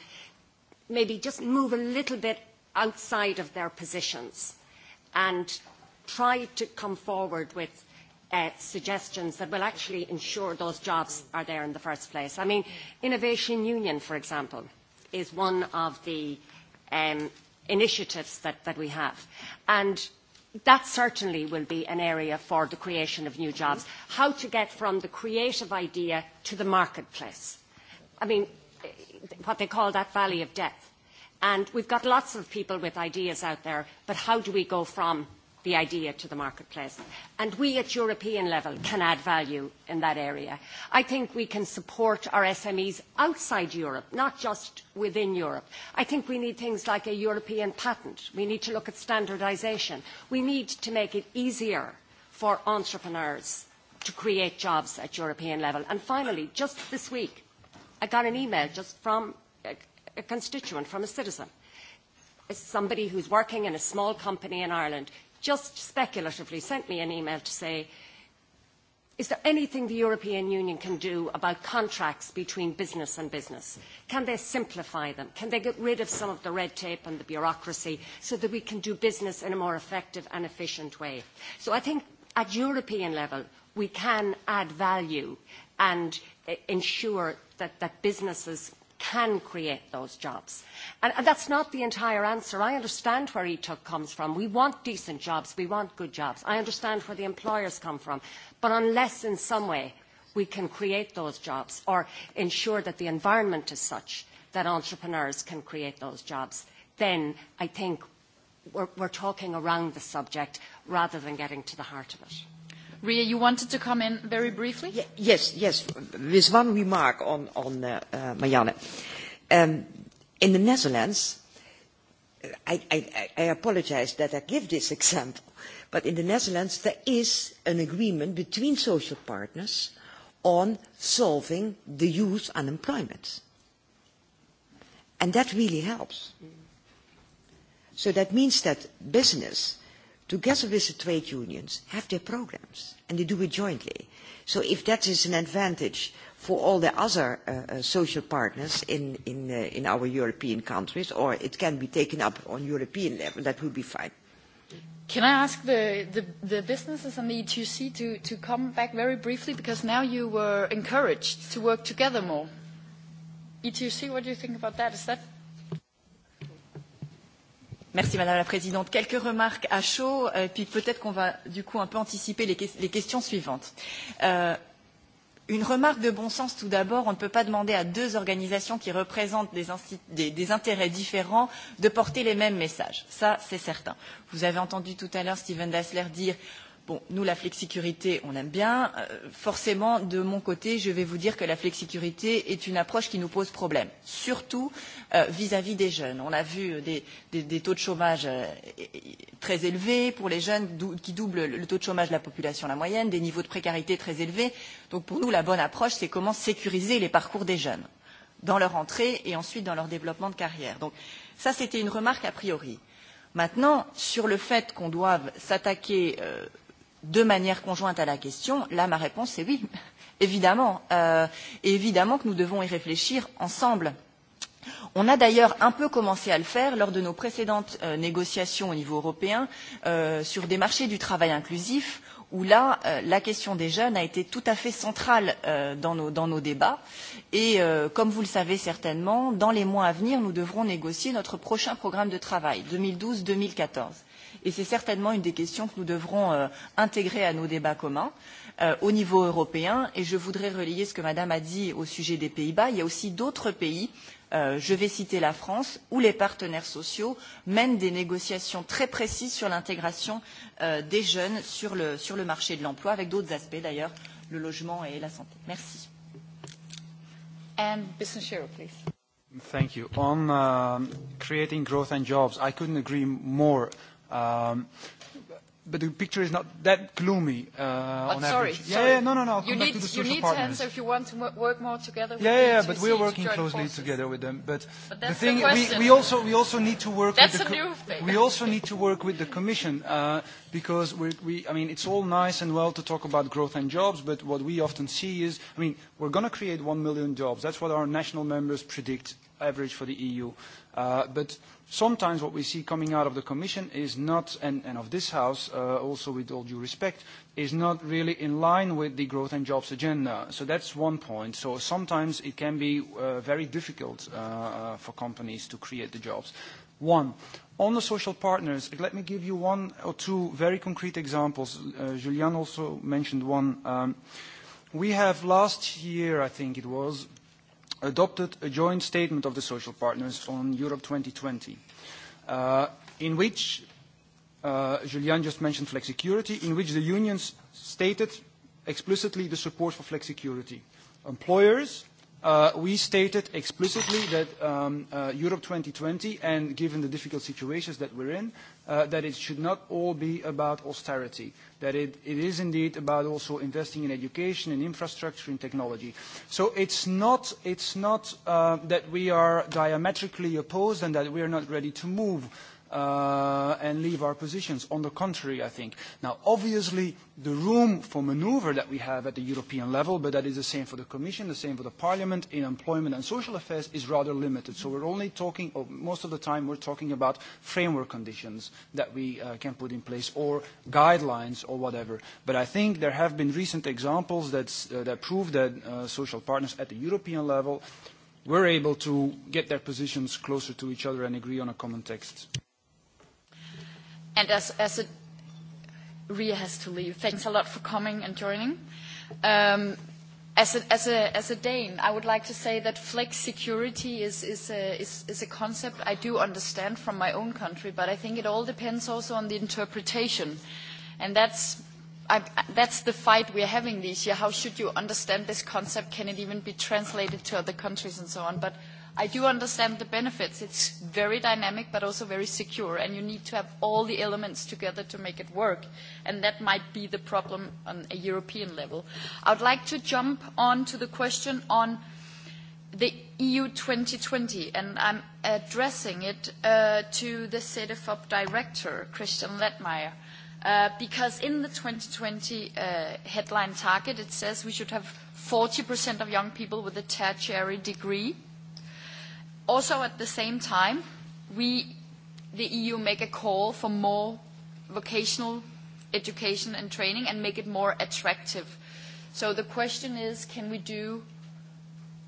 maybe just move a little bit outside of their positions and tried to come forward with uh, suggestions that will actually ensure those jobs are there in the first place. I mean, Innovation Union, for example, is one of the um, initiatives that, that we have. And that certainly will be an area for the creation of new jobs. How to get from the creative idea to the marketplace. I mean, what they call that valley of death. And we've got lots of people with ideas out there, but how do we go from the idea to the marketplace. And we at European level can add value in that area. I think we can support our SMEs outside Europe, not just within Europe. I think we need things like a European patent. We need to look at standardisation. We need to make it easier for entrepreneurs to create jobs at European level. And finally, just this week, I got an email just from a, a constituent, from a citizen, somebody who's working in a small company in Ireland just speculatively sent me an email to say, is there anything the European Union can do about contracts between business and business? Can they simplify them? Can they get rid of some of the red tape and the bureaucracy so that we can do business in a more effective and efficient way? So I think at European level, we can add value and e-, ensure that, that businesses can create those jobs. And, and that's not the entire answer. I understand where ETUC comes from. We want decent jobs. We want good jobs. I understand where the employers come from. But unless in some way we can create those jobs or ensure that the environment is such that entrepreneurs can create those jobs, then I think we're, we're talking around the subject rather than getting to the heart of it. Ria, you wanted to come in very briefly? Y yes, yes. With er, one remark on, on uh, uh, Marianne. Um, in the Netherlands, I, I, I apologize that I give this example, but in the Netherlands there is an agreement between social partners on solving the youth unemployment. And that really helps. Mm. So that means that business together with the trade unions, have their programs, and they do it jointly. So if that is an advantage for all the other uh, uh, social partners in, in, uh, in our European countries, or it can be taken up on European level, that would be fine. Can I ask the, the, the businesses and the E2C to, to come back very briefly, because now you were encouraged to work together more. E2C, what do you think about that? Is that Merci Madame la Présidente. Quelques remarques à chaud, euh, puis peut-être qu'on va du coup un peu anticiper les, que les questions suivantes. Euh, une remarque de bon sens tout d'abord, on ne peut pas demander à deux organisations qui représentent des, des, des intérêts différents de porter les mêmes messages. Ça, c'est certain. Vous avez entendu tout à l'heure Steven Dassler dire Bon, nous, la flexicurité, on aime bien. Euh, forcément, de mon côté, je vais vous dire que la flexicurité est une approche qui nous pose problème, surtout euh, vis-à-vis euh, -vis des jeunes. On a vu euh, des, des, des taux de chômage euh, très élevés pour les jeunes dou qui doublent le taux de chômage de la population, la moyenne, des niveaux de précarité très élevés. Donc pour nous, la bonne approche, c'est comment sécuriser les parcours des jeunes dans leur entrée et ensuite dans leur développement de carrière. Donc ça, c'était une remarque a priori. Maintenant, sur le fait qu'on doive s'attaquer euh, de manière conjointe à la question, là, ma réponse est oui, *laughs* évidemment. Euh, et évidemment que nous devons y réfléchir ensemble. On a d'ailleurs un peu commencé à le faire lors de nos précédentes euh, négociations au niveau européen euh, sur des marchés du travail inclusif, où là, euh, la question des jeunes a été tout à fait centrale euh, dans, nos, dans nos débats. Et euh, comme vous le savez certainement, dans les mois à venir, nous devrons négocier notre prochain programme de travail, 2012-2014 Et c'est certainement une des questions que nous devrons euh, intégrer à nos débats communs euh, au niveau européen. Et je voudrais relayer ce que Madame a dit au sujet des Pays-Bas. Il y a aussi d'autres pays euh, je vais citer la France, où les partenaires sociaux mènent des négociations très précises sur l'intégration euh, des jeunes sur le, sur le marché de l'emploi, avec d'autres aspects d'ailleurs, le logement et la santé. Merci. And business share, please. Thank you. On uh, creating growth and jobs, I couldn't agree more. Um, but the picture is not that gloomy uh, on sorry, average. Sorry. Yeah, yeah, no, no, no. I'll you need, you need partners. hands if you want to work more together. With yeah, yeah, yeah but we're working closely forces. together with them. But, but the thing, the we, we also we also need to work. That's with the a new thing. We also need to work with the Commission uh, because we, we, I mean, it's all nice and well to talk about growth and jobs, but what we often see is, I mean, we're going to create one million jobs. That's what our national members predict average for the EU, uh, but sometimes what we see coming out of the Commission is not, and, and of this House, uh, also with all due respect, is not really in line with the growth and jobs agenda. So that's one point. So sometimes it can be uh, very difficult uh, uh for companies to create the jobs. One, on the social partners, let me give you one or two very concrete examples. Uh, Julian also mentioned one. Um, we have last year, I think it was, adopted a joint statement of the social partners on Europe 2020, uh, in which uh, Julian just mentioned flexicurity, in which the unions stated explicitly the support for flexicurity. Employers, uh, we stated explicitly that um, uh, Europe 2020, and given the difficult situations that we're in, Uh, that it should not all be about austerity, that it, it is indeed about also investing in education, in infrastructure, in technology. So it's not, it's not uh, that we are diametrically opposed and that we are not ready to move uh, and leave our positions. On the contrary, I think. Now, obviously, the room for maneuver that we have at the European level, but that is the same for the Commission, the same for the Parliament, in employment and social affairs, is rather limited. So we're only talking, or most of the time, we're talking about framework conditions that we uh, can put in place, or guidelines, or whatever. But I think there have been recent examples that's, uh, that prove that uh, social partners at the European level were able to get their positions closer to each other and agree on a common text. And as, as a, Ria has to leave. Thanks a lot for coming and joining. Um, as a, as, a, as a Dane, I would like to say that flex security is, is, a, is, is a concept I do understand from my own country, but I think it all depends also on the interpretation. And that's, I, that's the fight we're having this year. How should you understand this concept? Can it even be translated to other countries and so on? But i do understand the benefits. It's very dynamic, but also very secure, and you need to have all the elements together to make it work. And that might be the problem on a European level. I would like to jump on to the question on the EU 2020, and I'm addressing it uh, to the CEDEFOP director, Christian Lettmeier, Uh, because in the 2020 uh, headline target, it says we should have 40% of young people with a tertiary degree Also, at the same time, we, the EU, make a call for more vocational education and training and make it more attractive. So the question is, can we do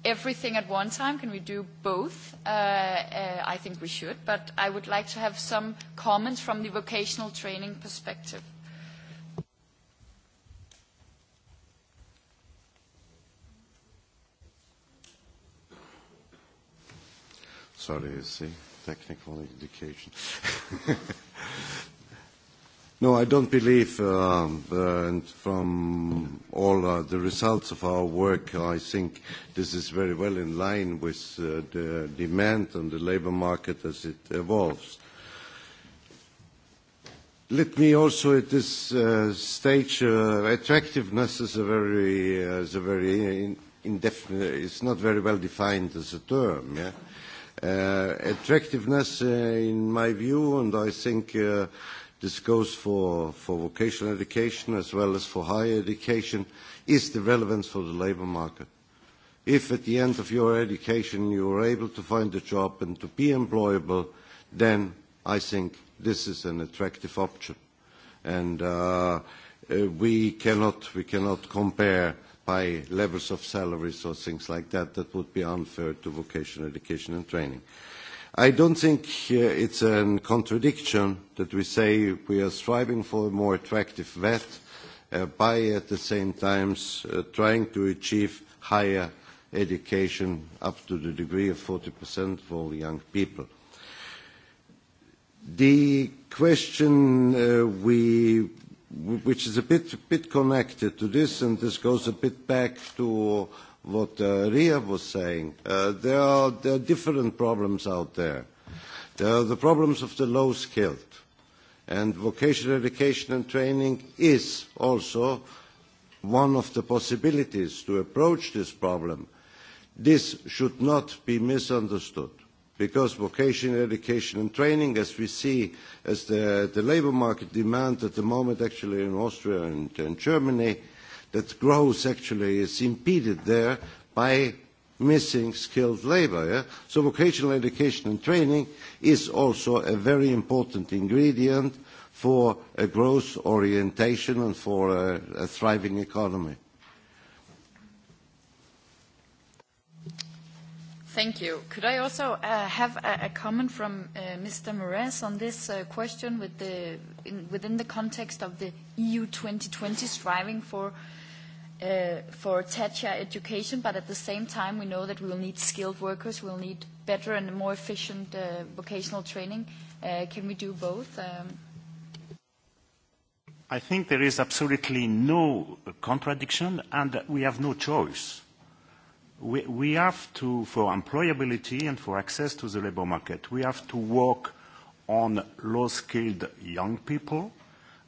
everything at one time? Can we do both? Uh, uh, I think we should, but I would like to have some comments from the vocational training perspective. Sorry, you see, technical indication. *laughs* no, I don't believe, um, uh, and from all uh, the results of our work, I think this is very well in line with uh, the demand on the labor market as it evolves. Let me also at this uh, stage, uh, attractiveness is a very, uh, is a very in, indefinite, it's not very well defined as a term, yeah? Uh, attractiveness, uh, in my view, and I think uh, this goes for, for vocational education as well as for higher education, is the relevance for the labour market. If at the end of your education you are able to find a job and to be employable, then I think this is an attractive option. And uh, uh, we, cannot, we cannot compare by levels of salaries or things like that that would be unfair to vocational education and training. I don't think uh, it's a contradiction that we say we are striving for a more attractive vet uh, by at the same time uh, trying to achieve higher education up to the degree of 40% for all young people. The question uh, we which is a bit, bit connected to this, and this goes a bit back to what uh, Ria was saying. Uh, there, are, there are different problems out there. There are the problems of the low-skilled, and vocational education and training is also one of the possibilities to approach this problem. This should not be misunderstood because vocational education and training, as we see, as the, the labour market demand at the moment actually in Austria and, and Germany, that growth actually is impeded there by missing skilled labour. Yeah? So vocational education and training is also a very important ingredient for a growth orientation and for a, a thriving economy. Thank you. Could I also uh, have a, a comment from uh, Mr. Moraes on this uh, question with the, in, within the context of the EU 2020 striving for, uh, for TACHA education, but at the same time, we know that we will need skilled workers, we'll need better and more efficient uh, vocational training. Uh, can we do both? Um... I think there is absolutely no contradiction, and we have no choice we, we have to, for employability and for access to the labor market, we have to work on low-skilled young people,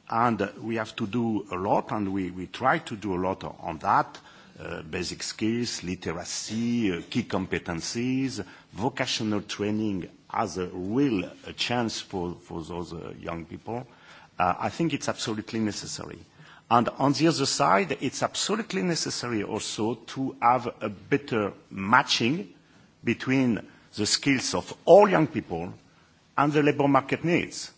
and we have to do a lot, and we, we try to do a lot on that. Uh, basic skills, literacy, uh, key competencies, vocational training as a real a uh, chance for, for those uh, young people. Uh, I think it's absolutely necessary. And on the other side, it's absolutely necessary also to have a better matching between the skills of all young people and the labor market needs.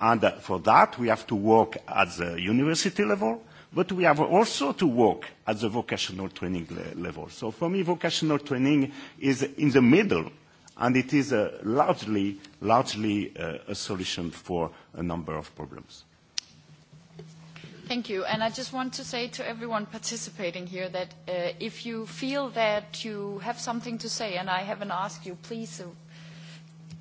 And for that, we have to work at the university level, but we have also to work at the vocational training level. So for me, vocational training is in the middle, and it is a largely, largely uh, a solution for a number of problems. Thank you. And I just want to say to everyone participating here that uh, if you feel that you have something to say and I haven't asked you, please uh,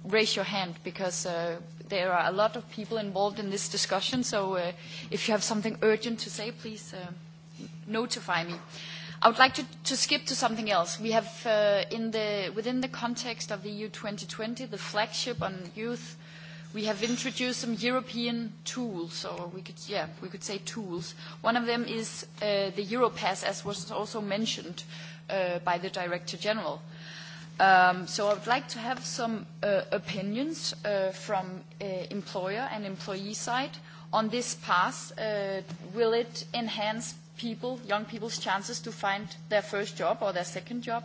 raise your hand because uh, there are a lot of people involved in this discussion. So uh, if you have something urgent to say, please uh, notify me. I would like to, to skip to something else. We have, uh, in the, within the context of the EU 2020, the flagship on youth we have introduced some European tools, or we could, yeah, we could say tools. One of them is uh, the Europass, as was also mentioned uh, by the Director General. Um, so I would like to have some uh, opinions uh, from uh, employer and employee side on this pass. Uh, will it enhance people, young people's chances to find their first job or their second job?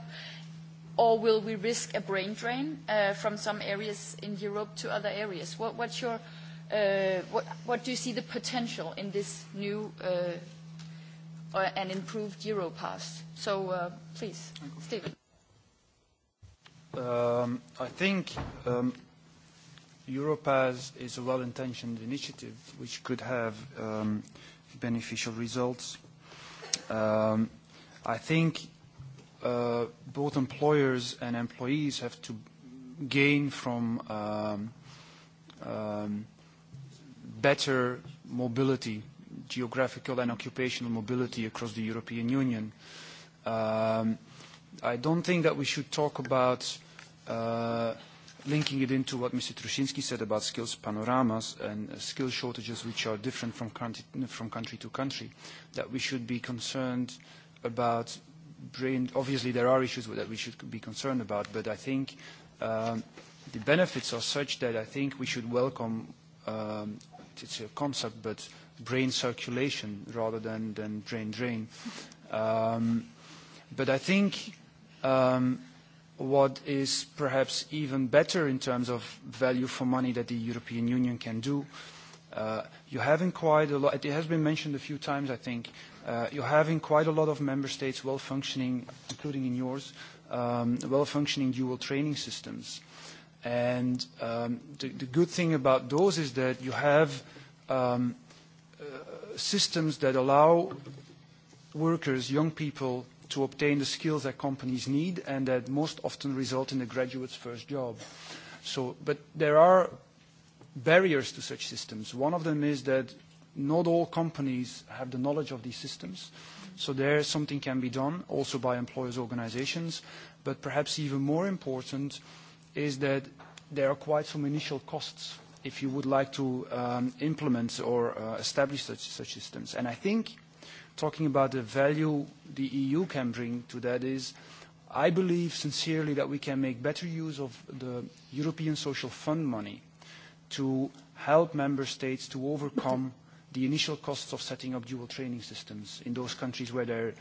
or will we risk a brain drain uh, from some areas in Europe to other areas? What, uh, do you see the potential in this new uh, and improved Europass? So please, Stephen. Um, I think um, Europass is a well-intentioned initiative which could have um, beneficial results. I think uh, both employers and employees have to gain from um, um, better mobility, geographical and occupational mobility across the European Union. Um, I don't think that we should talk about uh, linking it into what Mr. Trushinsky said about skills panoramas and uh, skill shortages which are different from country, from country to country, that we should be concerned about brain, obviously there are issues that we should be concerned about, but I think um, the benefits are such that I think we should welcome, um, it's a concept, but brain circulation rather than, than brain drain. Um, but I think um, what is perhaps even better in terms of value for money that the European Union can do, uh, you haven't quite a lot, it has been mentioned a few times, I think, uh, you're having quite a lot of member states well functioning, including in yours, um, well functioning dual training systems. And um, the, the good thing about those is that you have um, uh, systems that allow workers, young people, to obtain the skills that companies need and that most often result in a graduate's first job. So, but there are barriers to such systems. One of them is that not all companies have the knowledge of these systems. So there, something can be done, also by employers' organizations. But perhaps even more important is that there are quite some initial costs if you would like to um, implement or uh, establish such, such systems. And I think talking about the value the EU can bring to that is I believe sincerely that we can make better use of the European Social Fund money to help member states to overcome the initial costs of setting up dual training systems in those countries where they're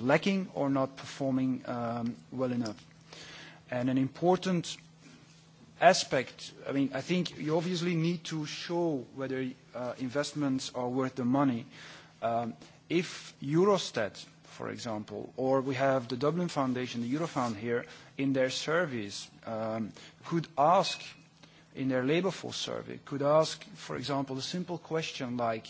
lacking or not performing um, well enough. And an important aspect, I mean, I think you obviously need to show whether uh, investments are worth the money. Um, if Eurostat, for example, or we have the Dublin Foundation, the Eurofound here, in their surveys, um, could ask in their labor force survey could ask, for example, a simple question like,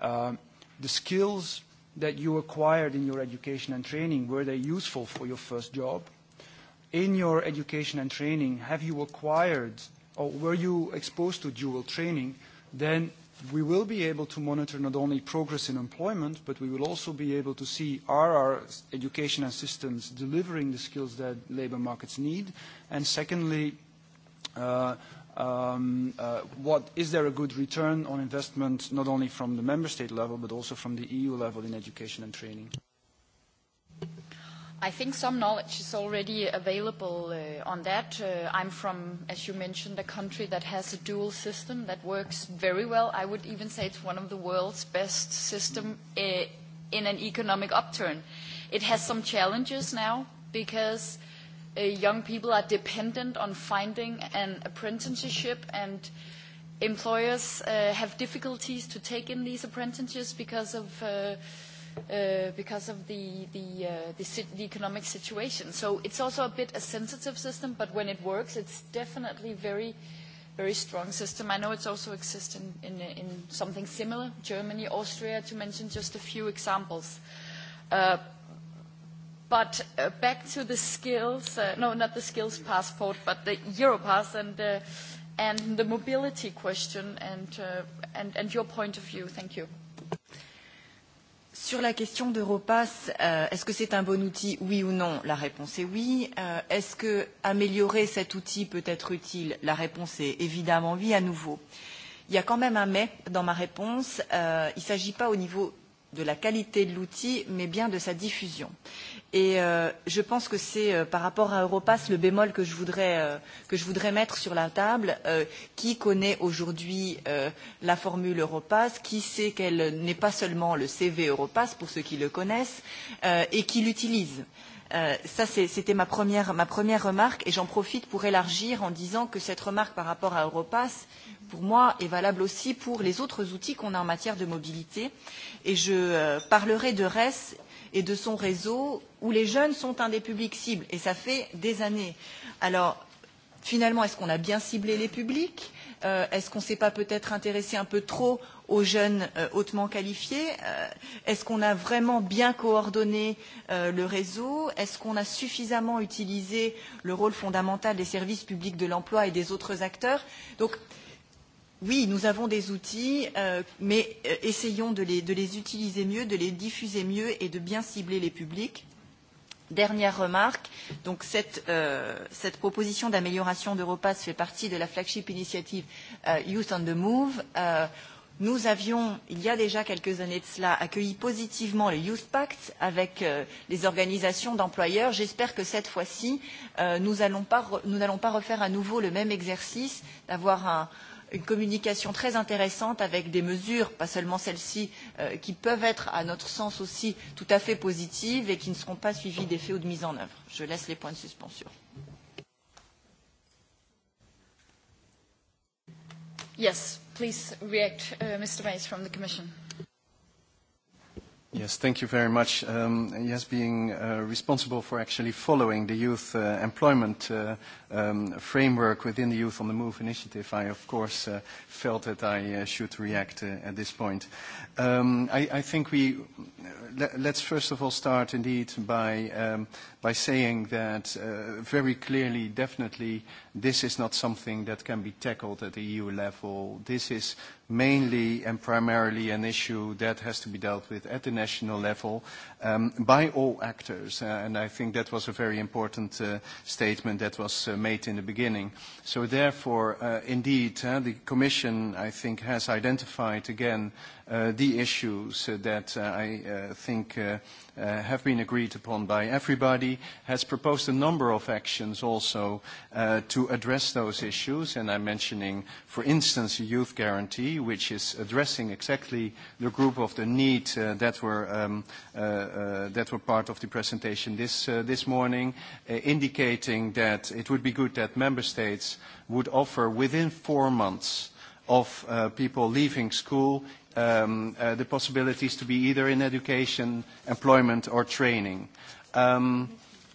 um, the skills that you acquired in your education and training, were they useful for your first job? In your education and training, have you acquired or were you exposed to dual training? Then we will be able to monitor not only progress in employment, but we will also be able to see are our education systems delivering the skills that labor markets need? And secondly, uh, um, uh, what, is there a good return on investment, not only from the member state level, but also from the EU level in education and training? I think some knowledge is already available uh, on that. Uh, I'm from, as you mentioned, a country that has a dual system that works very well. I would even say it's one of the world's best system uh, in an economic upturn. It has some challenges now because – young people are dependent on finding an apprenticeship and employers uh, have difficulties to take in these apprentices because of uh, uh, because of the the, uh, the, the economic situation. So it's also a bit a sensitive system, but when it works, it's definitely very very strong system. I know it's also exists in, in, in something similar, Germany, Austria, to mention just a few examples. Uh, But uh, back to the skills, uh, no, not the skills passport, but the Europass and, uh, and the mobility question and, uh, and, and your point of view. Thank you. Sur la question d'Europass, euh, est-ce euh, que c'est un bon outil Oui ou non La réponse est oui. Euh, est-ce que améliorer cet outil peut être utile La réponse est évidemment oui à nouveau. Il y a quand même un mais dans ma réponse. Euh, il ne s'agit pas au niveau de la qualité de l'outil, mais bien de sa diffusion. Et euh, je pense que c'est euh, par rapport à Europass le bémol que je voudrais, euh, que je voudrais mettre sur la table. Euh, qui connaît aujourd'hui euh, la formule Europass Qui sait qu'elle n'est pas seulement le CV Europass, pour ceux qui le connaissent, euh, et qui l'utilise Euh, ça, c'était ma première, ma première remarque et j'en profite pour élargir en disant que cette remarque par rapport à Europass, pour moi, est valable aussi pour les autres outils qu'on a en matière de mobilité. Et je euh, parlerai de RES et de son réseau où les jeunes sont un des publics cibles et ça fait des années. Alors, finalement, est-ce qu'on a bien ciblé les publics euh, Est-ce qu'on ne s'est pas peut-être intéressé un peu trop aux jeunes euh, hautement qualifiés euh, Est-ce qu'on a vraiment bien coordonné euh, le réseau Est-ce qu'on a suffisamment utilisé le rôle fondamental des services publics de l'emploi et des autres acteurs Donc, oui, nous avons des outils, euh, mais euh, essayons de les, de les utiliser mieux, de les diffuser mieux et de bien cibler les publics. Dernière remarque, donc cette, euh, cette proposition d'amélioration d'Europass fait partie de la flagship initiative euh, Youth on the Move. Euh, Nous avions, il y a déjà quelques années de cela, accueilli positivement le Youth Pact avec euh, les organisations d'employeurs. J'espère que cette fois-ci, euh, nous n'allons pas, re pas refaire à nouveau le même exercice d'avoir un, une communication très intéressante avec des mesures, pas seulement celles-ci, euh, qui peuvent être, à notre sens aussi, tout à fait positives et qui ne seront pas suivies d'effets ou de mise en œuvre. Je laisse les points de suspension. Yes. Please react, uh, Mr. Mays from the Commission. Yes, thank you very much. Um, yes, being uh, responsible for actually following the youth uh, employment uh, um, framework within the Youth on the Move initiative, I of course uh, felt that I uh, should react uh, at this point. Um, I, I think we let, let's first of all start indeed by um, by saying that uh, very clearly, definitely, this is not something that can be tackled at the EU level. This is mainly and primarily an issue that has to be dealt with at the national level um, by all actors. Uh, and I think that was a very important uh, statement that was uh, made in the beginning. So therefore, uh, indeed, uh, the Commission, I think, has identified again uh, the issues uh, that uh, I uh, think uh, uh, have been agreed upon by everybody, has proposed a number of actions also uh, to address those issues. And I'm mentioning, for instance, a youth guarantee, which is addressing exactly the group of the need uh, that, were, um, uh, uh, that were part of the presentation this, uh, this morning, uh, indicating that it would be good that member states would offer within four months of uh, people leaving school um, uh, the possibilities to be either in education, employment, or training. Um,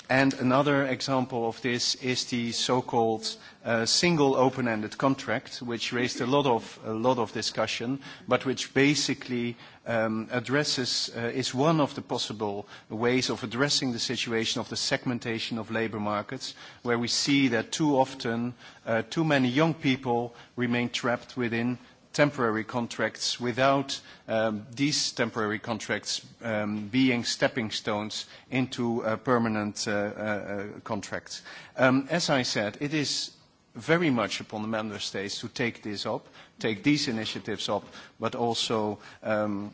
and another example of this is the so-called uh, single open-ended contract, which raised a lot of, a lot of discussion, but which basically um, addresses, uh, is one of the possible ways of addressing the situation of the segmentation of labor markets, where we see that too often uh, too many young people remain trapped within temporary contracts without um, these temporary contracts um, being stepping stones into uh, permanent uh, uh, uh contracts. Um, as I said, it is very much upon the member states to take this up, take these initiatives up, but also um,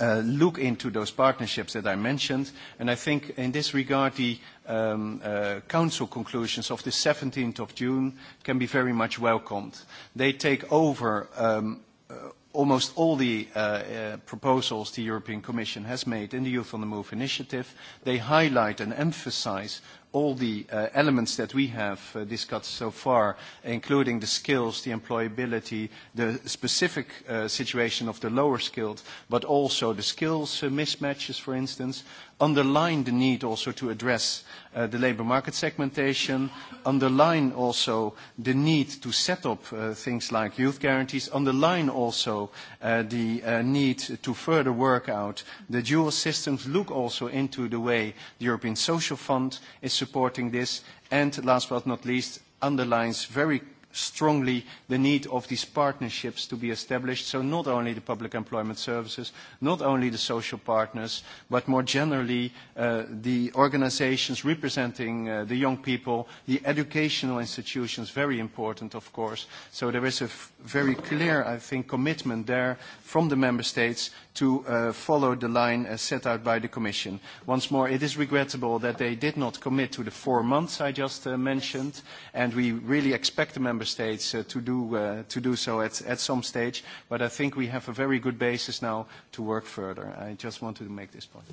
Uh, look into those partnerships that I mentioned. And I think in this regard, the um, uh, council conclusions of the 17th of June can be very much welcomed. They take over um, uh, almost all the uh, uh, proposals the European Commission has made in the Youth on the Move initiative. They highlight and emphasize all the uh, elements that we have uh, discussed so far, including the skills, the employability, the specific uh, situation of the lower skilled, but also the skills mismatches, for instance, underline the need also to address uh, the labour market segmentation, underline also the need to set up uh, things like youth guarantees, underline also uh, the uh, need to further work out the dual systems, look also into the way the European Social Fund is supporting this, and last but not least, underlines very strongly the need of these partnerships to be established. So not only the public employment services, not only the social partners, but more generally uh, the organizations representing uh, the young people, the educational institutions, very important of course. So there is a very clear, I think, commitment there from the member states to uh, follow the line as uh, set out by the Commission. Once more, it is regrettable that they did not commit to the four months I just uh, mentioned, and we really expect the member states uh, to, do, uh, to do so at, at some stage, but I think we have a very good basis now to work further. I just wanted to make this point.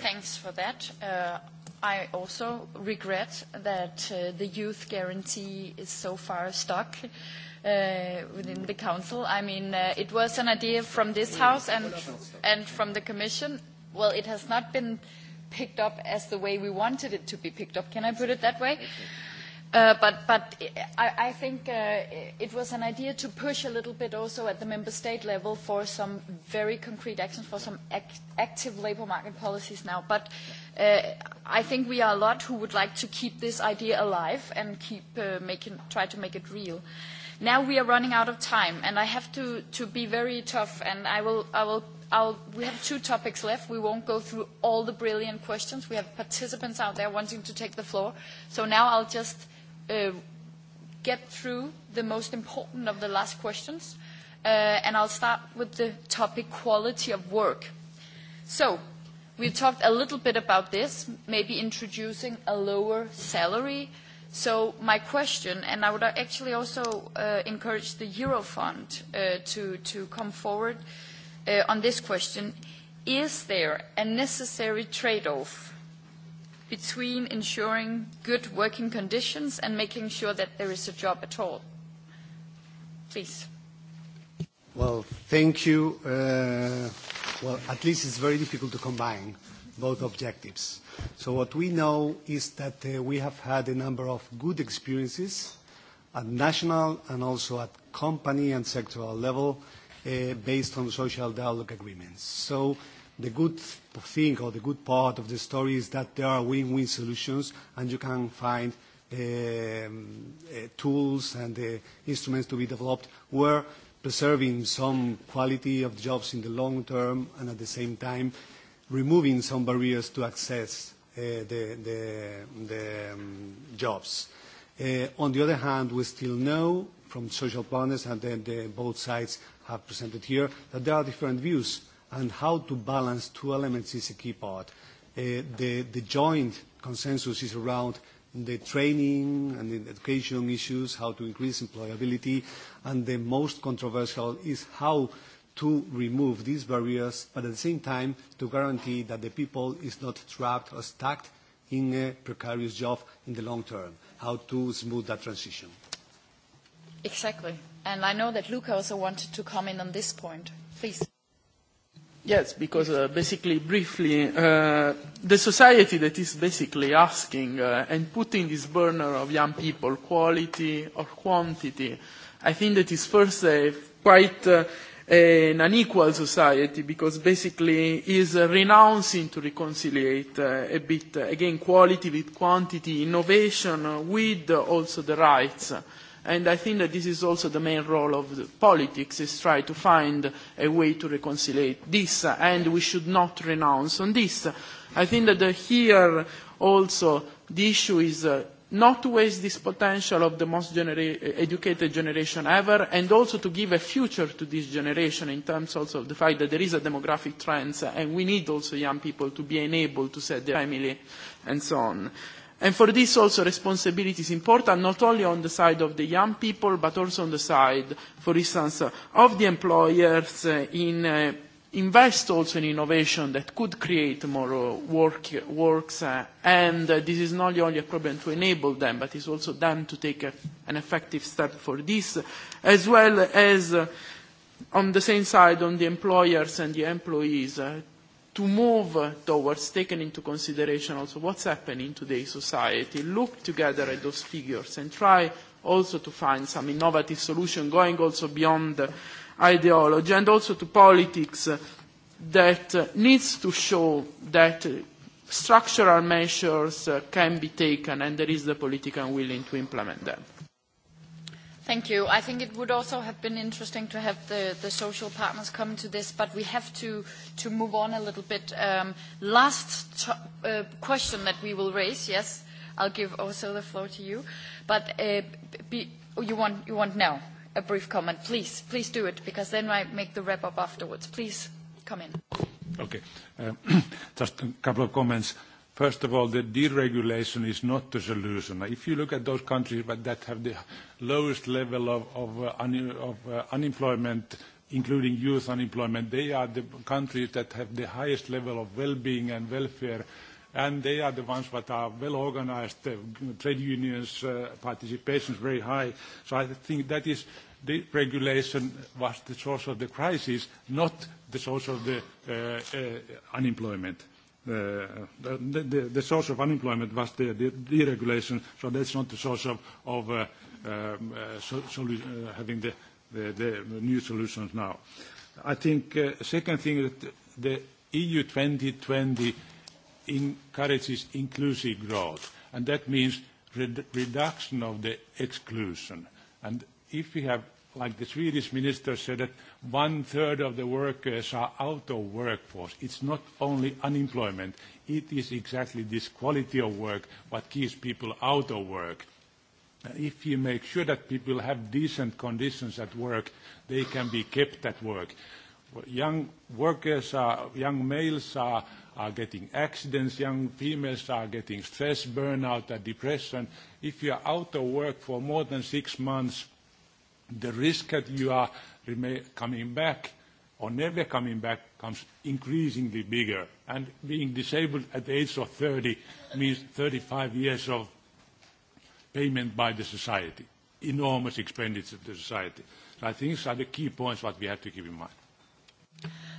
Thanks for that. Uh, I also regret that uh, the youth guarantee is so far stuck uh, within the council. I mean, uh, it was an idea from this house and, and from the commission. Well, it has not been picked up as the way we wanted it to be picked up. Can I put it that way? Uh, but but I, I think uh, it was an idea to push a little bit also at the member state level for some very concrete actions, for some act, active labour market policies now. But uh, I think we are a lot who would like to keep this idea alive and keep uh, making, try to make it real. Uh, Now we are running out of time, and I have to, to be very tough, and I will, I will I'll, we have two topics left. We won't go through all the brilliant questions. We have participants out there wanting to take the floor. So now I'll just uh, get through the most important of the last questions. Uh, and I'll start with the topic quality of work. So we talked a little bit about this, maybe introducing a lower salary So my question, and I would actually also uh, encourage the Eurofund uh, to, to come forward uh, on this question, is there a necessary trade-off between ensuring good working conditions and making sure that there is a job at all? Please. Well, thank you. Uh, well, at least it's very difficult to combine both objectives. So what we know is that uh, we have had a number of good experiences at national and also at company and sectoral level uh, based on social dialogue agreements. So the good thing or the good part of the story is that there are win-win solutions and you can find um, uh, tools and instruments to be developed where preserving some quality of jobs in the long term and at the same time removing some barriers to access uh, the, the, the um, jobs. Uh, on the other hand, we still know from social partners and then the, both sides have presented here that there are different views and how to balance two elements is a key part. Uh, the, the joint consensus is around the training and the education issues, how to increase employability, and the most controversial is how to remove these barriers, but at the same time to guarantee that the people is not trapped or stuck in a precarious job in the long term, how to smooth that transition. Exactly. And I know that Luca also wanted to comment on this point. Please. Yes, because uh, basically, briefly, uh, the society that is basically asking uh, and putting this burner of young people, quality or quantity, I think that is first a uh, quite uh, an unequal society because basically is renouncing to reconciliate uh, a bit uh, again quality with quantity innovation with also the rights and i think that this is also the main role of the politics is try to find a way to reconcile this and we should not renounce on this i think that here also the issue is uh, not to waste this potential of the most genera educated generation ever, and also to give a future to this generation in terms also of the fact that there is a demographic trend, and we need also young people to be enabled to set their family and so on. And for this also responsibility is important, not only on the side of the young people, but also on the side, for instance, of the employers in uh, invest also in innovation that could create more uh, work, works, uh, and uh, this is not only a problem to enable them, but it's also them to take a, an effective step for this, as well as uh, on the same side, on the employers and the employees, uh, to move uh, towards taking into consideration also what's happening in today's society, look together at those figures and try also to find some innovative solution going also beyond uh, ideology and also to politics that needs to show that structural measures can be taken and there is the political willing to implement them. Thank you. I think it would also have been interesting to have the, the social partners come to this, but we have to, to move on a little bit. Um, last uh, question that we will raise, yes, I'll give also the floor to you, but uh, be, you, want, you want now? a brief comment, please. Please do it, because then I make the wrap-up afterwards. Please come in. Okay. Uh, *clears throat* just a couple of comments. First of all, the deregulation is not the solution. If you look at those countries that have the lowest level of, uh, uh, unemployment, including youth unemployment, they are the countries that have the highest level of well-being and welfare, and they are the ones that are well organized, The uh, trade unions, uh, participation is very high. So I think that is the regulation was the source of the crisis, not the source of the uh, uh, unemployment. Uh, the, the, the source of unemployment was the, the deregulation, so that's not the source of, of uh, um, uh, so, so, uh, having the, the, the new solutions now. I think uh, second thing that the EU 2020 encourages inclusive growth, and that means reduction of the exclusion. And if we have, like the Swedish minister said, that one-third of the workers are out of workforce, it's not only unemployment, it is exactly this quality of work what keeps people out of work. if you make sure that people have decent conditions at work, they can be kept at work. Young workers are, young males are are getting accidents, young females are getting stress, burnout, and depression. If you are out of work for more than six months, the risk that you are coming back or never coming back comes increasingly bigger. And being disabled at the age of 30 means 35 years of payment by the society, enormous expenditure to the society. So I think these are the key points what we have to keep in mind.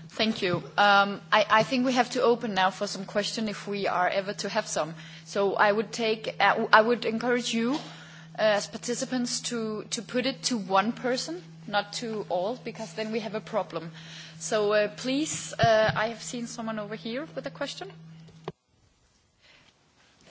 Thank you. Um, I, I think we have to open now for some question if we are ever to have some. So I would take, uh, I would encourage you uh, as participants to, to put it to one person, not to all, because then we have a problem. So uh, please, uh, I have seen someone over here with a question.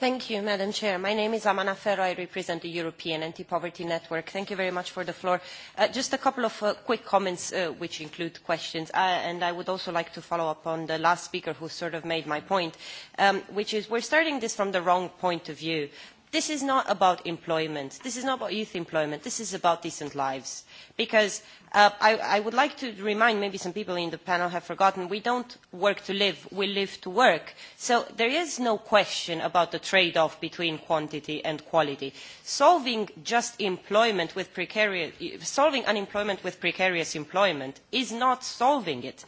Thank you, Madam Chair. My name is Amana Ferro. I represent the European Anti-Poverty Network. Thank you very much for the floor. Uh, just a couple of uh, quick comments, uh, which include questions. Uh, and I would also like to follow up on the last speaker who sort of made my point, um, which is we're starting this from the wrong point of view. This is not about employment. This is not about youth employment. This is about decent lives. Because Uh, I, I would like to remind, maybe some people in the panel have forgotten, we don't work to live, we live to work. So there is no question about the trade-off between quantity and quality. Solving just employment with precarious, solving unemployment with precarious employment is not solving it.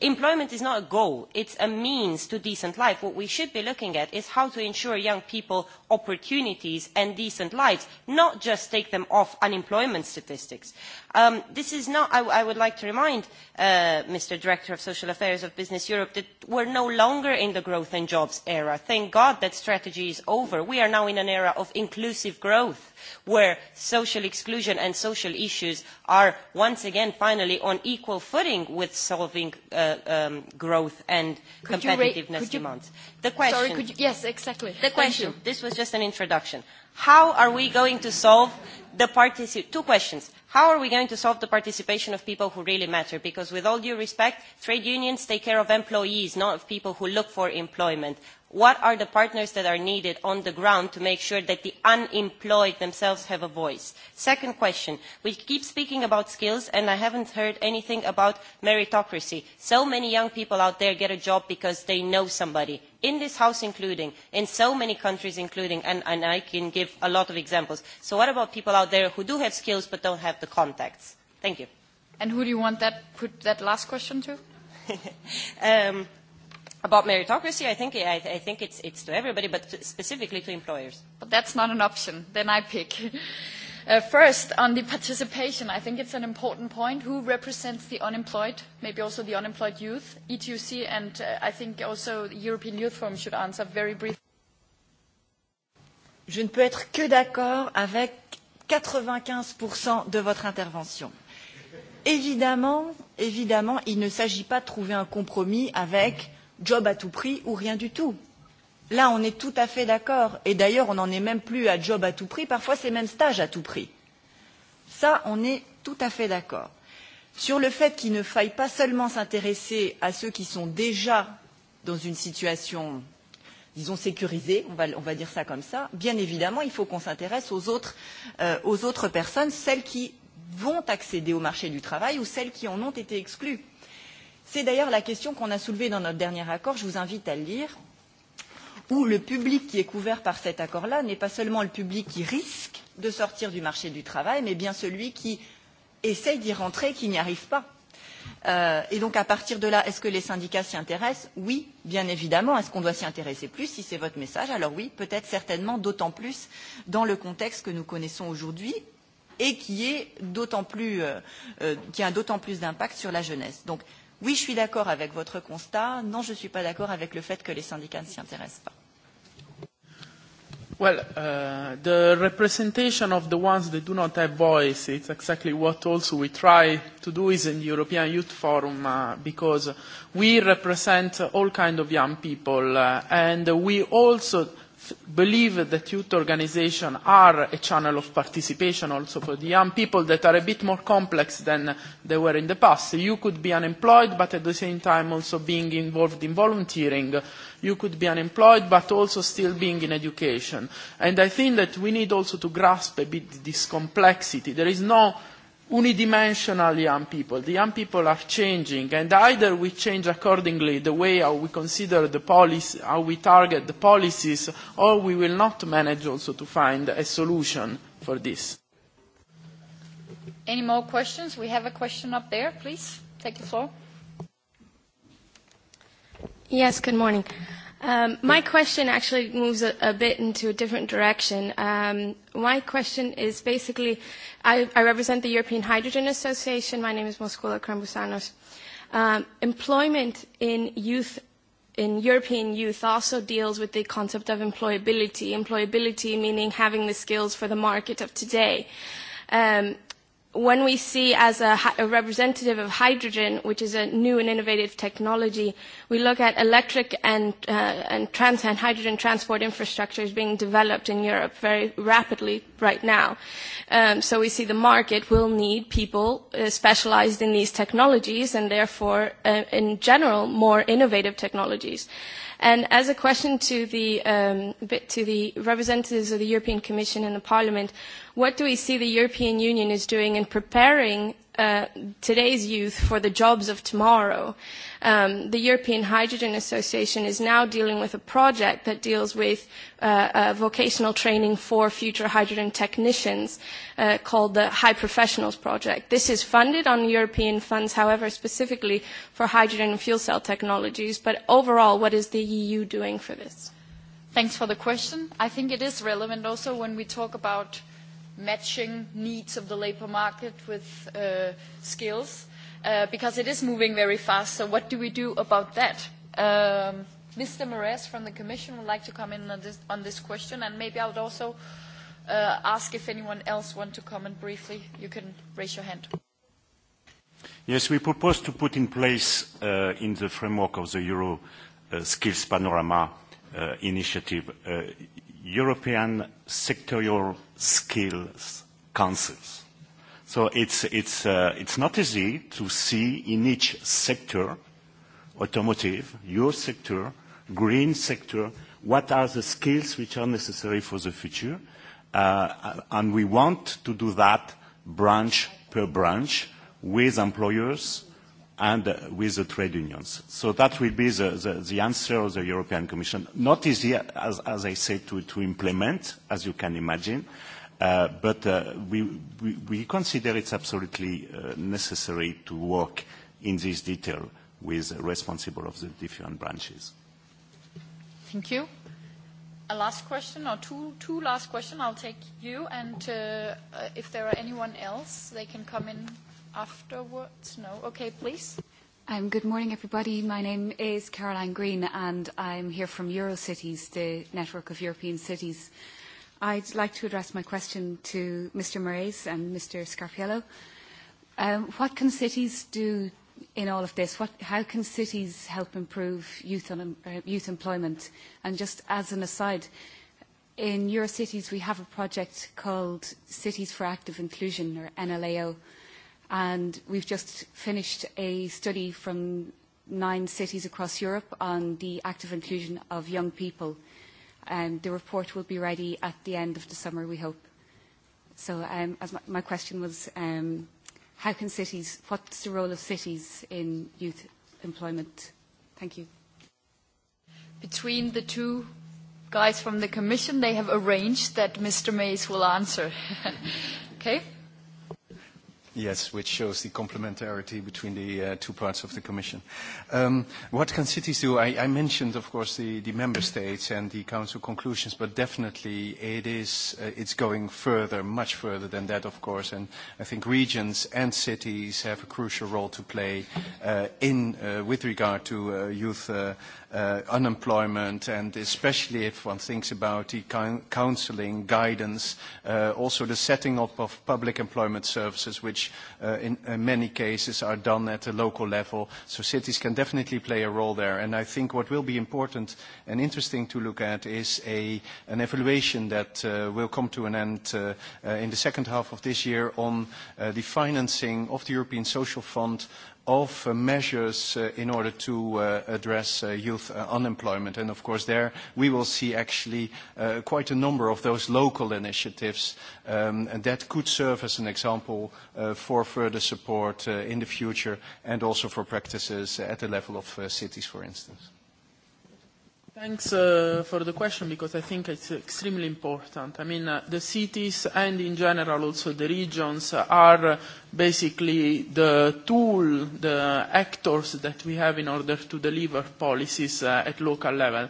Employment is not a goal, it's a means to decent life. What we should be looking at is how to ensure young people opportunities and decent lives, not just take them off unemployment statistics. Um, this is not, I, I would like to remind uh, Mr. Director of Social Affairs of Business Europe that we're no longer in the growth and jobs era. Thank God that strategy is over. We are now in an era of inclusive growth where social exclusion and social issues are once again finally on equal footing with solving uh, um, growth and could competitiveness you, demands. The question, sorry, could you, yes, exactly. The question, this was just an introduction. How are we going to solve the particip two questions. How are we going to solve the participation of people who really matter? Because with all due respect, trade unions take care of employees, not of people who look for employment what are the partners that are needed on the ground to make sure that the unemployed themselves have a voice? Second question, we keep speaking about skills and I haven't heard anything about meritocracy. So many young people out there get a job because they know somebody, in this house including, in so many countries including, and, and I can give a lot of examples. So what about people out there who do have skills but don't have the contacts? Thank you. And who do you want that, put that last question to? *laughs* um, about meritocracy, I think, I, I think it's, it's to everybody, but specifically to employers. But that's not an option. Then I pick. *laughs* Uh, first, on the participation, I think it's an important point. Who represents the unemployed, maybe also the unemployed youth? ETUC and uh, I think also the European Youth Forum should answer very briefly. Je ne peux être que d'accord avec 95% de votre intervention. Évidemment, évidemment, il ne s'agit pas de trouver un compromis avec job à tout prix ou rien du tout. Là, on est tout à fait d'accord. Et d'ailleurs, on n'en est même plus à job à tout prix. Parfois, c'est même stage à tout prix. Ça, on est tout à fait d'accord. Sur le fait qu'il ne faille pas seulement s'intéresser à ceux qui sont déjà dans une situation, disons, sécurisée, on va, on va dire ça comme ça, bien évidemment, il faut qu'on s'intéresse aux, euh, aux autres personnes, celles qui vont accéder au marché du travail ou celles qui en ont été exclues C'est d'ailleurs la question qu'on a soulevée dans notre dernier accord, je vous invite à le lire, où le public qui est couvert par cet accord-là n'est pas seulement le public qui risque de sortir du marché du travail, mais bien celui qui essaye d'y rentrer et qui n'y arrive pas. Euh, et donc à partir de là, est-ce que les syndicats s'y intéressent Oui, bien évidemment. Est-ce qu'on doit s'y intéresser plus Si c'est votre message, alors oui, peut-être certainement, d'autant plus dans le contexte que nous connaissons aujourd'hui et qui, est plus, euh, euh, qui a d'autant plus d'impact sur la jeunesse. Donc Oui, je suis d'accord avec votre constat. Non, je ne suis pas d'accord avec le fait que les syndicats ne s'y intéressent pas. Well, uh, the representation of the ones that do not have voice, it's exactly what also we try to do is in the European Youth Forum, uh, because we represent all kinds of young people, uh, and we also believe that youth organizations are a channel of participation also for the young people that are a bit more complex than they were in the past. You could be unemployed, but at the same time also being involved in volunteering. You could be unemployed, but also still being in education. And I think that we need also to grasp a bit this complexity. There is no unidimensional young people. The young people are changing, and either we change accordingly the way how we consider the policy, how we target the policies, or we will not manage also to find a solution for this. Any more questions? We have a question up there, please. Take the floor. Yes, good morning. Um, my question actually moves a, a bit into a different direction. Um, my question is basically, I, I represent the European Hydrogen Association. My name is Moscola Krambusanos. Um, employment in youth in European youth also deals with the concept of employability, employability meaning having the skills for the market of today. Um, when we see as a, a representative of hydrogen, which is a new and innovative technology, we look at electric and, uh, and, trans and hydrogen transport infrastructures being developed in Europe very rapidly right now. Um, so we see the market will need people uh, specialized in these technologies and therefore, uh, in general, more innovative technologies. And as a question to the, um, to the representatives of the European Commission and the Parliament, what do we see the European Union is doing in preparing uh, today's youth for the jobs of tomorrow. Um, the European Hydrogen Association is now dealing with a project that deals with uh, uh, vocational training for future hydrogen technicians uh, called the High Professionals Project. This is funded on European funds, however, specifically for hydrogen and fuel cell technologies. But overall, what is the EU doing for this? Thanks for the question. I think it is relevant also when we talk about matching needs of the labour market with uh, skills uh, because it is moving very fast. So what do we do about that? Um, Mr. Moraes from the Commission would like to come in on this, on this question, and maybe I would also uh, ask if anyone else wants to comment briefly. You can raise your hand. Yes, we propose to put in place uh, in the framework of the Euro uh, Skills Panorama uh, initiative uh, European sectorial skills councils. So it's, it's, uh, it's not easy to see in each sector, automotive, your sector, green sector, what are the skills which are necessary for the future. Uh, and we want to do that branch per branch with employers, and with the trade unions. So that will be the, the, the answer of the European Commission. Not easy, as, as I said, to, to implement, as you can imagine, uh, but uh, we, we, we consider it's absolutely uh, necessary to work in this detail with responsible of the different branches. Thank you. A last question or two, two last questions. I'll take you, and uh, if there are anyone else, they can come in afterwards? No? Okay, please. Um, good morning, everybody. My name is Caroline Green, and I'm here from Eurocities, the network of European cities. I'd like to address my question to Mr. Moraes and Mr. Scarpiello. Um, what can cities do in all of this? What, how can cities help improve youth, un, uh, youth employment? And just as an aside, in Eurocities, we have a project called Cities for Active Inclusion, or NLAO, And we've just finished a study from nine cities across Europe on the active inclusion of young people. Um, the report will be ready at the end of the summer, we hope. So um, as my, my question was, um, how can cities, what's the role of cities in youth employment? Thank you. Between the two guys from the Commission, they have arranged that Mr. Mays will answer. *laughs* okay. Yes, which shows the complementarity between the uh, two parts of the Commission. Um, what can cities do? I, I mentioned, of course, the, the member states and the Council conclusions, but definitely it is, uh, it's going further, much further than that, of course, and I think regions and cities have a crucial role to play uh, in, uh, with regard to uh, youth uh, uh, unemployment, and especially if one thinks about the counseling, guidance, uh, also the setting up of public employment services, which uh, in, in uh, many cases are done at a local level. So cities can definitely play a role there. And I think what will be important and interesting to look at is a, an evaluation that uh, will come to an end uh, uh, in the second half of this year on uh, the financing of the European Social Fund of measures uh, in order to uh, address uh, youth uh, unemployment. And of course, there we will see actually uh, quite a number of those local initiatives um, that could serve as an example for further support in the future and also for practices at the level of cities, for instance. Thanks uh, for the question because I think it's extremely important. I mean, uh, the cities and in general also the regions are basically the tool, the actors that we have in order to deliver policies uh, at local level.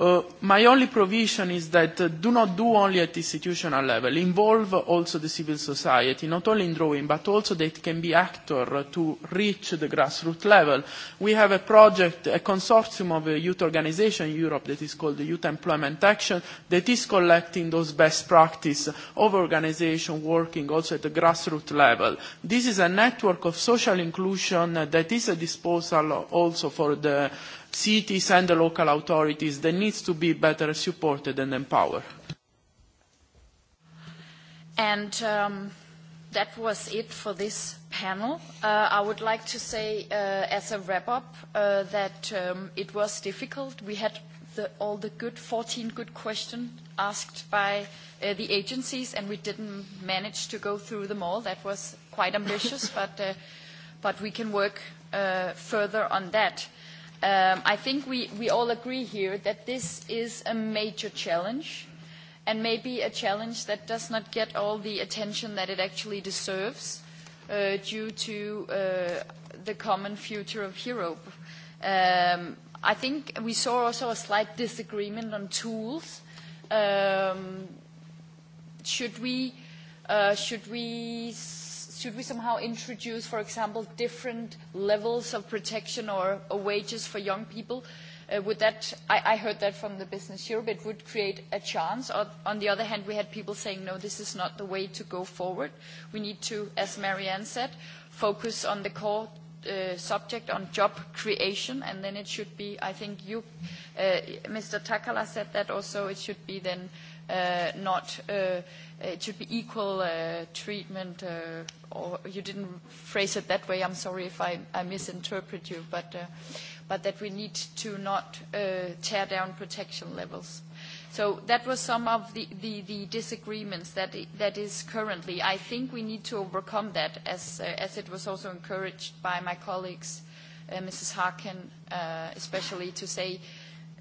Uh, my only provision is that uh, do not do only at institutional level, involve also the civil society, not only in drawing, but also that can be actor uh, to reach the grassroots level. We have a project, a consortium of a uh, youth organization in Europe that is called the Youth Employment Action that is collecting those best practice of organization working also at the grassroots level This is a network of social inclusion that is a disposal also for the cities and the local authorities that needs to be better supported and empowered. And um, that was it for this panel. Uh, I would like to say uh, as a wrap-up uh, that um, it was difficult. We had the, all the good 14 good questions asked by uh, the agencies, and we didn't manage to go through them all. That was quite ambitious, *laughs* but, uh, but we can work uh, further on that. Um, I think we, we all agree here that this is a major challenge and maybe a challenge that does not get all the attention that it actually deserves uh, due to uh, the common future of Europe. Um, I think we saw also a slight disagreement on tools. Um, should we, uh, should we should we somehow introduce, for example, different levels of protection or, or wages for young people? Uh, would that, I, I heard that from the Business Europe, it would create a chance. Or, on the other hand, we had people saying, no, this is not the way to go forward. We need to, as Marianne said, focus on the core Uh, subject on job creation, and then it should be, I think you, uh, Mr. Takala said that also, it should be then uh, not uh, it uh, should be equal uh, treatment, uh, or you didn't phrase it that way. I'm sorry if I, I misinterpret you, but, uh, but that we need to not uh, tear down protection levels. So that was some of the, the, the disagreements that, that is currently. I think we need to overcome that, as, uh, as it was also encouraged by my colleagues, uh, Mrs. Harkin uh, especially, to say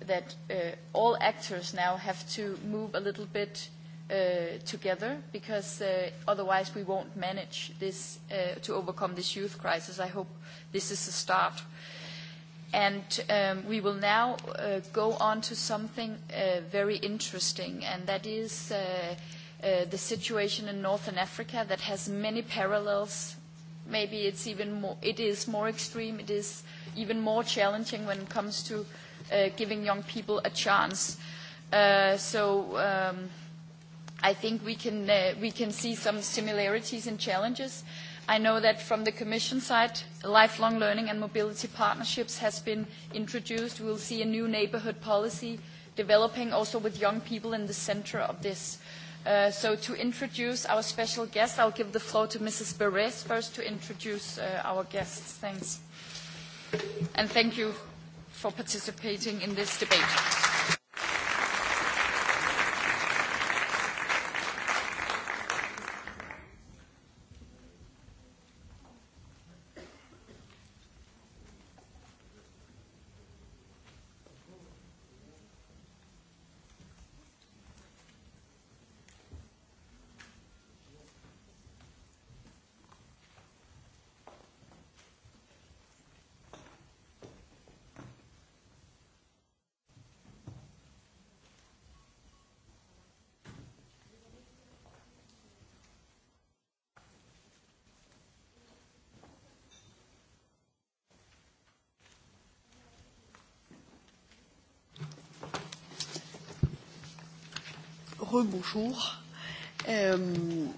that uh, all actors now have to move a little bit uh, together because uh, otherwise we won't manage this uh, to overcome this youth crisis. I hope this is a start. And um, we will now uh, go on to something uh, very interesting, and that is uh, uh, the situation in Northern Africa that has many parallels. Maybe it's even more, it is more extreme, it is even more challenging when it comes to uh, uh, giving young people a chance. Uh, so um, I think we can, uh, we can see some similarities and challenges. I know that from the Commission side, lifelong learning and mobility partnerships has been introduced. We'll see a new neighbourhood policy developing also with young people in the centre of this. Uh, so to introduce our special guest, I'll give the floor to Mrs. Beres first to introduce uh, our guests. Thanks. And thank you for participating in this debate. rebonjour. Euh,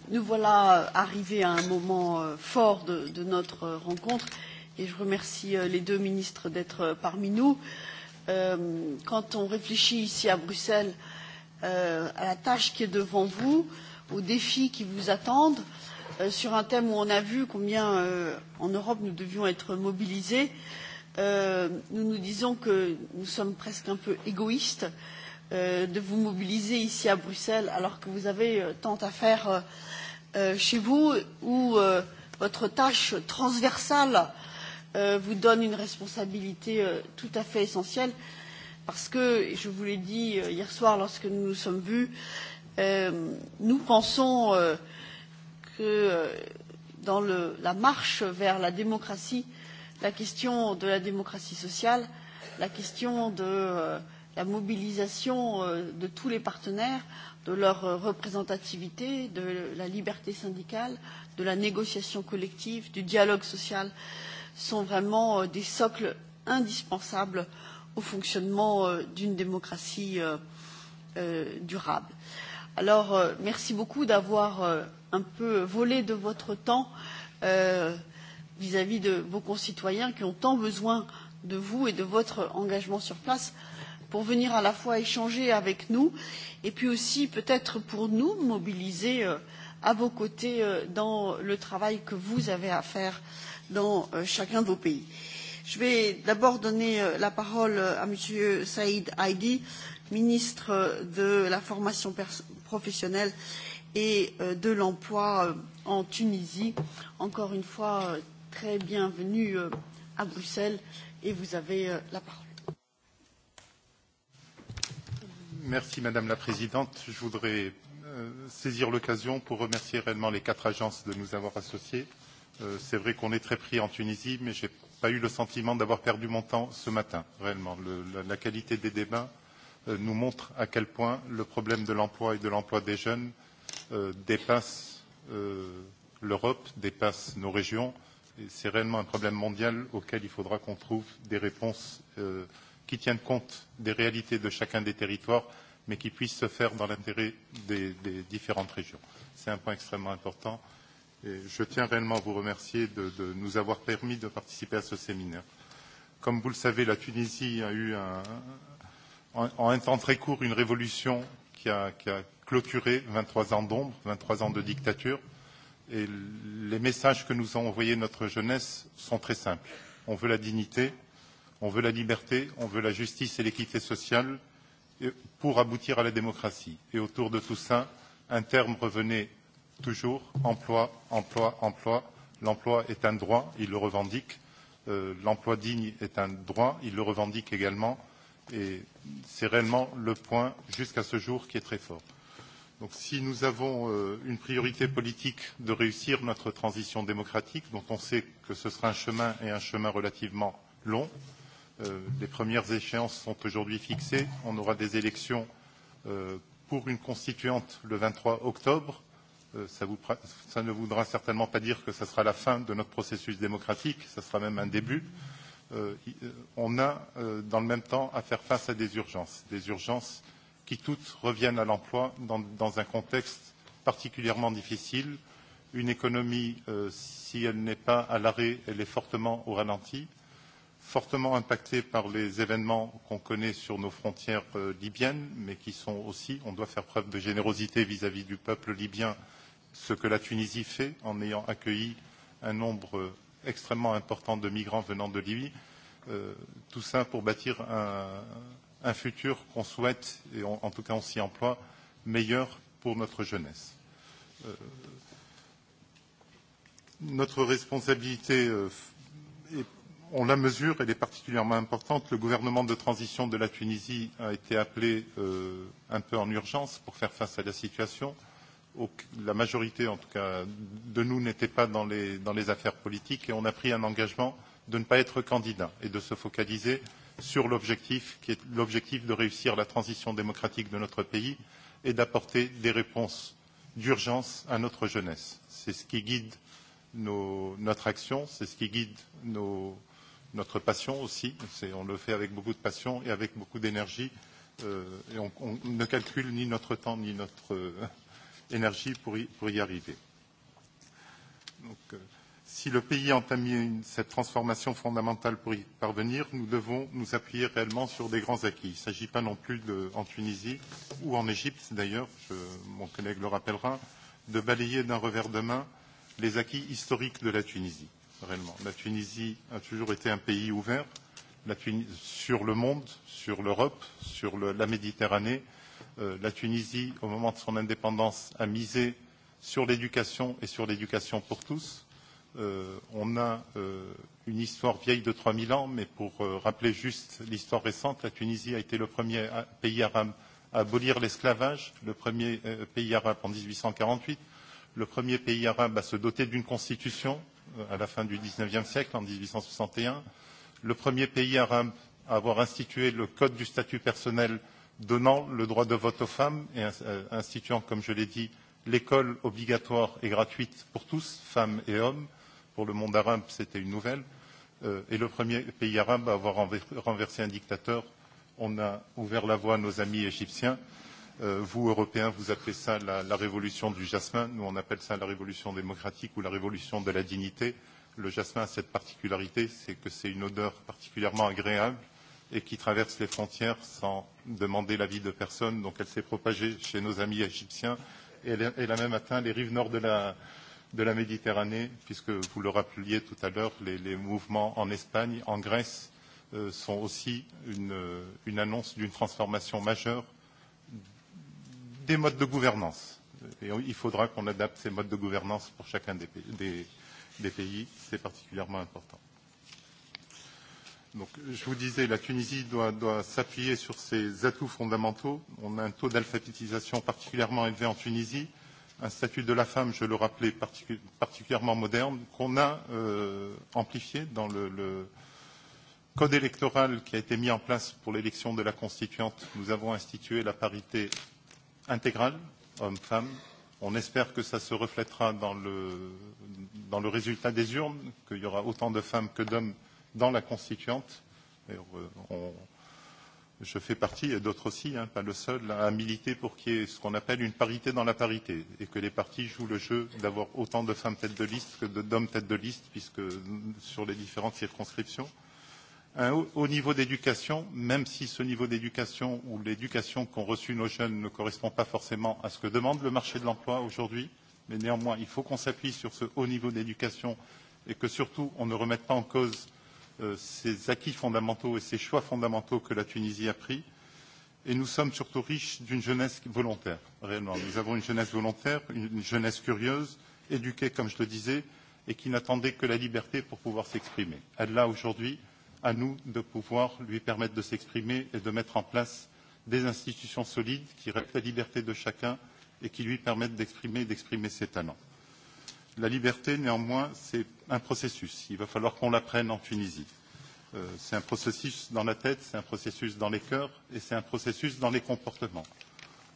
nous voilà arrivés à un moment euh, fort de, de notre rencontre et je remercie euh, les deux ministres d'être euh, parmi nous. Euh, quand on réfléchit ici à Bruxelles euh, à la tâche qui est devant vous, aux défis qui vous attendent, sur un thème où on a vu combien en Europe nous devions être mobilisés, nous nous disons que nous sommes presque un peu égoïstes Euh, de vous mobiliser ici à Bruxelles alors que vous avez euh, tant à faire euh, chez vous où votre tâche transversale vous donne une responsabilité tout à fait essentielle parce que je vous l'ai dit hier soir lorsque nous nous sommes vus nous pensons que dans le, la marche vers la démocratie la question de la démocratie sociale la question de la mobilisation euh, de tous les partenaires, de leur euh, représentativité, de la liberté syndicale, de la négociation collective, du dialogue social sont vraiment euh, des socles indispensables au fonctionnement d'une démocratie durable. Alors, merci beaucoup d'avoir un peu volé de votre temps vis-à-vis -vis de vos concitoyens qui ont tant besoin de vous et de votre engagement sur place pour venir à la fois échanger avec nous et puis aussi peut être pour nous mobiliser euh, à vos côtés euh, dans le travail que vous avez à faire dans euh, chacun de vos pays. Je vais d'abord donner la parole à M. Saïd Haïdi, ministre de la formation professionnelle et de l'emploi en Tunisie. Encore une fois, très bienvenue à Bruxelles et vous avez la parole. Merci Madame la Présidente. Je voudrais euh, saisir l'occasion pour remercier réellement les quatre agences de nous avoir associés. Euh, c'est vrai qu'on est très pris en Tunisie, mais je n'ai pas eu le sentiment d'avoir perdu mon temps ce matin, réellement. Le, la, la qualité des débats euh, nous montre à quel point le problème de l'emploi et de l'emploi des jeunes euh, dépasse euh, l'Europe, dépasse nos régions. C'est réellement un problème mondial auquel il faudra qu'on trouve des réponses euh, qui tienne compte des réalités de chacun des territoires, mais qui puisse se faire dans l'intérêt des, des différentes régions. C'est un point extrêmement important. Et je tiens réellement à vous remercier de, de nous avoir permis de participer à ce séminaire. Comme vous le savez, la Tunisie a eu un, en, en un temps très court une révolution qui a, qui a clôturé 23 ans d'ombre, 23 ans de dictature. Et les messages que nous a envoyés notre jeunesse sont très simples. On veut la dignité, On veut la liberté, on veut la justice et l'équité sociale pour aboutir à la démocratie. Et autour de tout ça, un terme revenait toujours emploi, emploi, emploi. L'emploi est un droit, il le revendique. Euh, L'emploi digne est un droit, il le revendique également. Et c'est réellement le point jusqu'à ce jour qui est très fort. Donc si nous avons euh, une priorité politique de réussir notre transition démocratique, dont on sait que ce sera un chemin et un chemin relativement long, euh, Euh, les premières échéances sont aujourd'hui fixées. On aura des élections euh, pour une constituante le 23 octobre. Euh, ça, vous, ça ne voudra certainement pas dire que ce sera la fin de notre processus démocratique, ce sera même un début. on a dans le même temps à faire face à des urgences, des urgences qui toutes reviennent à l'emploi dans, dans un contexte particulièrement difficile. Une économie, euh, si elle n'est pas à l'arrêt, elle est fortement au ralenti. Euh, fortement impactés par les événements qu'on connaît sur nos frontières euh, libyennes, mais qui sont aussi, on doit faire preuve de générosité vis-à-vis -vis du peuple libyen, ce que la Tunisie fait en ayant accueilli un nombre euh, extrêmement important de migrants venant de Libye. Euh, tout ça pour bâtir un, un futur qu'on souhaite, et on, en tout cas on s'y emploie, meilleur pour notre jeunesse. Euh, notre responsabilité euh, est on la mesure, elle est particulièrement importante. Le gouvernement de transition de la Tunisie a été appelé euh, un peu en urgence pour faire face à la situation. la majorité, en tout cas, de nous n'était pas dans les, dans les affaires politiques et on a pris un engagement de ne pas être candidat et de se focaliser sur l'objectif qui est l'objectif de réussir la transition démocratique de notre pays et d'apporter des réponses d'urgence à notre jeunesse. C'est ce qui guide nos, notre action, c'est ce qui guide nos, notre passion aussi. On le fait avec beaucoup de passion et avec beaucoup d'énergie. Euh, et on, on ne calcule ni notre temps ni notre euh, énergie pour y, pour y arriver. Donc, euh, si le pays entame cette transformation fondamentale pour y parvenir, nous devons nous appuyer réellement sur des grands acquis. Il ne s'agit pas non plus de, en Tunisie ou en Égypte d'ailleurs, mon collègue le rappellera, de balayer d'un revers de main les acquis historiques de la Tunisie réellement. La Tunisie a toujours été un pays ouvert la Tunis, sur le monde, sur l'Europe, sur le, la Méditerranée. Euh, la Tunisie, au moment de son indépendance, a misé sur l'éducation et sur l'éducation pour tous. Euh, on a euh, une histoire vieille de 3000 ans, mais pour euh, rappeler juste l'histoire récente, la Tunisie a été le premier euh, pays arabe à abolir l'esclavage, le premier euh, pays arabe en 1848, le premier pays arabe à se doter d'une constitution, à la fin du XIXe siècle, en 1861, le premier pays arabe à avoir institué le code du statut personnel donnant le droit de vote aux femmes et euh, instituant, comme je l'ai dit, l'école obligatoire et gratuite pour tous, femmes et hommes. Pour le monde arabe, c'était une nouvelle. Euh, et le premier pays arabe à avoir renversé un dictateur. On a ouvert la voie à nos amis égyptiens. Euh, vous, Européens, vous appelez ça la, la révolution du jasmin. Nous, on appelle ça la révolution démocratique ou la révolution de la dignité. Le jasmin a cette particularité, c'est que c'est une odeur particulièrement agréable et qui traverse les frontières sans demander l'avis de personne. Donc elle s'est propagée chez nos amis égyptiens et elle, elle a même atteint les rives nord de la, de la Méditerranée, puisque vous le rappeliez tout à l'heure, les, les mouvements en Espagne, en Grèce, euh, sont aussi une, une annonce d'une transformation majeure euh, des modes de gouvernance. Et il faudra qu'on adapte ces modes de gouvernance pour chacun des, des, des pays. C'est particulièrement important. Donc, je vous disais, la Tunisie doit, doit s'appuyer sur ses atouts fondamentaux. On a un taux d'alphabétisation particulièrement élevé en Tunisie, un statut de la femme, je le rappelais, particu particulièrement moderne, qu'on a euh, amplifié dans le, le code électoral qui a été mis en place pour l'élection de la constituante. Nous avons institué la parité intégrale, hommes-femmes. On espère que ça se reflètera dans le, dans le résultat des urnes, qu'il y aura autant de femmes que d'hommes dans la constituante. Et euh, on, je fais partie, et d'autres aussi, hein, pas le seul, à militer pour qu'il y ait ce qu'on appelle une parité dans la parité, et que les partis jouent le jeu d'avoir autant de femmes tête de liste que d'hommes tête de liste, puisque sur les différentes circonscriptions un euh, haut, niveau d'éducation, même si ce niveau d'éducation ou l'éducation qu'ont reçue nos jeunes ne correspond pas forcément à ce que demande le marché de l'emploi aujourd'hui, mais néanmoins, il faut qu'on s'appuie sur ce haut niveau d'éducation et que surtout on ne remette pas en cause euh, ces acquis fondamentaux et ces choix fondamentaux que la Tunisie a pris. Et nous sommes surtout riches d'une jeunesse volontaire, réellement. Nous avons une jeunesse volontaire, une jeunesse curieuse, éduquée, comme je le disais, et qui n'attendait que la liberté pour pouvoir s'exprimer. Elle l'a aujourd'hui, à nous de pouvoir lui permettre de s'exprimer et de mettre en place des institutions solides qui respectent la liberté de chacun et qui lui permettent d'exprimer et d'exprimer ses talents. La liberté, néanmoins, c'est un processus. Il va falloir qu'on l'apprenne en Tunisie. Euh, c'est un processus dans la tête, c'est un processus dans les cœurs et c'est un processus dans les comportements.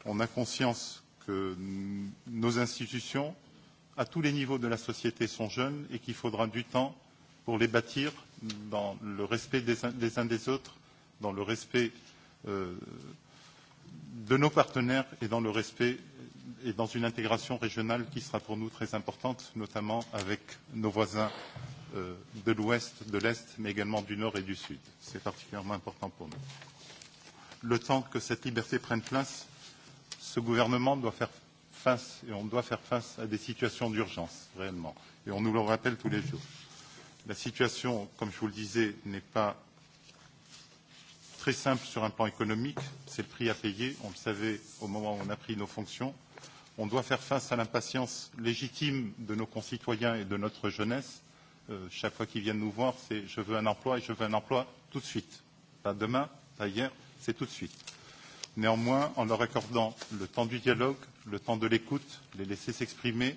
On a conscience que nos institutions, à tous les niveaux de la société, sont jeunes et qu'il faudra du temps pour les bâtir dans le respect des, uns, des uns des autres, dans le respect euh, de nos partenaires et dans le respect et dans une intégration régionale qui sera pour nous très importante, notamment avec nos voisins euh, de l'Ouest, de l'Est, mais également du Nord et du Sud. C'est particulièrement important pour nous. Le temps que cette liberté prenne place, ce gouvernement doit faire face et on doit faire face à des situations d'urgence, réellement. Et on nous le rappelle tous les jours. La situation, comme je vous le disais, n'est pas très simple sur un plan économique. C'est le prix à payer. On le savait au moment où on a pris nos fonctions. On doit faire face à l'impatience légitime de nos concitoyens et de notre jeunesse. Euh, chaque fois qu'ils viennent nous voir, c'est je veux un emploi et je veux un emploi tout de suite. Pas demain, pas hier, c'est tout de suite. Néanmoins, en leur accordant le temps du dialogue, le temps de l'écoute, les laisser s'exprimer,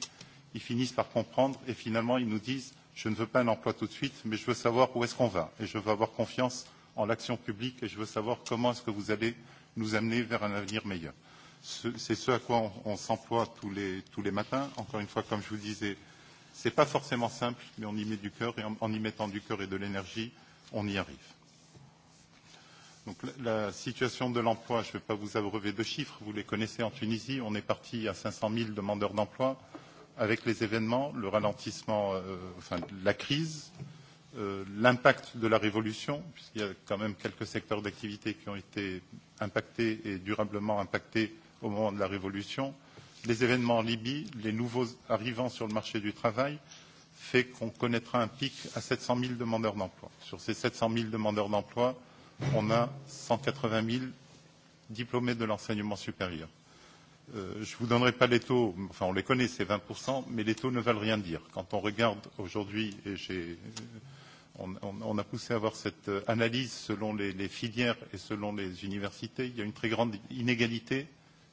ils finissent par comprendre et finalement ils nous disent je ne veux pas un emploi tout de suite, mais je veux savoir où est-ce qu'on va. Et je veux avoir confiance en l'action publique et je veux savoir comment est-ce que vous allez nous amener vers un avenir meilleur. C'est ce à quoi on, on s'emploie tous les, tous les matins. Encore une fois, comme je vous disais, ce n'est pas forcément simple, mais on y met du cœur et en, en y mettant du cœur et de l'énergie, on y arrive. Donc la, la situation de l'emploi, je ne vais pas vous abreuver de chiffres, vous les connaissez en Tunisie, on est parti à 500 000 demandeurs d'emploi. Euh, avec les événements, le ralentissement, euh, enfin la crise, euh, l'impact de la révolution, puisqu'il y a quand même quelques secteurs d'activité qui ont été impactés et durablement impactés au moment de la révolution, les événements en Libye, les nouveaux arrivants sur le marché du travail, fait qu'on connaîtra un pic à 700 000 demandeurs d'emploi. Sur ces 700 000 demandeurs d'emploi, on a 180 000 diplômés de l'enseignement supérieur. Euh, je ne vous donnerai pas les taux, enfin on les connaît, c'est 20%, mais les taux ne veulent rien dire. Quand on regarde aujourd'hui, et j'ai, euh, on, on, on a poussé à voir cette euh, analyse selon les, les filières et selon les universités, il y a une très grande inégalité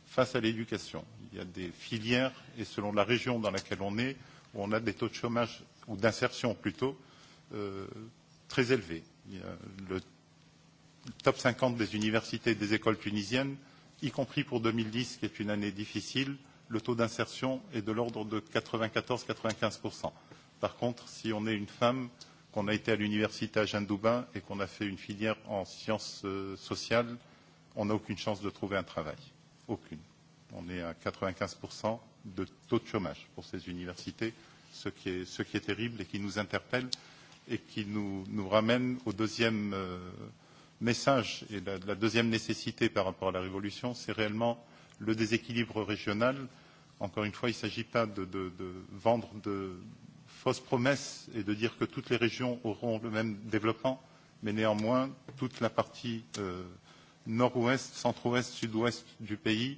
face à l'éducation. Il y a des filières, et selon la région dans laquelle on est, où on a des taux de chômage, ou d'insertion plutôt, euh, très élevés. Il y a le top 50 des universités et des écoles tunisiennes y compris pour 2010, qui est une année difficile, le taux d'insertion est de l'ordre de 94-95%. Par contre, si on est une femme, qu'on a été à l'université à Jeanne-Doubin et qu'on a fait une filière en sciences euh, sociales, on n'a aucune chance de trouver un travail. Aucune. On est à 95% de taux de chômage pour ces universités, ce qui est, ce qui est terrible et qui nous interpelle et qui nous, nous ramène au deuxième, euh, message et la, la deuxième nécessité par rapport à la révolution, c'est réellement le déséquilibre régional. Encore une fois, il ne s'agit pas de, de, de vendre de fausses promesses et de dire que toutes les régions auront le même développement, mais néanmoins, toute la partie euh, nord-ouest, centre-ouest, sud-ouest du pays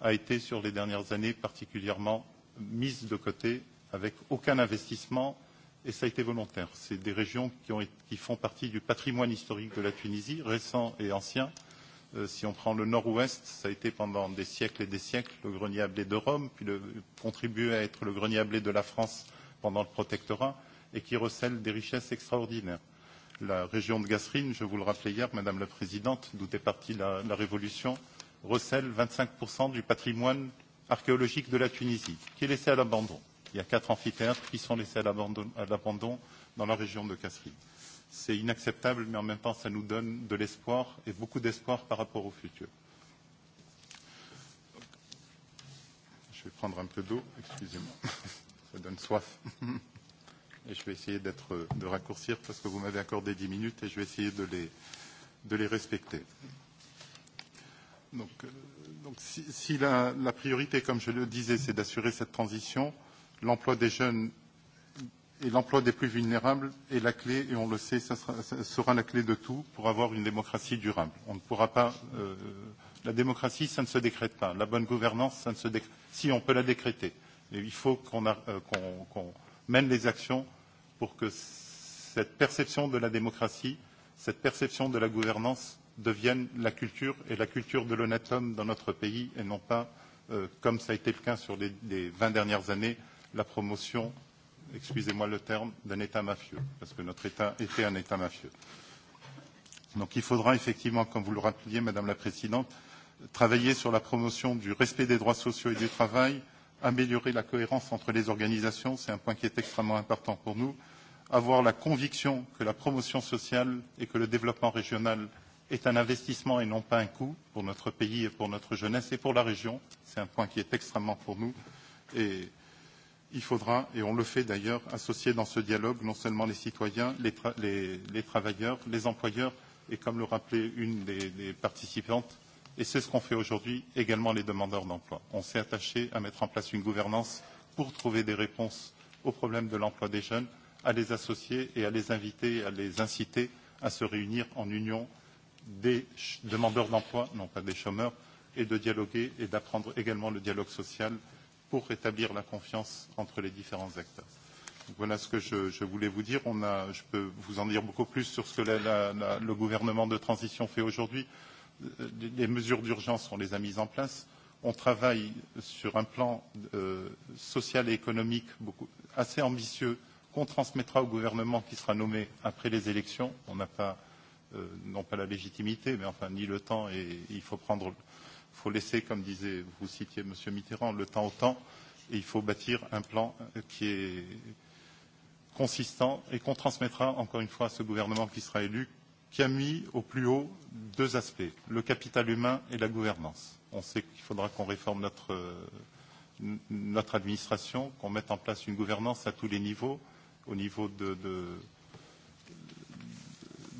a été sur les dernières années particulièrement mise de côté avec aucun investissement euh, et ça a été volontaire. C'est des régions qui, ont, qui font partie du patrimoine historique de la Tunisie, récent et ancien. Euh, si on prend le nord-ouest, ça a été pendant des siècles et des siècles le grenier à blé de Rome, puis le, contribué à être le grenier à blé de la France pendant le protectorat, et qui recèle des richesses extraordinaires. La région de Gasserine, je vous le rappelais hier, Madame la Présidente, d'où est partie la, la Révolution, recèle 25% du patrimoine archéologique de la Tunisie, qui est laissé à l'abandon. Il y a quatre amphithéâtres qui sont laissés à l'abandon dans la région de Casserie. C'est inacceptable, mais en même temps, ça nous donne de l'espoir et beaucoup d'espoir par rapport au futur. Je vais prendre un peu d'eau, excusez-moi, *laughs* ça donne soif. *laughs* Et je vais essayer d'être, de raccourcir parce que vous m'avez accordé 10 minutes et je vais essayer de les, de les respecter. Donc, euh, donc si, si la, la priorité, comme je le disais, c'est d'assurer cette transition, euh, l'emploi des jeunes et l'emploi des plus vulnérables est la clé, et on le sait, ça sera, ça sera la clé de tout pour avoir une démocratie durable. On ne pourra pas. Euh, la démocratie, ça ne se décrète pas. La bonne gouvernance, ça ne se décrète. Si on peut la décréter, mais il faut qu'on euh, qu qu mène les actions pour que cette perception de la démocratie, cette perception de la gouvernance devienne la culture et la culture de l'honnête homme dans notre pays et non pas, euh, comme ça a été le cas sur les, les 20 dernières années, la promotion, excusez-moi le terme, d'un État mafieux, parce que notre État était un État mafieux. Donc il faudra effectivement, comme vous le rappeliez, Madame la Présidente, travailler sur la promotion du respect des droits sociaux et du travail, améliorer la cohérence entre les organisations, c'est un point qui est extrêmement important pour nous, avoir la conviction que la promotion sociale et que le développement régional est un investissement et non pas un coût pour notre pays et pour notre jeunesse et pour la région. C'est un point qui est extrêmement pour nous. Et il faudra, et on le fait d'ailleurs, associer dans ce dialogue non seulement les citoyens, les, tra les, les travailleurs, les employeurs, et comme le rappelait une des, des participantes, et c'est ce qu'on fait aujourd'hui, également les demandeurs d'emploi. On s'est attaché à mettre en place une gouvernance pour trouver des réponses aux problèmes de l'emploi des jeunes, à les associer et à les inviter, à les inciter à se réunir en union des demandeurs d'emploi, non pas des chômeurs, et de dialoguer et d'apprendre également le dialogue social pour rétablir la confiance entre les différents acteurs. Donc voilà ce que je, je voulais vous dire. On a, je peux vous en dire beaucoup plus sur ce que la, la, la, le gouvernement de transition fait aujourd'hui. Les, les mesures d'urgence, on les a mises en place. On travaille sur un plan euh, social et économique beaucoup, assez ambitieux qu'on transmettra au gouvernement qui sera nommé après les élections. On n'a pas, euh, non pas la légitimité, mais enfin ni le temps et, et il faut prendre euh, Il faut laisser, comme disait, vous citiez M. Mitterrand, le temps au temps, et il faut bâtir un plan qui est consistant et qu'on transmettra encore une fois à ce gouvernement qui sera élu, qui a mis au plus haut deux aspects, le capital humain et la gouvernance. On sait qu'il faudra qu'on réforme notre, notre administration, qu'on mette en place une gouvernance à tous les niveaux, au niveau de, de,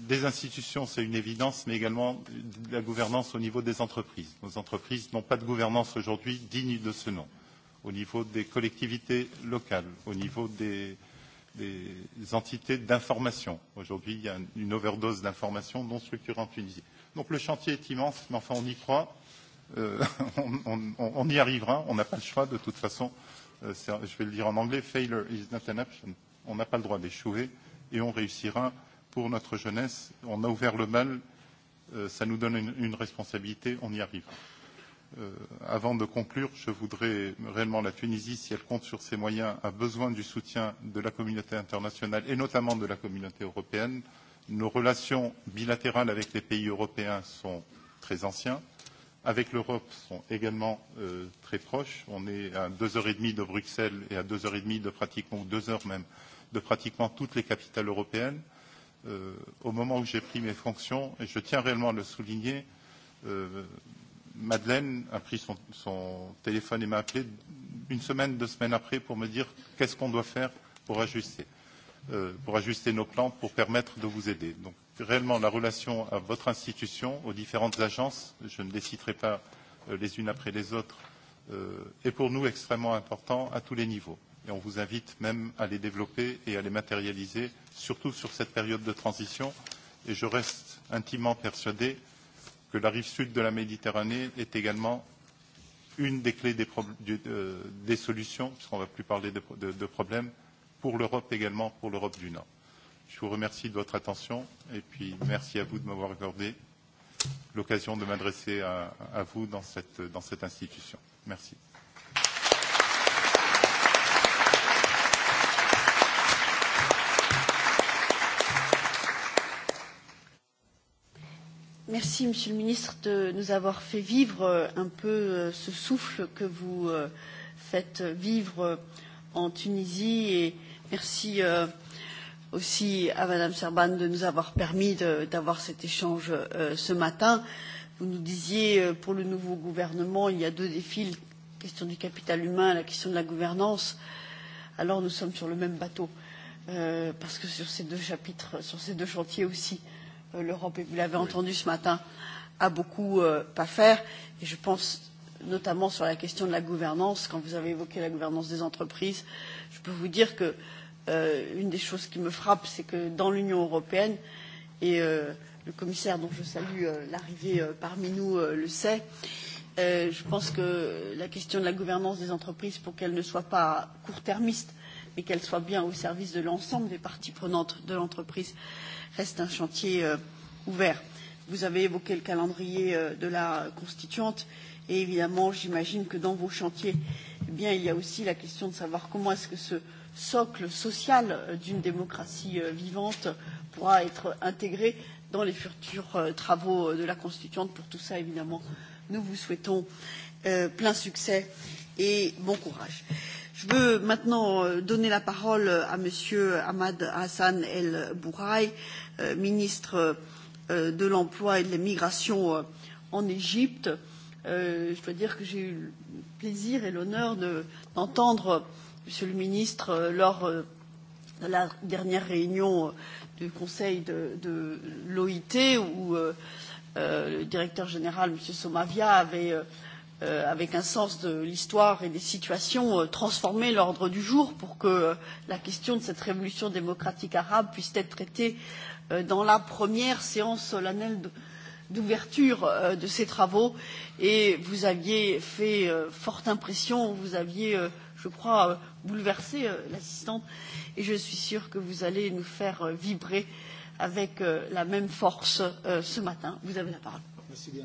des institutions, c'est une évidence, mais également de la gouvernance au niveau des entreprises. Nos entreprises n'ont pas de gouvernance aujourd'hui digne de ce nom, au niveau des collectivités locales, au niveau des, des entités d'information. Aujourd'hui, il y a une overdose d'informations non structurées en Tunisie. Donc le chantier est immense, mais enfin on y croit, euh, *laughs* on, on, on y arrivera, on n'a pas le choix de toute façon. Euh, je vais le dire en anglais, failure is not an option. On n'a pas le droit d'échouer et on réussira pour notre jeunesse. On a ouvert le bal, euh, ça nous donne une, une responsabilité, on y arrive. Euh, avant de conclure, je voudrais réellement la Tunisie, si elle compte sur ses moyens, a besoin du soutien de la communauté internationale et notamment de la communauté européenne. Nos relations bilatérales avec les pays européens sont très anciennes avec l'Europe sont également euh, très proches. On est à deux heures et demie de Bruxelles et à deux heures et demie de pratiquement, ou deux heures même, de pratiquement toutes les capitales européennes euh, au moment où j'ai pris mes fonctions, et je tiens réellement à le souligner, euh, Madeleine a pris son, son téléphone et m'a appelé une semaine, deux semaines après pour me dire qu'est-ce qu'on doit faire pour ajuster, euh, pour ajuster nos plans, pour permettre de vous aider. Donc réellement la relation à votre institution, aux différentes agences, je ne les citerai pas euh, les unes après les autres, euh, est pour nous extrêmement important à tous les niveaux et on vous invite même à les développer et à les matérialiser, surtout sur cette période de transition. Et je reste intimement persuadé que la rive sud de la Méditerranée est également une des clés des, du, euh, des solutions, puisqu'on ne va plus parler de, de, de problèmes, pour l'Europe également, pour l'Europe du Nord. Je vous remercie de votre attention et puis merci à vous de m'avoir accordé l'occasion de m'adresser à, à vous dans cette, dans cette institution. Merci. Merci, Monsieur le Ministre, de nous avoir fait vivre euh, un peu euh, ce souffle que vous euh, faites vivre en Tunisie et merci aussi à Madame Serban de nous avoir permis d'avoir cet échange ce matin. Vous nous disiez, pour le nouveau gouvernement, il y a deux défis, la question du capital humain, et la question de la gouvernance. Alors nous sommes sur le même bateau, parce que sur ces deux chapitres, sur ces deux chantiers aussi, l'Europe, et vous l'avez oui. entendu ce matin, a beaucoup euh, à faire. Et je pense notamment sur la question de la gouvernance. Quand vous avez évoqué la gouvernance des entreprises, je peux vous dire que euh, une des choses qui me frappe, c'est que dans l'Union européenne, et euh, le commissaire dont je salue euh, l'arrivée euh, parmi nous euh, le sait, euh, je pense que la question de la gouvernance des entreprises, pour qu'elle ne soit pas court-termiste, mais qu'elle soit bien au service de l'ensemble des parties prenantes de l'entreprise reste un chantier euh, ouvert. Vous avez évoqué le calendrier euh, de la constituante et évidemment, j'imagine que dans vos chantiers, eh bien, il y a aussi la question de savoir comment est-ce que ce socle social euh, d'une démocratie euh, vivante pourra être intégré dans les futurs euh, travaux euh, de la constituante. Pour tout ça, évidemment, nous vous souhaitons euh, plein succès et bon courage. Euh, je veux maintenant euh, donner la parole euh, à Monsieur Ahmad Hassan El Bouraï, euh, ministre euh, de l'Emploi et de l'Immigration euh, en Égypte. Euh, je dois dire que j'ai eu le plaisir et l'honneur d'entendre euh, Monsieur le ministre lors de la dernière réunion du Conseil de, de l'OIT où le directeur général, M. Somavia, avait Euh, avec un sens de l'histoire et des situations, euh, transformer l'ordre du jour pour que euh, la question de cette révolution démocratique arabe puisse être traitée dans la première séance solennelle d'ouverture de ces travaux et vous aviez fait forte impression, vous aviez, je crois, bouleversé l'assistante et je suis sûre que vous allez nous faire vibrer avec la même force ce matin. Vous avez la parole. Merci bien.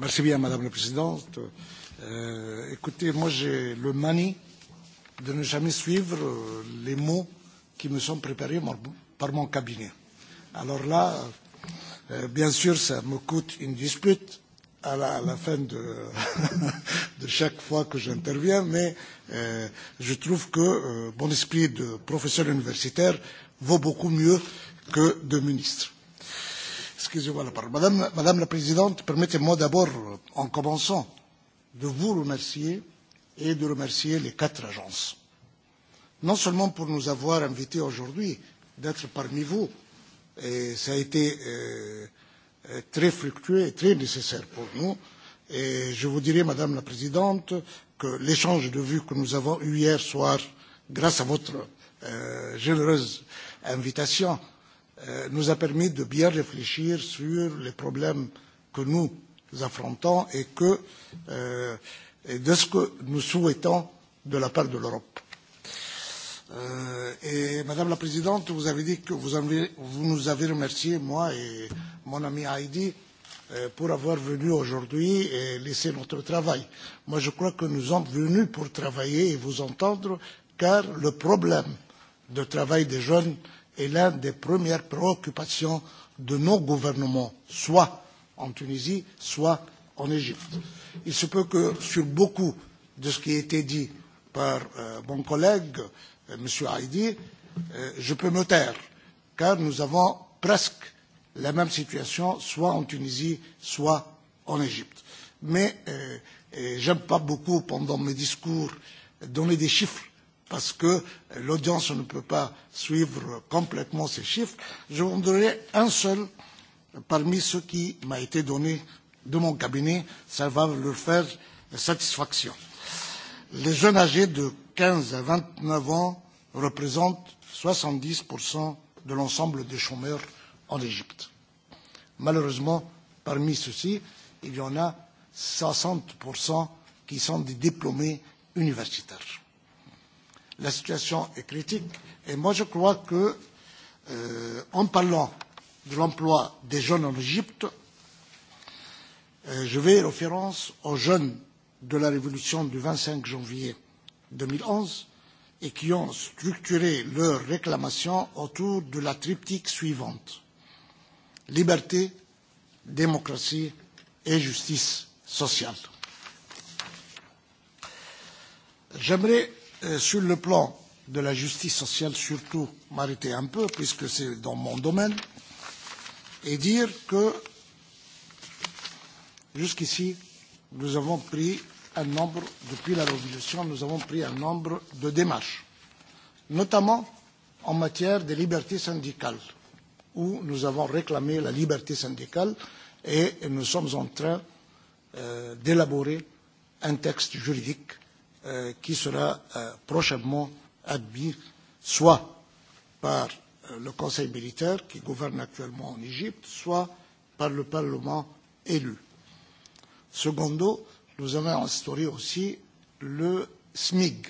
Merci bien, Madame la Présidente. Euh, écoutez, moi, j'ai le mani de ne jamais suivre les mots qui me sont préparés par mon cabinet. Alors là, euh, bien sûr, ça me coûte une dispute à la, à la fin de, *laughs* de chaque fois que j'interviens, mais euh, je trouve que euh, mon esprit de professeur universitaire vaut beaucoup mieux que de ministre. Excusez-moi la parole. Madame, Madame la Présidente, permettez-moi d'abord, en commençant, de vous remercier et de remercier les quatre agences. Non seulement pour nous avoir invités aujourd'hui d'être parmi vous, et ça a été euh, euh très fructueux et très nécessaire pour nous. Et je vous dirai, Madame la Présidente, que l'échange de vues que nous avons eu hier soir, grâce à votre euh, généreuse invitation, euh, Euh, nous a permis de bien réfléchir sur les problèmes que nous affrontons et, que, euh, et de ce que nous souhaitons de la part de l'Europe. Euh, et Madame la Présidente, vous avez dit que vous, avez, vous nous avez remercié, moi et mon ami Heidi, euh, pour avoir venu aujourd'hui et laisser notre travail. Moi, je crois que nous sommes venus pour travailler et vous entendre, car le problème de travail des jeunes euh, est l'une des premières préoccupations de nos gouvernements, soit en Tunisie, soit en Égypte. Il se peut que sur beaucoup de ce qui a été dit par euh, mon collègue, euh, M. Haïdi, euh, je peux me taire, car nous avons presque la même situation, soit en Tunisie, soit en Égypte. Mais euh, j'aime pas beaucoup, pendant mes discours, donner des chiffres parce que l'audience ne peut pas suivre complètement ces chiffres. Je vous en donnerai un seul parmi ceux qui m'a été donné de mon cabinet. Ça va leur faire satisfaction. Les jeunes âgés de 15 à 29 ans représentent 70% de l'ensemble des chômeurs en Égypte. Malheureusement, parmi ceux-ci, il y en a 60% qui sont des diplômés universitaires la situation est critique. Et moi, je crois que, euh, en parlant de l'emploi des jeunes en Égypte, euh, je vais référence aux jeunes de la révolution du 25 janvier 2011 et qui ont structuré leur réclamation autour de la triptyque suivante liberté, démocratie et justice sociale. J'aimerais Euh, sur le plan de la justice sociale, surtout m'arrêter un peu, puisque c'est dans mon domaine, et dire que jusqu'ici, nous avons pris un nombre, depuis la Révolution, nous avons pris un nombre de démarches, notamment en matière de liberté syndicale, où nous avons réclamé la liberté syndicale et nous sommes en train euh, d'élaborer un texte juridique Euh, qui sera euh, prochainement admis soit par euh, le Conseil militaire qui gouverne actuellement en Égypte, soit par le Parlement élu. Secondo, nous avons instauré aussi le SMIG,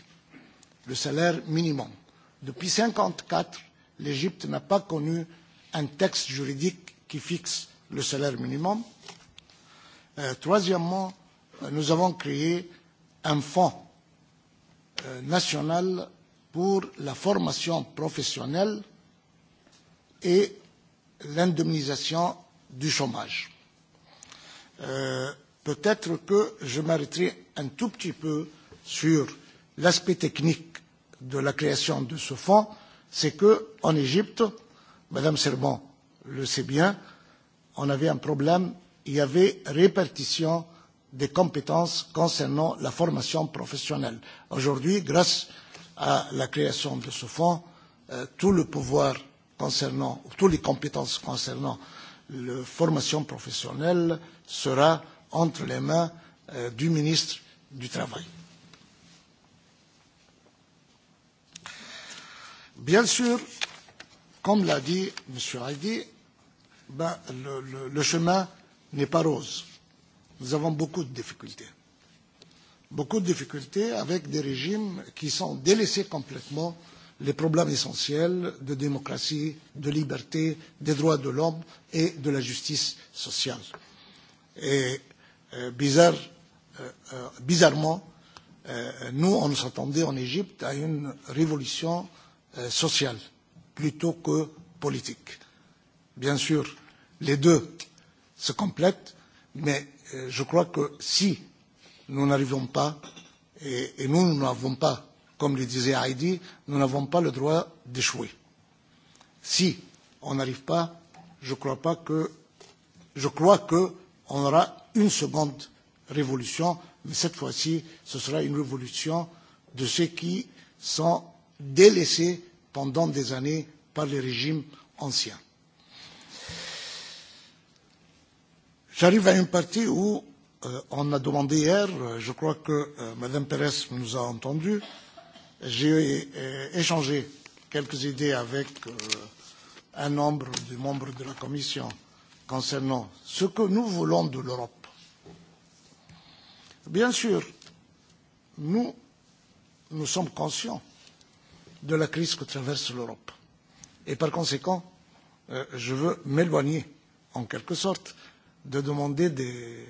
le salaire minimum. Depuis 1954, l'Égypte n'a pas connu un texte juridique qui fixe le salaire minimum. Euh, troisièmement, nous avons créé un fonds Euh, national pour la formation professionnelle et l'indemnisation du chômage. Euh, Peut-être que je m'arrêterai un tout petit peu sur l'aspect technique de la création de ce fonds, c'est qu'en Égypte, Madame Serban le sait bien, on avait un problème, il y avait répartition euh, des compétences concernant la formation professionnelle. Aujourd'hui, grâce à la création de ce fonds, euh, tout le pouvoir concernant, toutes les compétences concernant la formation professionnelle sera entre les mains euh, du ministre du Travail. Bien sûr, comme l'a dit M. Heidi, ben, le, le, le chemin n'est pas rose nous avons beaucoup de difficultés. Beaucoup de difficultés avec des régimes qui sont délaissés complètement les problèmes essentiels de démocratie, de liberté, des droits de l'homme et de la justice sociale. Et euh, bizarre, euh, euh bizarrement, euh, nous, on s'attendait en Égypte à une révolution euh, sociale plutôt que politique. Bien sûr, les deux se complètent, mais Euh, je crois que si nous n'arrivons pas, et, et nous n'avons pas, comme le disait Heidi, nous n'avons pas le droit d'échouer. Si on n'arrive pas, je crois pas que, je crois que on aura une seconde révolution, mais cette fois-ci, ce sera une révolution de ceux qui sont délaissés pendant des années par les régimes anciens. J'arrive à une partie où euh, on a demandé hier, euh, je crois que euh, Mme Pérez nous a entendu, j'ai euh, échangé quelques idées avec euh, un nombre de membres de la Commission concernant ce que nous voulons de l'Europe. Bien sûr, nous, nous sommes conscients de la crise que traverse l'Europe. Et par conséquent, euh, je veux m'éloigner, en quelque sorte, euh, de demander des,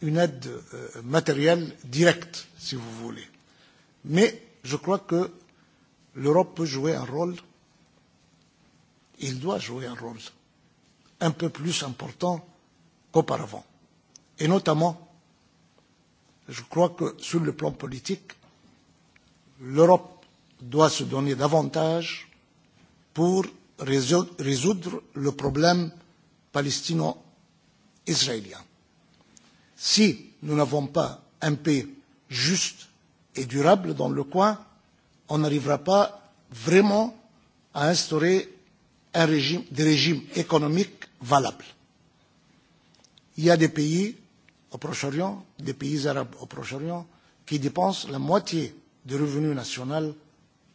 une aide euh, matérielle directe, si vous voulez. Mais je crois que l'Europe peut jouer un rôle, il doit jouer un rôle un peu plus important qu'auparavant. Et notamment, je crois que sur le plan politique, l'Europe doit se donner davantage pour résoudre le problème palestino israélien. Si nous n'avons pas un paix juste et durable dans le coin, on n'arrivera pas vraiment à instaurer un régime, des régimes économiques valables. Il y a des pays au Proche-Orient, des pays arabes au Proche-Orient, qui dépensent la moitié du revenu national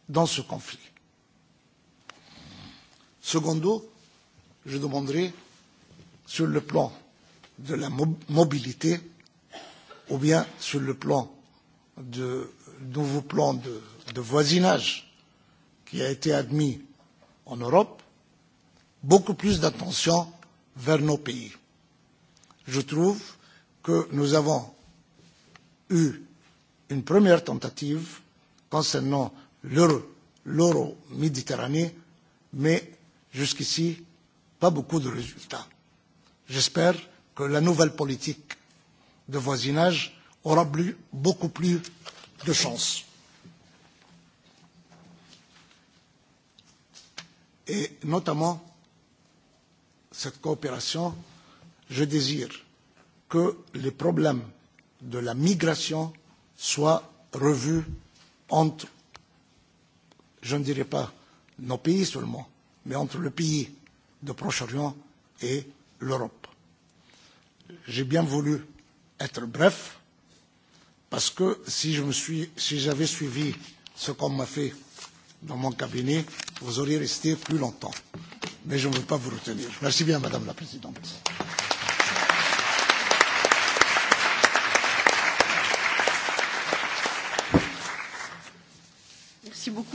dans ce conflit. Secondo, je demanderai, sur le plan de la mobilité ou bien sur le plan de nouveau plan de, de voisinage qui a été admis en Europe, beaucoup plus d'attention vers nos pays. Je trouve que nous avons eu une première tentative concernant l'euro-méditerranée, mais jusqu'ici, pas beaucoup de résultats. J'espère que la nouvelle politique de voisinage aura plus, beaucoup plus de chances. Et notamment, cette coopération, je désire que les problèmes de la migration soient revus entre, je ne dirais pas nos pays seulement, mais entre le pays de Proche-Orient et l'Europe j'ai bien voulu être bref parce que si je me suis, si j'avais suivi ce qu'on m'a fait dans mon cabinet, vous auriez resté plus longtemps. Mais je ne veux pas vous retenir. Merci bien, Madame la Présidente.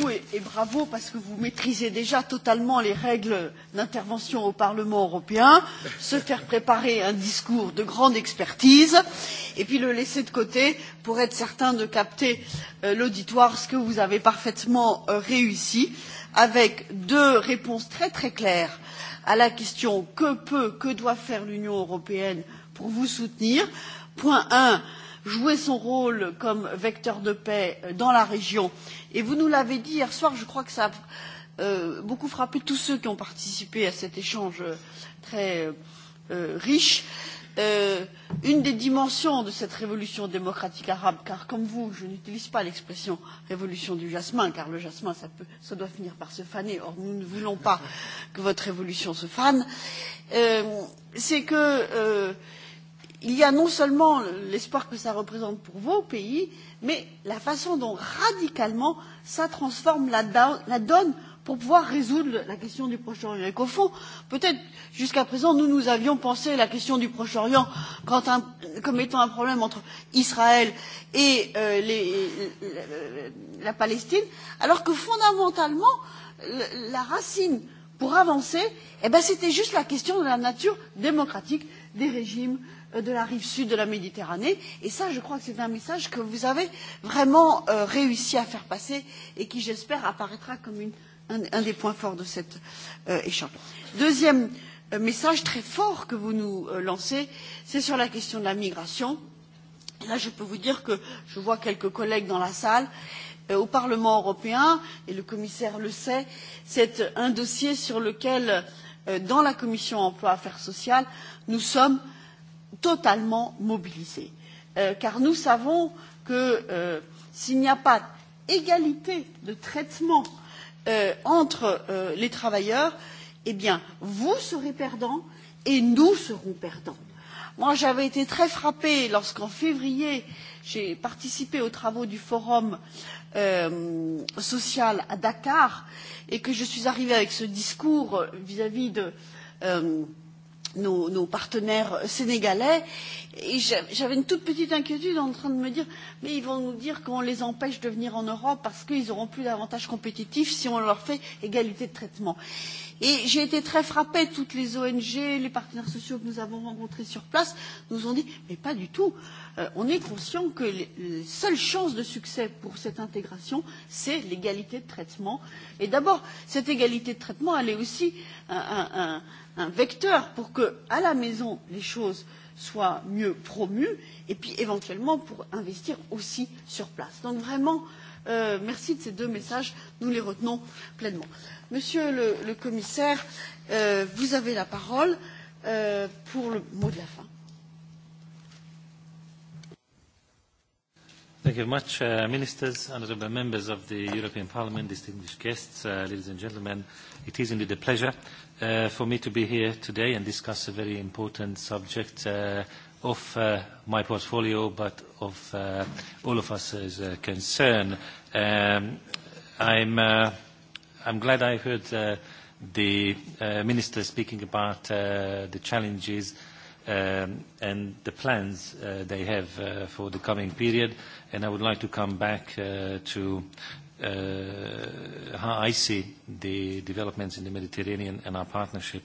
beaucoup et, et bravo parce que vous maîtrisez déjà totalement les règles d'intervention au Parlement européen, se faire préparer un discours de grande expertise et puis le laisser de côté pour être certain de capter euh, l'auditoire, ce que vous avez parfaitement euh, réussi avec deux réponses très très claires à la question que peut, que doit faire l'Union européenne pour vous soutenir. Point 1, jouer son rôle comme vecteur de paix euh, dans la région et vous nous l'avez dit hier soir je crois que cela a euh, beaucoup frappé tous ceux qui ont participé à cet échange euh, très riche euh, une des dimensions de cette révolution démocratique arabe car comme vous je n'utilise pas l'expression révolution du jasmin car le jasmin ça, peut, ça doit finir par se faner or nous ne voulons pas que votre révolution se fane euh, c'est que euh, il y a non seulement l'espoir que cela représente pour vos pays mais la façon dont radicalement cela transforme la, donne pour pouvoir résoudre la question du proche orient et qu'au fond peut être jusqu'à présent nous nous avions pensé la question du proche orient comme étant un problème entre israël et euh, les, la, la palestine alors que fondamentalement la racine pour avancer eh c'était juste la question de la nature démocratique des régimes Euh, de la rive sud de la méditerranée et ça je crois que c'est un message que vous avez vraiment euh, réussi à faire passer et qui j'espère apparaîtra comme une, un, un des points forts de cet euh, échange. deuxième euh, message très fort que vous nous euh, lancez c'est sur la question de la migration. là je peux vous dire que je vois quelques collègues dans la salle au parlement européen et le commissaire le sait c'est un dossier sur lequel dans la commission emploi affaires sociales nous sommes totalement mobilisés euh, car nous savons que euh, s'il n'y a pas égalité de traitement euh, entre les travailleurs eh bien vous serez perdants et nous serons perdants. moi j'avais été très frappée lorsqu'en février j'ai participé aux travaux du forum social à dakar et que je suis arrivée avec ce discours vis à vis de nos, nos partenaires sénégalais. Et j'avais une toute petite inquiétude en train de me dire mais ils vont nous dire qu'on les empêche de venir en Europe parce qu'ils n'auront plus d'avantages compétitifs si on leur fait égalité de traitement. Et j'ai été très frappée, toutes les ONG, les partenaires sociaux que nous avons rencontrés sur place nous ont dit mais pas du tout. Euh, on est conscient que la seule chance de succès pour cette intégration, c'est l'égalité de traitement. Et d'abord, cette égalité de traitement, elle est aussi un, un, un un vecteur pour que à la maison les choses soient mieux promues et puis éventuellement pour investir aussi sur place. donc vraiment euh, merci de ces deux messages nous les retenons pleinement. monsieur le, le commissaire euh, vous avez la parole euh, pour le mot de la fin. Thank you very much, uh, Ministers, honourable members of the European Parliament, distinguished guests, uh, ladies and gentlemen. It is indeed a pleasure uh, uh, for me to be here today and discuss a very important subject uh, of uh, my portfolio, but of uh, all of us as a uh, concern. Um, I'm, uh, I'm glad I heard uh, the uh, Minister speaking about uh, the challenges um, and the plans uh, they have uh, for the coming period. and I would like to come back uh, to uh, how I see the developments in the Mediterranean and our partnership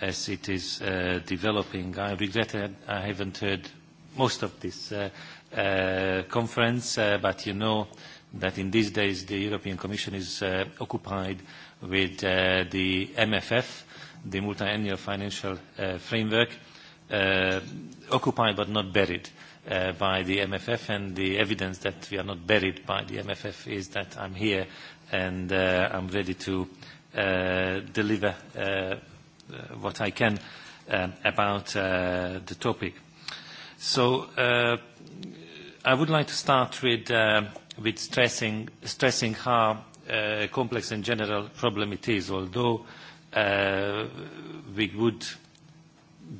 as it is uh, developing. I regret that I haven't heard most of this uh, uh, conference, uh, but you know that in these days the European Commission is uh, occupied with uh, the MFF, the multi-annual financial uh, framework, uh, occupied but not buried. Uh, uh, by the MFF, and the evidence that we are not buried by the MFF is that I'm here and uh, I'm ready to uh, deliver uh, uh, what I can uh, about uh, the topic. So uh, I would like to start with, uh, with stressing, stressing how uh, complex and general problem it is, although uh, we would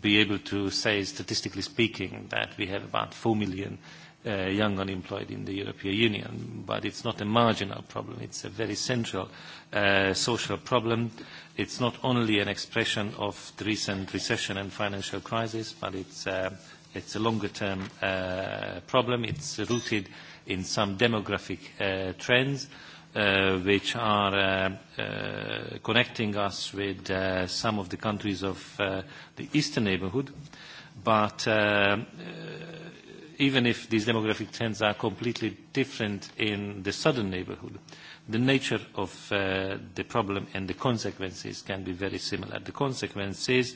be able to say, statistically speaking, that we have about 4 million uh, young unemployed in the European Union. But it's not a marginal problem. It's a very central uh, social problem. It's not only an expression of the recent recession and financial crisis, but it's, uh, it's a longer-term uh, problem. It's rooted in some demographic uh, trends uh, which are uh, uh, connecting us with uh, some of the countries of uh, the eastern neighborhood. But uh, uh, even if these demographic trends are completely different in the southern neighborhood, the nature of uh, the problem and the consequences can be very similar. The consequences,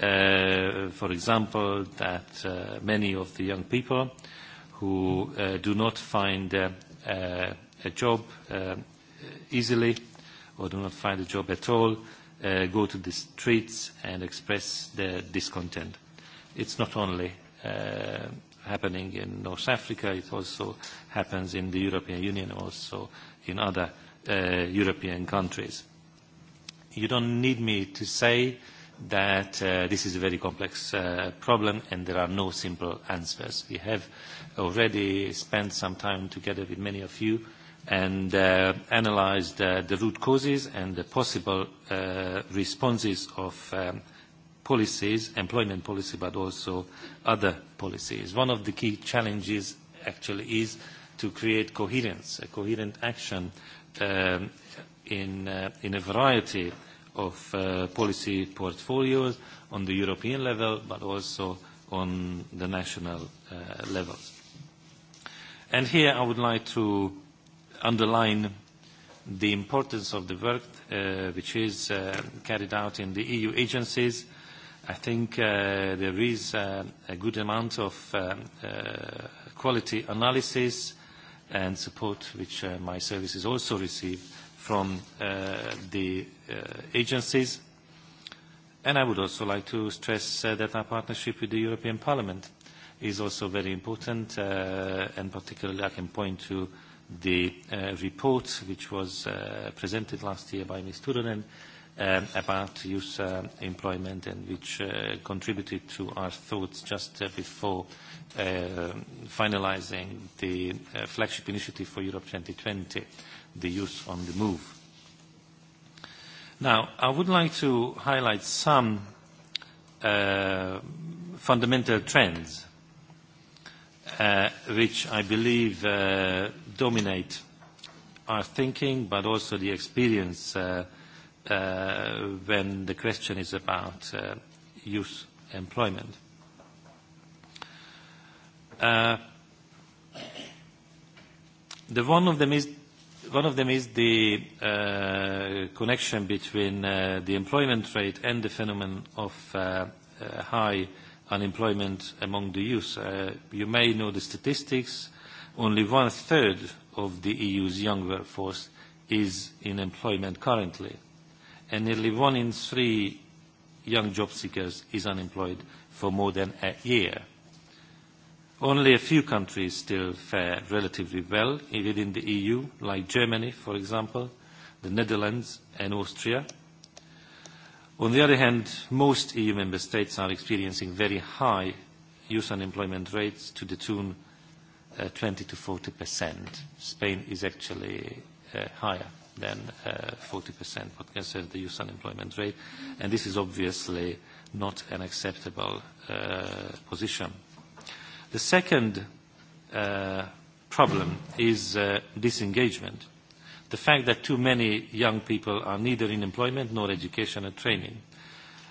uh, for example, that uh, many of the young people who uh, do not find uh, uh, a job uh, easily or do not find a job at all uh, go to the streets and express their discontent. It's not only uh, happening in North Africa, it also happens in the European Union, also in other uh, European countries. You don't need me to say that uh, this is a very complex uh, problem and there are no simple answers. We have already spent some time together with many of you and uh, analyzed uh, the root causes and the possible uh, responses of um, policies, employment policy, but also other policies. One of the key challenges actually is to create coherence, a coherent action um, uh, in, a variety of policy portfolios on the European level, but also on the national levels. And here I would like to underline the importance of the work uh, which is uh, carried out in the EU agencies. I think uh, there is uh, a good amount of uh, uh, quality analysis and support which uh, my services also receive from uh, the uh, agencies. And I would also like to stress uh, that our partnership with the European Parliament is also very important, uh, and particularly I can point to uh, the uh, report which was uh, presented last year by Ms. Turunen uh, about youth uh, employment and which uh, contributed to our thoughts just uh, before uh, finalizing the uh, flagship initiative for Europe 2020, the Youth on the Move. Now, I would like to highlight some uh, fundamental trends uh, which I believe uh, dominate our thinking, but also the experience uh, uh, when the question is about uh, youth employment. Uh, the one of them is one of them is the uh, connection between uh, the employment rate and the phenomenon of uh, uh, high unemployment among the youth. E uh, you may know the statistics. Only one-third of the EU's young workforce is in employment currently, and nearly one in three young job seekers is unemployed for more than a year. Only a few countries still fare relatively well within the EU, like Germany, for example, the Netherlands and Austria – On the other hand, most EU member states are experiencing very high youth unemployment rates to the tune uh, 20 to 40 percent. Spain is actually uh, higher than uh, 40 percent what concerns the youth unemployment rate, and this is obviously not an acceptable uh, position. The second uh, problem is uh, disengagement the fact that too many young people are neither in employment nor education and training.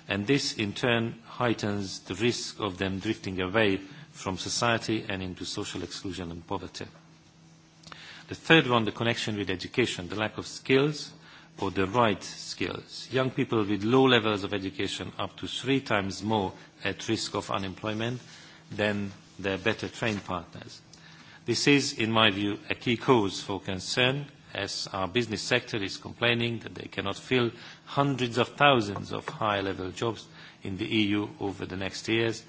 And this, in turn, heightens the risk of them drifting away from society and into social exclusion and poverty. The third one, the connection with education, the lack of skills or the right skills. Young people with low levels of education up to three times more at risk of unemployment than their better trained partners. This is, in my view, a key cause for concern as our business sector is complaining that they cannot fill hundreds of thousands of high-level jobs in the EU over the next years,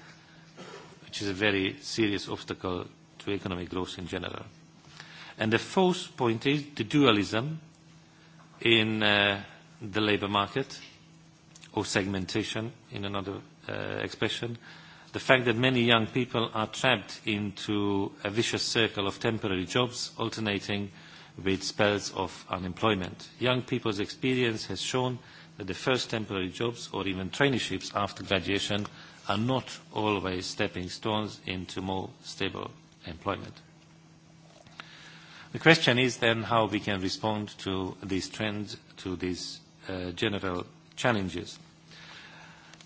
which is a very serious obstacle to economic growth in general. And the fourth point is the dualism in uh, the labour market, or segmentation in another uh, expression, the fact that many young people are trapped into a vicious circle of temporary jobs alternating with spells of unemployment. Young people's experience has shown that the first temporary jobs or even traineeships after graduation are not always stepping stones into more stable employment. The question is then how we can respond to these trends, to these uh, general challenges.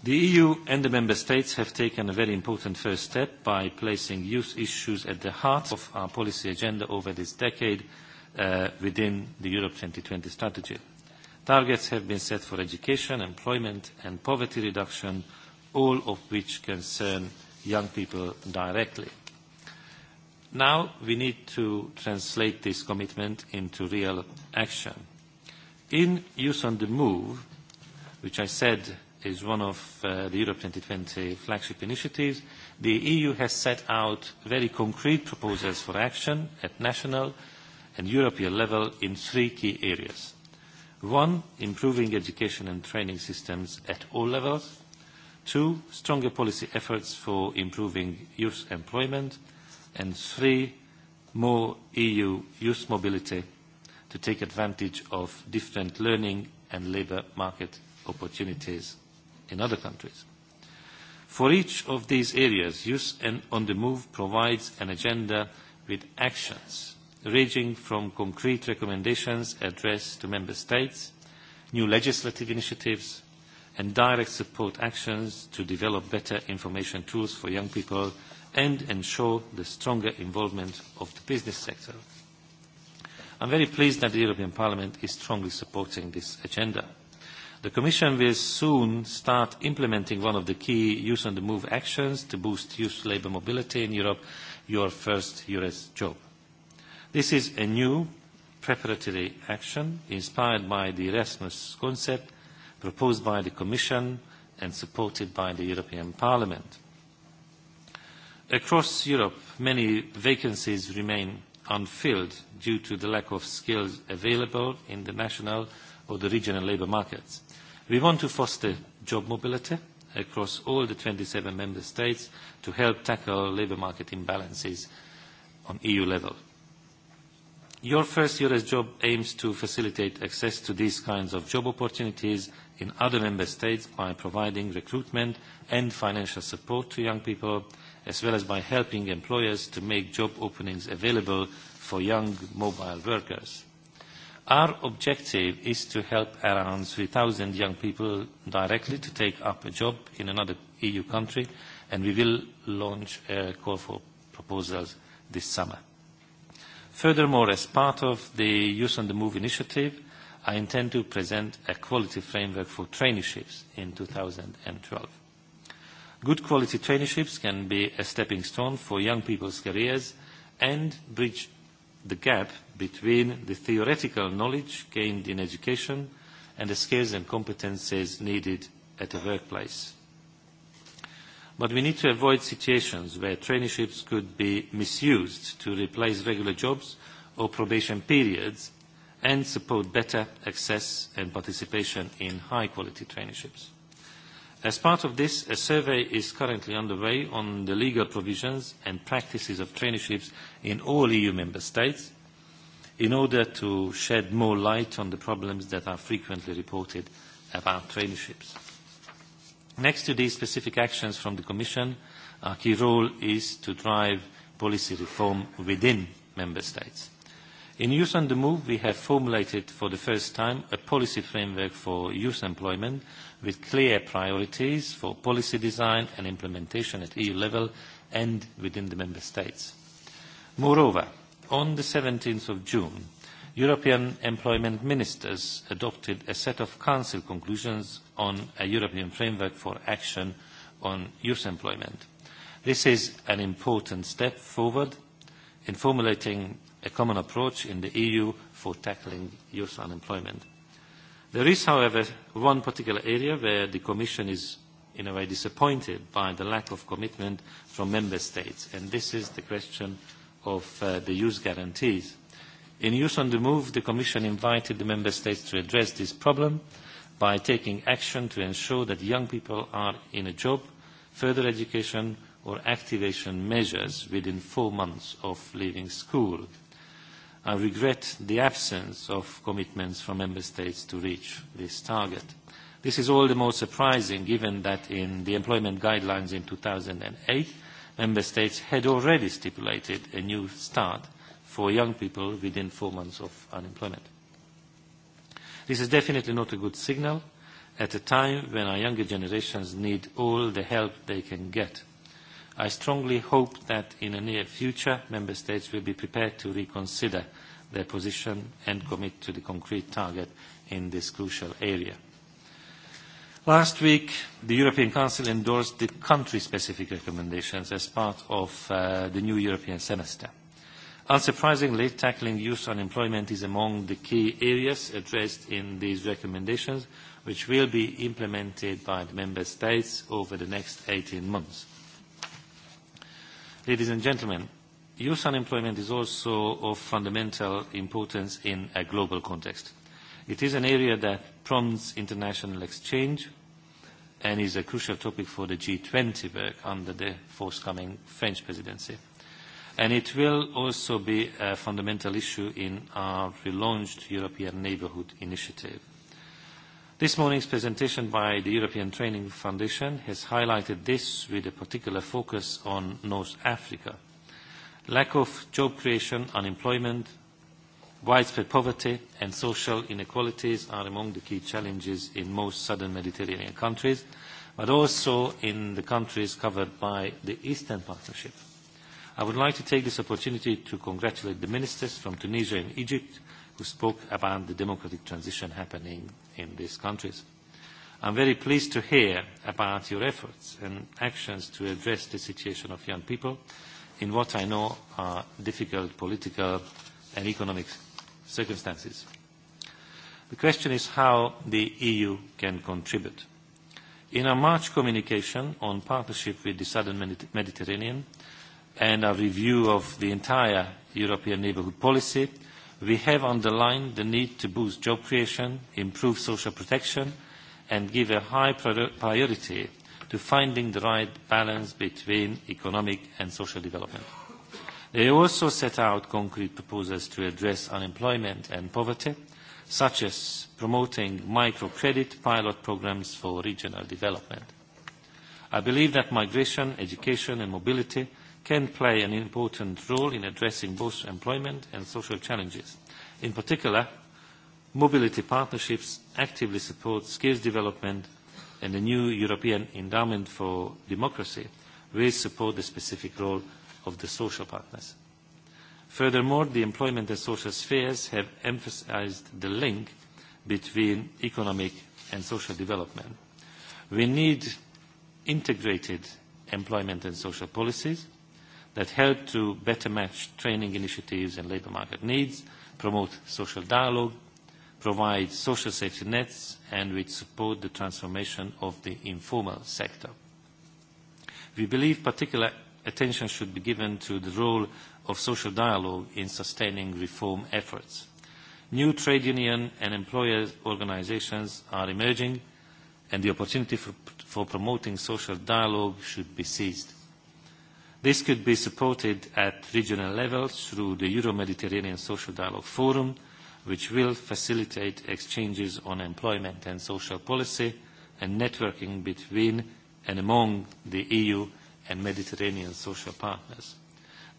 The EU and the Member States have taken a very important first step by placing youth issues at the heart of our policy agenda over this decade uh, within the Europe 2020 strategy. Targets have been set for education, employment and poverty reduction, all of which concern young people directly. Now we need to translate this commitment into real action. In Youth on the Move, which I said is one of uh, the Europe 2020 flagship initiatives, the EU has set out very concrete proposals for action at national, and European level in three key areas. One, improving education and training systems at all levels. Two, stronger policy efforts for improving youth employment. And three, more EU youth mobility to take advantage of different learning and labour market opportunities in other countries. For each of these areas, Youth and on the Move provides an agenda with actions ranging from concrete recommendations addressed to member states, new legislative initiatives, and direct support actions to develop better information tools for young people and ensure the stronger involvement of the business sector. I am very pleased that the European Parliament is strongly supporting this agenda. The Commission will soon start implementing one of the key Youth on the Move actions to boost youth labour mobility in Europe, Your First Eures Job. This is a new preparatory action inspired by the Erasmus concept proposed by the Commission and supported by the European Parliament. Across Europe, many vacancies remain unfilled due to the lack of skills available in the national or the regional labour markets. We want to foster job mobility across all the 27 member states to help tackle labour market imbalances on EU level. Your first year as job aims to facilitate access to these kinds of job opportunities in other member states by providing recruitment and financial support to young people, as well as by helping employers to make job openings available for young mobile workers. Our objective is to help around 3,000 young people directly to take up a job in another EU country, and we will launch a call for proposals this summer. Furthermore, as part of the Youth on the Move initiative, I intend to present a quality framework for traineeships in 2012. Good quality traineeships can be a stepping stone for young people's careers and bridge the gap between the theoretical knowledge gained in education and the skills and competences needed at the workplace. But we need to avoid situations where traineeships could be misused to replace regular jobs or probation periods and support better access and participation in high-quality traineeships. As part of this, a survey is currently underway on the legal provisions and practices of traineeships in all EU member states in order to shed more light on the problems that are frequently reported about traineeships. Next to these specific actions from the Commission, our uh, key role is to drive policy reform within Member States. In Youth on the Move, we have formulated for the first time a policy framework for youth employment with clear priorities for policy design and implementation at EU level and within the Member States. Moreover, on the 17th of June, European employment ministers adopted a set of Council conclusions on a European framework for action on youth employment. This is an important step forward in formulating a common approach in the EU for tackling youth unemployment. There is, however, one particular area where the Commission is in a way disappointed by the lack of commitment from Member States, and this is the question of uh, the youth guarantees. In Youth on the Move, the Commission invited the Member States to address this problem by taking action to ensure that young people are in a job, further education or activation measures within four months of leaving school. I regret the absence of commitments from Member States to reach this target. This is all the more surprising given that in the Employment Guidelines in 2008, Member States had already stipulated a new start for young people within four months of unemployment. This is definitely not a good signal at a time when our younger generations need all the help they can get. I strongly hope that in the near future, Member States will be prepared to reconsider their position and commit to the concrete target in this crucial area. Last week, the European Council endorsed the country-specific recommendations as part of uh, the new European semester. Unsurprisingly, tackling youth unemployment is among the key areas addressed in these recommendations, which will be implemented by the Member States over the next 18 months. Ladies and gentlemen, youth unemployment is also of fundamental importance in a global context. It is an area that prompts international exchange and is a crucial topic for the G20 work under the forthcoming French presidency. And it will also be a fundamental issue in our relaunched European Neighbourhood Initiative. This morning's presentation by the European Training Foundation has highlighted this with a particular focus on North Africa. Lack of job creation, unemployment, widespread poverty and social inequalities are among the key challenges in most southern Mediterranean countries, but also in the countries covered by the Eastern Partnership. I would like to take this opportunity to congratulate the ministers from Tunisia and Egypt who spoke about the democratic transition happening in these countries. I am very pleased to hear about your efforts and actions to address the situation of young people in what I know are difficult political and economic circumstances. The question is how the EU can contribute. In our March communication on partnership with the Southern Mediterranean, and a review of the entire European neighbourhood policy, we have underlined the need to boost job creation, improve social protection, and give a high priority to finding the right balance between economic and social development. They also set out concrete proposals to address unemployment and poverty, such as promoting microcredit pilot programmes for regional development. I believe that migration, education and mobility – can play an important role in addressing both employment and social challenges. In particular, mobility partnerships actively support skills development and the new European Endowment for Democracy will support the specific role of the social partners. Furthermore, the employment and social spheres have emphasised the link between economic and social development. We need integrated employment and social policies that help to better match training initiatives and labour market needs, promote social dialogue, provide social safety nets, and which support the transformation of the informal sector. We believe particular attention should be given to the role of social dialogue in sustaining reform efforts. New trade union and employer organisations are emerging, and the opportunity for, for promoting social dialogue should be seized This could be supported at regional level through the Euro-Mediterranean Social Dialogue Forum, which will facilitate exchanges on employment and social policy and networking between and among the EU and Mediterranean social partners.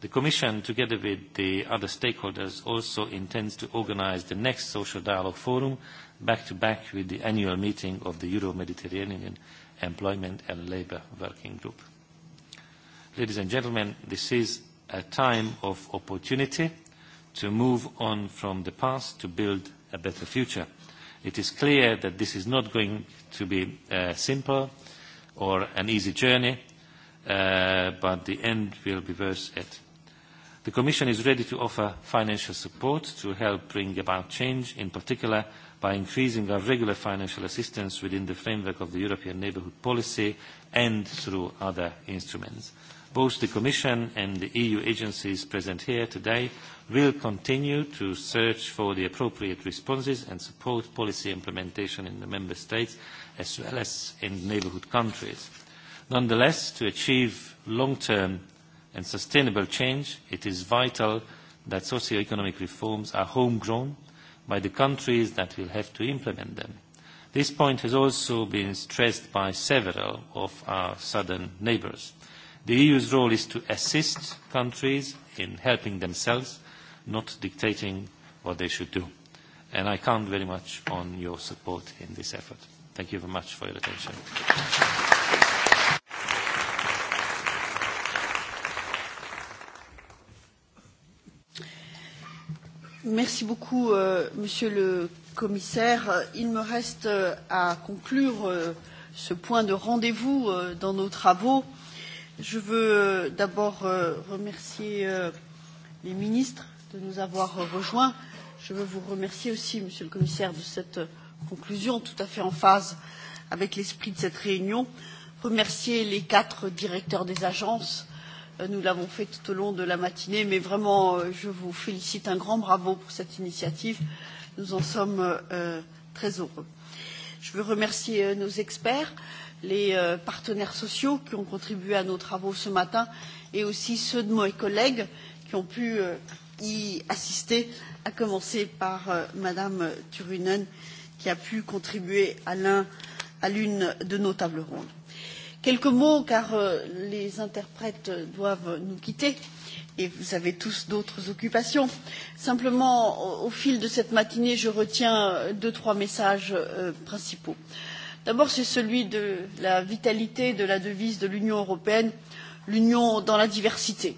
The Commission, together with the other stakeholders, also intends to organise the next Social Dialogue Forum back-to-back -back with the annual meeting of the Euro-Mediterranean Employment and Labour Working Group. Ladies and gentlemen, this is a time of opportunity to move on from the past to build a better future. It is clear that this is not going to be uh, simple or an easy journey, uh, but the end will be worth it. The Commission is ready to offer financial support to help bring about change, in particular by increasing our regular financial assistance within the framework of the European Neighbourhood Policy and through other instruments. Both the Commission and the EU agencies present here today will continue to search for the appropriate responses and support policy implementation in the Member States as well as in neighbourhood countries. Nonetheless, to achieve long-term and sustainable change, it is vital that socio-economic reforms are homegrown by the countries that will have to implement them. This point has also been stressed by several of our southern neighbours. The EU's role is to assist countries in helping themselves, not dictating what they should do. And I count very much on your support in this effort. Thank you very much for your attention. Merci beaucoup, euh, Monsieur le Commissaire. Il me reste euh, à conclure euh, ce point de rendez-vous euh, dans nos travaux je veux euh, d'abord euh, remercier euh, les ministres de nous avoir rejoints. Je veux vous remercier aussi, Monsieur le Commissaire, de cette conclusion tout à fait en phase avec l'esprit de cette réunion. Remercier les quatre directeurs des agences. Nous l'avons fait tout au long de la matinée, mais vraiment, je vous félicite un grand bravo pour cette initiative. Nous en sommes euh, très heureux. Je veux remercier nos experts. Euh, les euh, partenaires sociaux qui ont contribué à nos travaux ce matin et aussi ceux de mes collègues qui ont pu euh, y assister, à commencer par euh, Madame Turunen qui a pu contribuer à l'une de nos tables rondes. Quelques mots car euh, les interprètes doivent nous quitter et vous avez tous d'autres occupations. Simplement, au, fil de cette matinée, je retiens deux, trois messages principaux. Euh, D'abord, c'est celui de la vitalité de la devise de l'Union européenne, l'Union dans la diversité.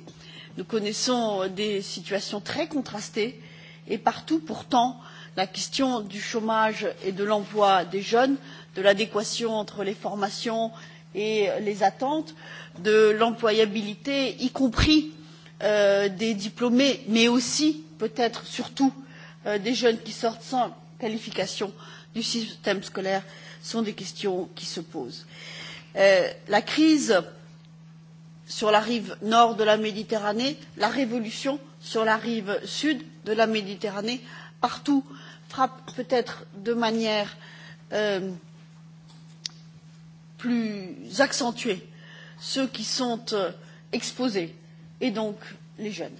Nous connaissons euh, des situations très contrastées et partout, pourtant, la question du chômage et de l'emploi des jeunes, de l'adéquation entre les formations et les attentes, de l'employabilité, y compris euh, des diplômés, mais aussi, peut-être surtout, euh, des jeunes qui sortent sans qualification du système scolaire sont des questions qui se posent. Euh, la crise sur la rive nord de la Méditerranée, la révolution sur la rive sud de la Méditerranée, partout frappe peut être de manière euh, plus accentuée ceux qui sont euh, exposés et donc les jeunes.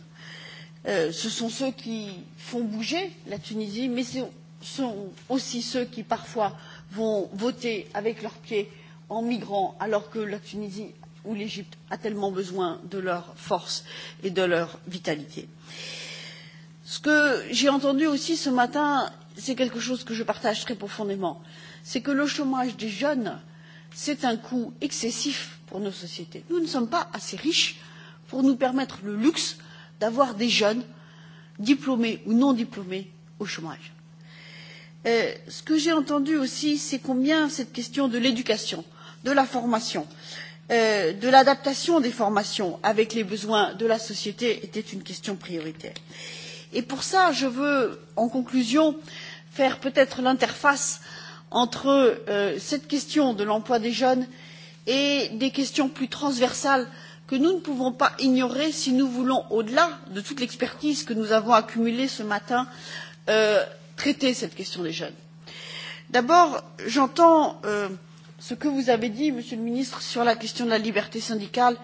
ce sont ceux qui font bouger la Tunisie, mais ce sont aussi ceux qui parfois vont voter avec leurs pieds en migrant alors que la tunisie ou l'égypte ont tellement besoin de leur force et de leur vitalité. ce que j'ai entendu aussi ce matin c'est quelque chose que je partage très profondément c'est que le chômage des jeunes c'est un coût excessif pour nos sociétés. nous ne sommes pas assez riches pour nous permettre le luxe d'avoir des jeunes diplômés ou non diplômés au chômage Euh, ce que j'ai entendu aussi c'est combien cette question de l'éducation de la formation euh, de l'adaptation des formations avec les besoins de la société était une question prioritaire. et pour cela je veux en conclusion faire peut être l'interface entre euh, cette question de l'emploi des jeunes et des questions plus transversales que nous ne pouvons pas ignorer si nous voulons au delà de toute l'expertise que nous avons accumulée ce matin euh, traiter cette question des jeunes. d'abord j'entends euh, ce que vous avez dit monsieur le ministre sur la question de la liberté syndicale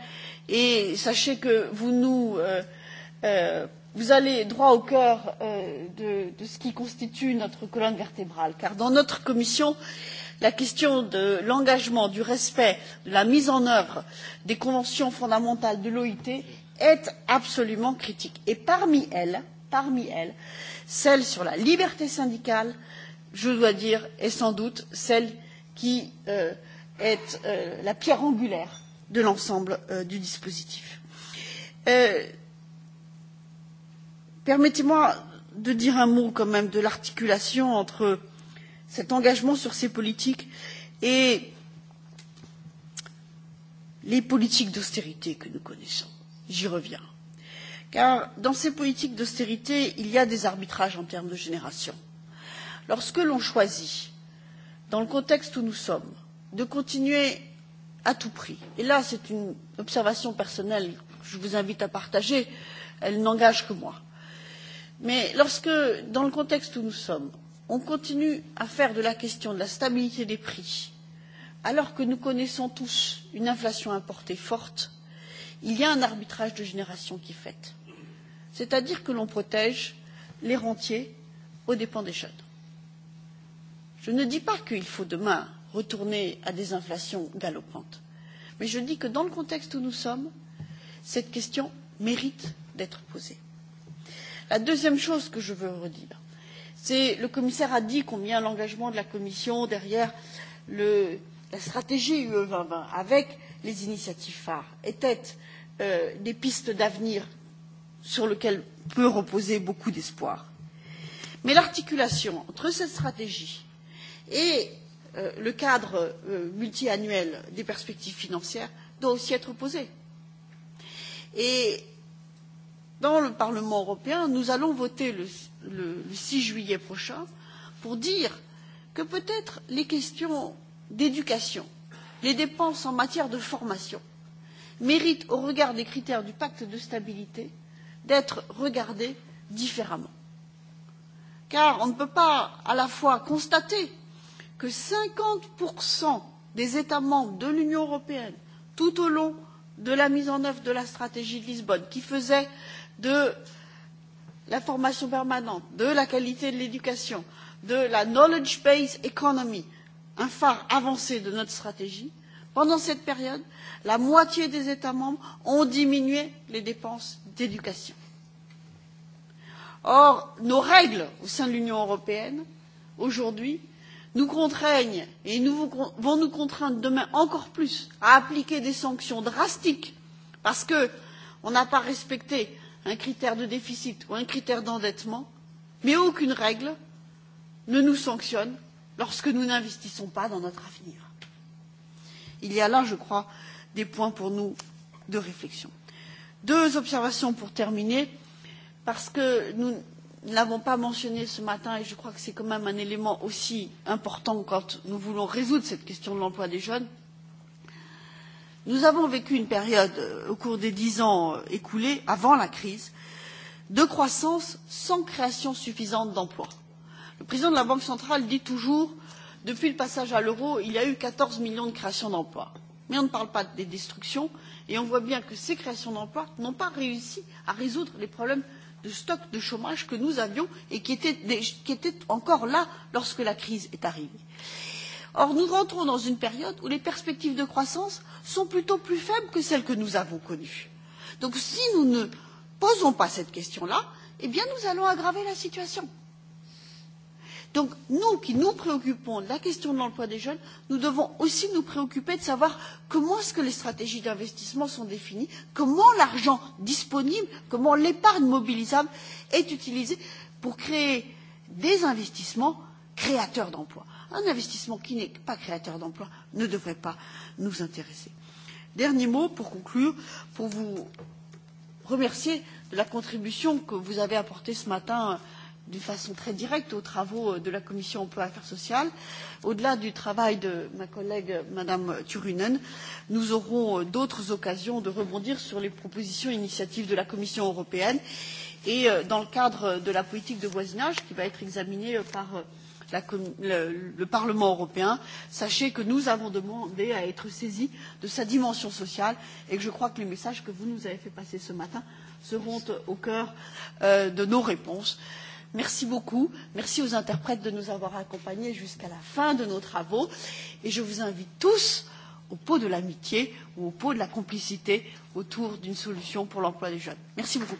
et sachez que vous nous euh, euh, vous allez droit au cœur euh, de, de ce qui constitue notre colonne vertébrale car dans notre commission la question de l'engagement du respect de la mise en œuvre des conventions fondamentales de l'oit est absolument critique et parmi elles parmi elles celle sur la liberté syndicale je dois dire est sans doute celle qui euh, est euh, la pierre angulaire de l'ensemble euh, du dispositif. permettez moi de dire un mot quand même de l'articulation entre cet engagement sur ces politiques et les politiques d'austérité que nous connaissons j'y reviens car dans ces politiques d'austérité il y a des arbitrages en termes de génération. lorsque l'on choisit dans le contexte où nous sommes de continuer à tout prix et là c'est une observation personnelle que je vous invite à partager elle n'engage que moi mais lorsque dans le contexte où nous sommes on continue à faire de la question de la stabilité des prix alors que nous connaissons tous une inflation importée forte il y a un arbitrage de génération qui est fait c'est à dire que l'on protège les rentiers aux dépens des jeunes. je ne dis pas qu'il faut demain retourner à des inflations galopantes mais je dis que dans le contexte où nous sommes cette question mérite d'être posée. la deuxième chose que je veux redire c'est le commissaire a dit combien l'engagement de la commission derrière le, la stratégie ue deux mille vingt avec les initiatives phares étaient euh, des pistes d'avenir sur lequel peut reposer beaucoup d'espoir. mais l'articulation entre cette stratégie et euh, le cadre euh, multiannuel des perspectives financières doit aussi être posée. et dans le parlement européen nous allons voter le, le, le 6 juillet prochain pour dire que peut être les questions d'éducation les dépenses en matière de formation méritent au regard des critères du pacte de stabilité d'être regardés différemment car on ne peut pas à la fois constater que cinquante des états membres de l'union européenne tout au long de la mise en œuvre de la stratégie de lisbonne qui faisait de la formation permanente de la qualité de l'éducation de la knowledge based economy un phare avancé de notre stratégie pendant cette période la moitié des états membres ont diminué les dépenses d'éducation. Or, nos règles au sein de l'Union européenne, aujourd'hui, nous contraignent et nous, vont nous contraindre demain encore plus à appliquer des sanctions drastiques parce qu'on n'a pas respecté un critère de déficit ou un critère d'endettement, mais aucune règle ne nous sanctionne lorsque nous n'investissons pas dans notre avenir. Il y a là, je crois, des points pour nous de réflexion deux observations pour terminer parce que nous ne l'avons pas mentionné ce matin et je crois que c'est quand même un élément aussi important quand nous voulons résoudre cette question de l'emploi des jeunes nous avons vécu une période euh, au cours des dix ans euh, écoulés avant la crise de croissance sans création suffisante d'emplois. le président de la banque centrale dit toujours depuis le passage à l'euro il y a eu quatorze millions de créations d'emplois mais on ne parle pas des destructions et on voit bien que ces créations d'emplois n'ont pas réussi à résoudre les problèmes de stock de chômage que nous avions et qui étaient, des, qui étaient encore là lorsque la crise est arrivée. Or nous rentrons dans une période où les perspectives de croissance sont plutôt plus faibles que celles que nous avons connues. Donc si nous ne posons pas cette question là, eh bien nous allons aggraver la situation Donc nous qui nous préoccupons de la question de l'emploi des jeunes, nous devons aussi nous préoccuper de savoir comment les stratégies d'investissement sont définies, comment l'argent disponible, comment l'épargne mobilisable est utilisé pour créer des investissements créateurs d'emplois. Un investissement qui n'est pas créateur d'emplois ne devrait pas nous intéresser. Dernier mot pour conclure, pour vous remercier de la contribution que vous avez apportée ce matin euh, d'une façon très directe aux travaux euh, de la commission de l'emploi et des affaires sociales. au delà du travail de ma collègue mme turunen nous aurons euh, d'autres occasions de rebondir sur les propositions et initiatives de la commission européenne et euh, dans le cadre de la politique de voisinage qui va être examinée par la, le, le parlement européen sachez que nous avons demandé à être saisis de sa dimension sociale et que je crois que les messages que vous nous avez fait passer ce matin seront au cœur euh, de nos réponses. Merci beaucoup. Merci aux interprètes de nous avoir accompagnés jusqu'à la fin de nos travaux. Et je vous invite tous au pot de l'amitié ou au pot de la complicité autour d'une solution pour l'emploi des jeunes. Merci beaucoup.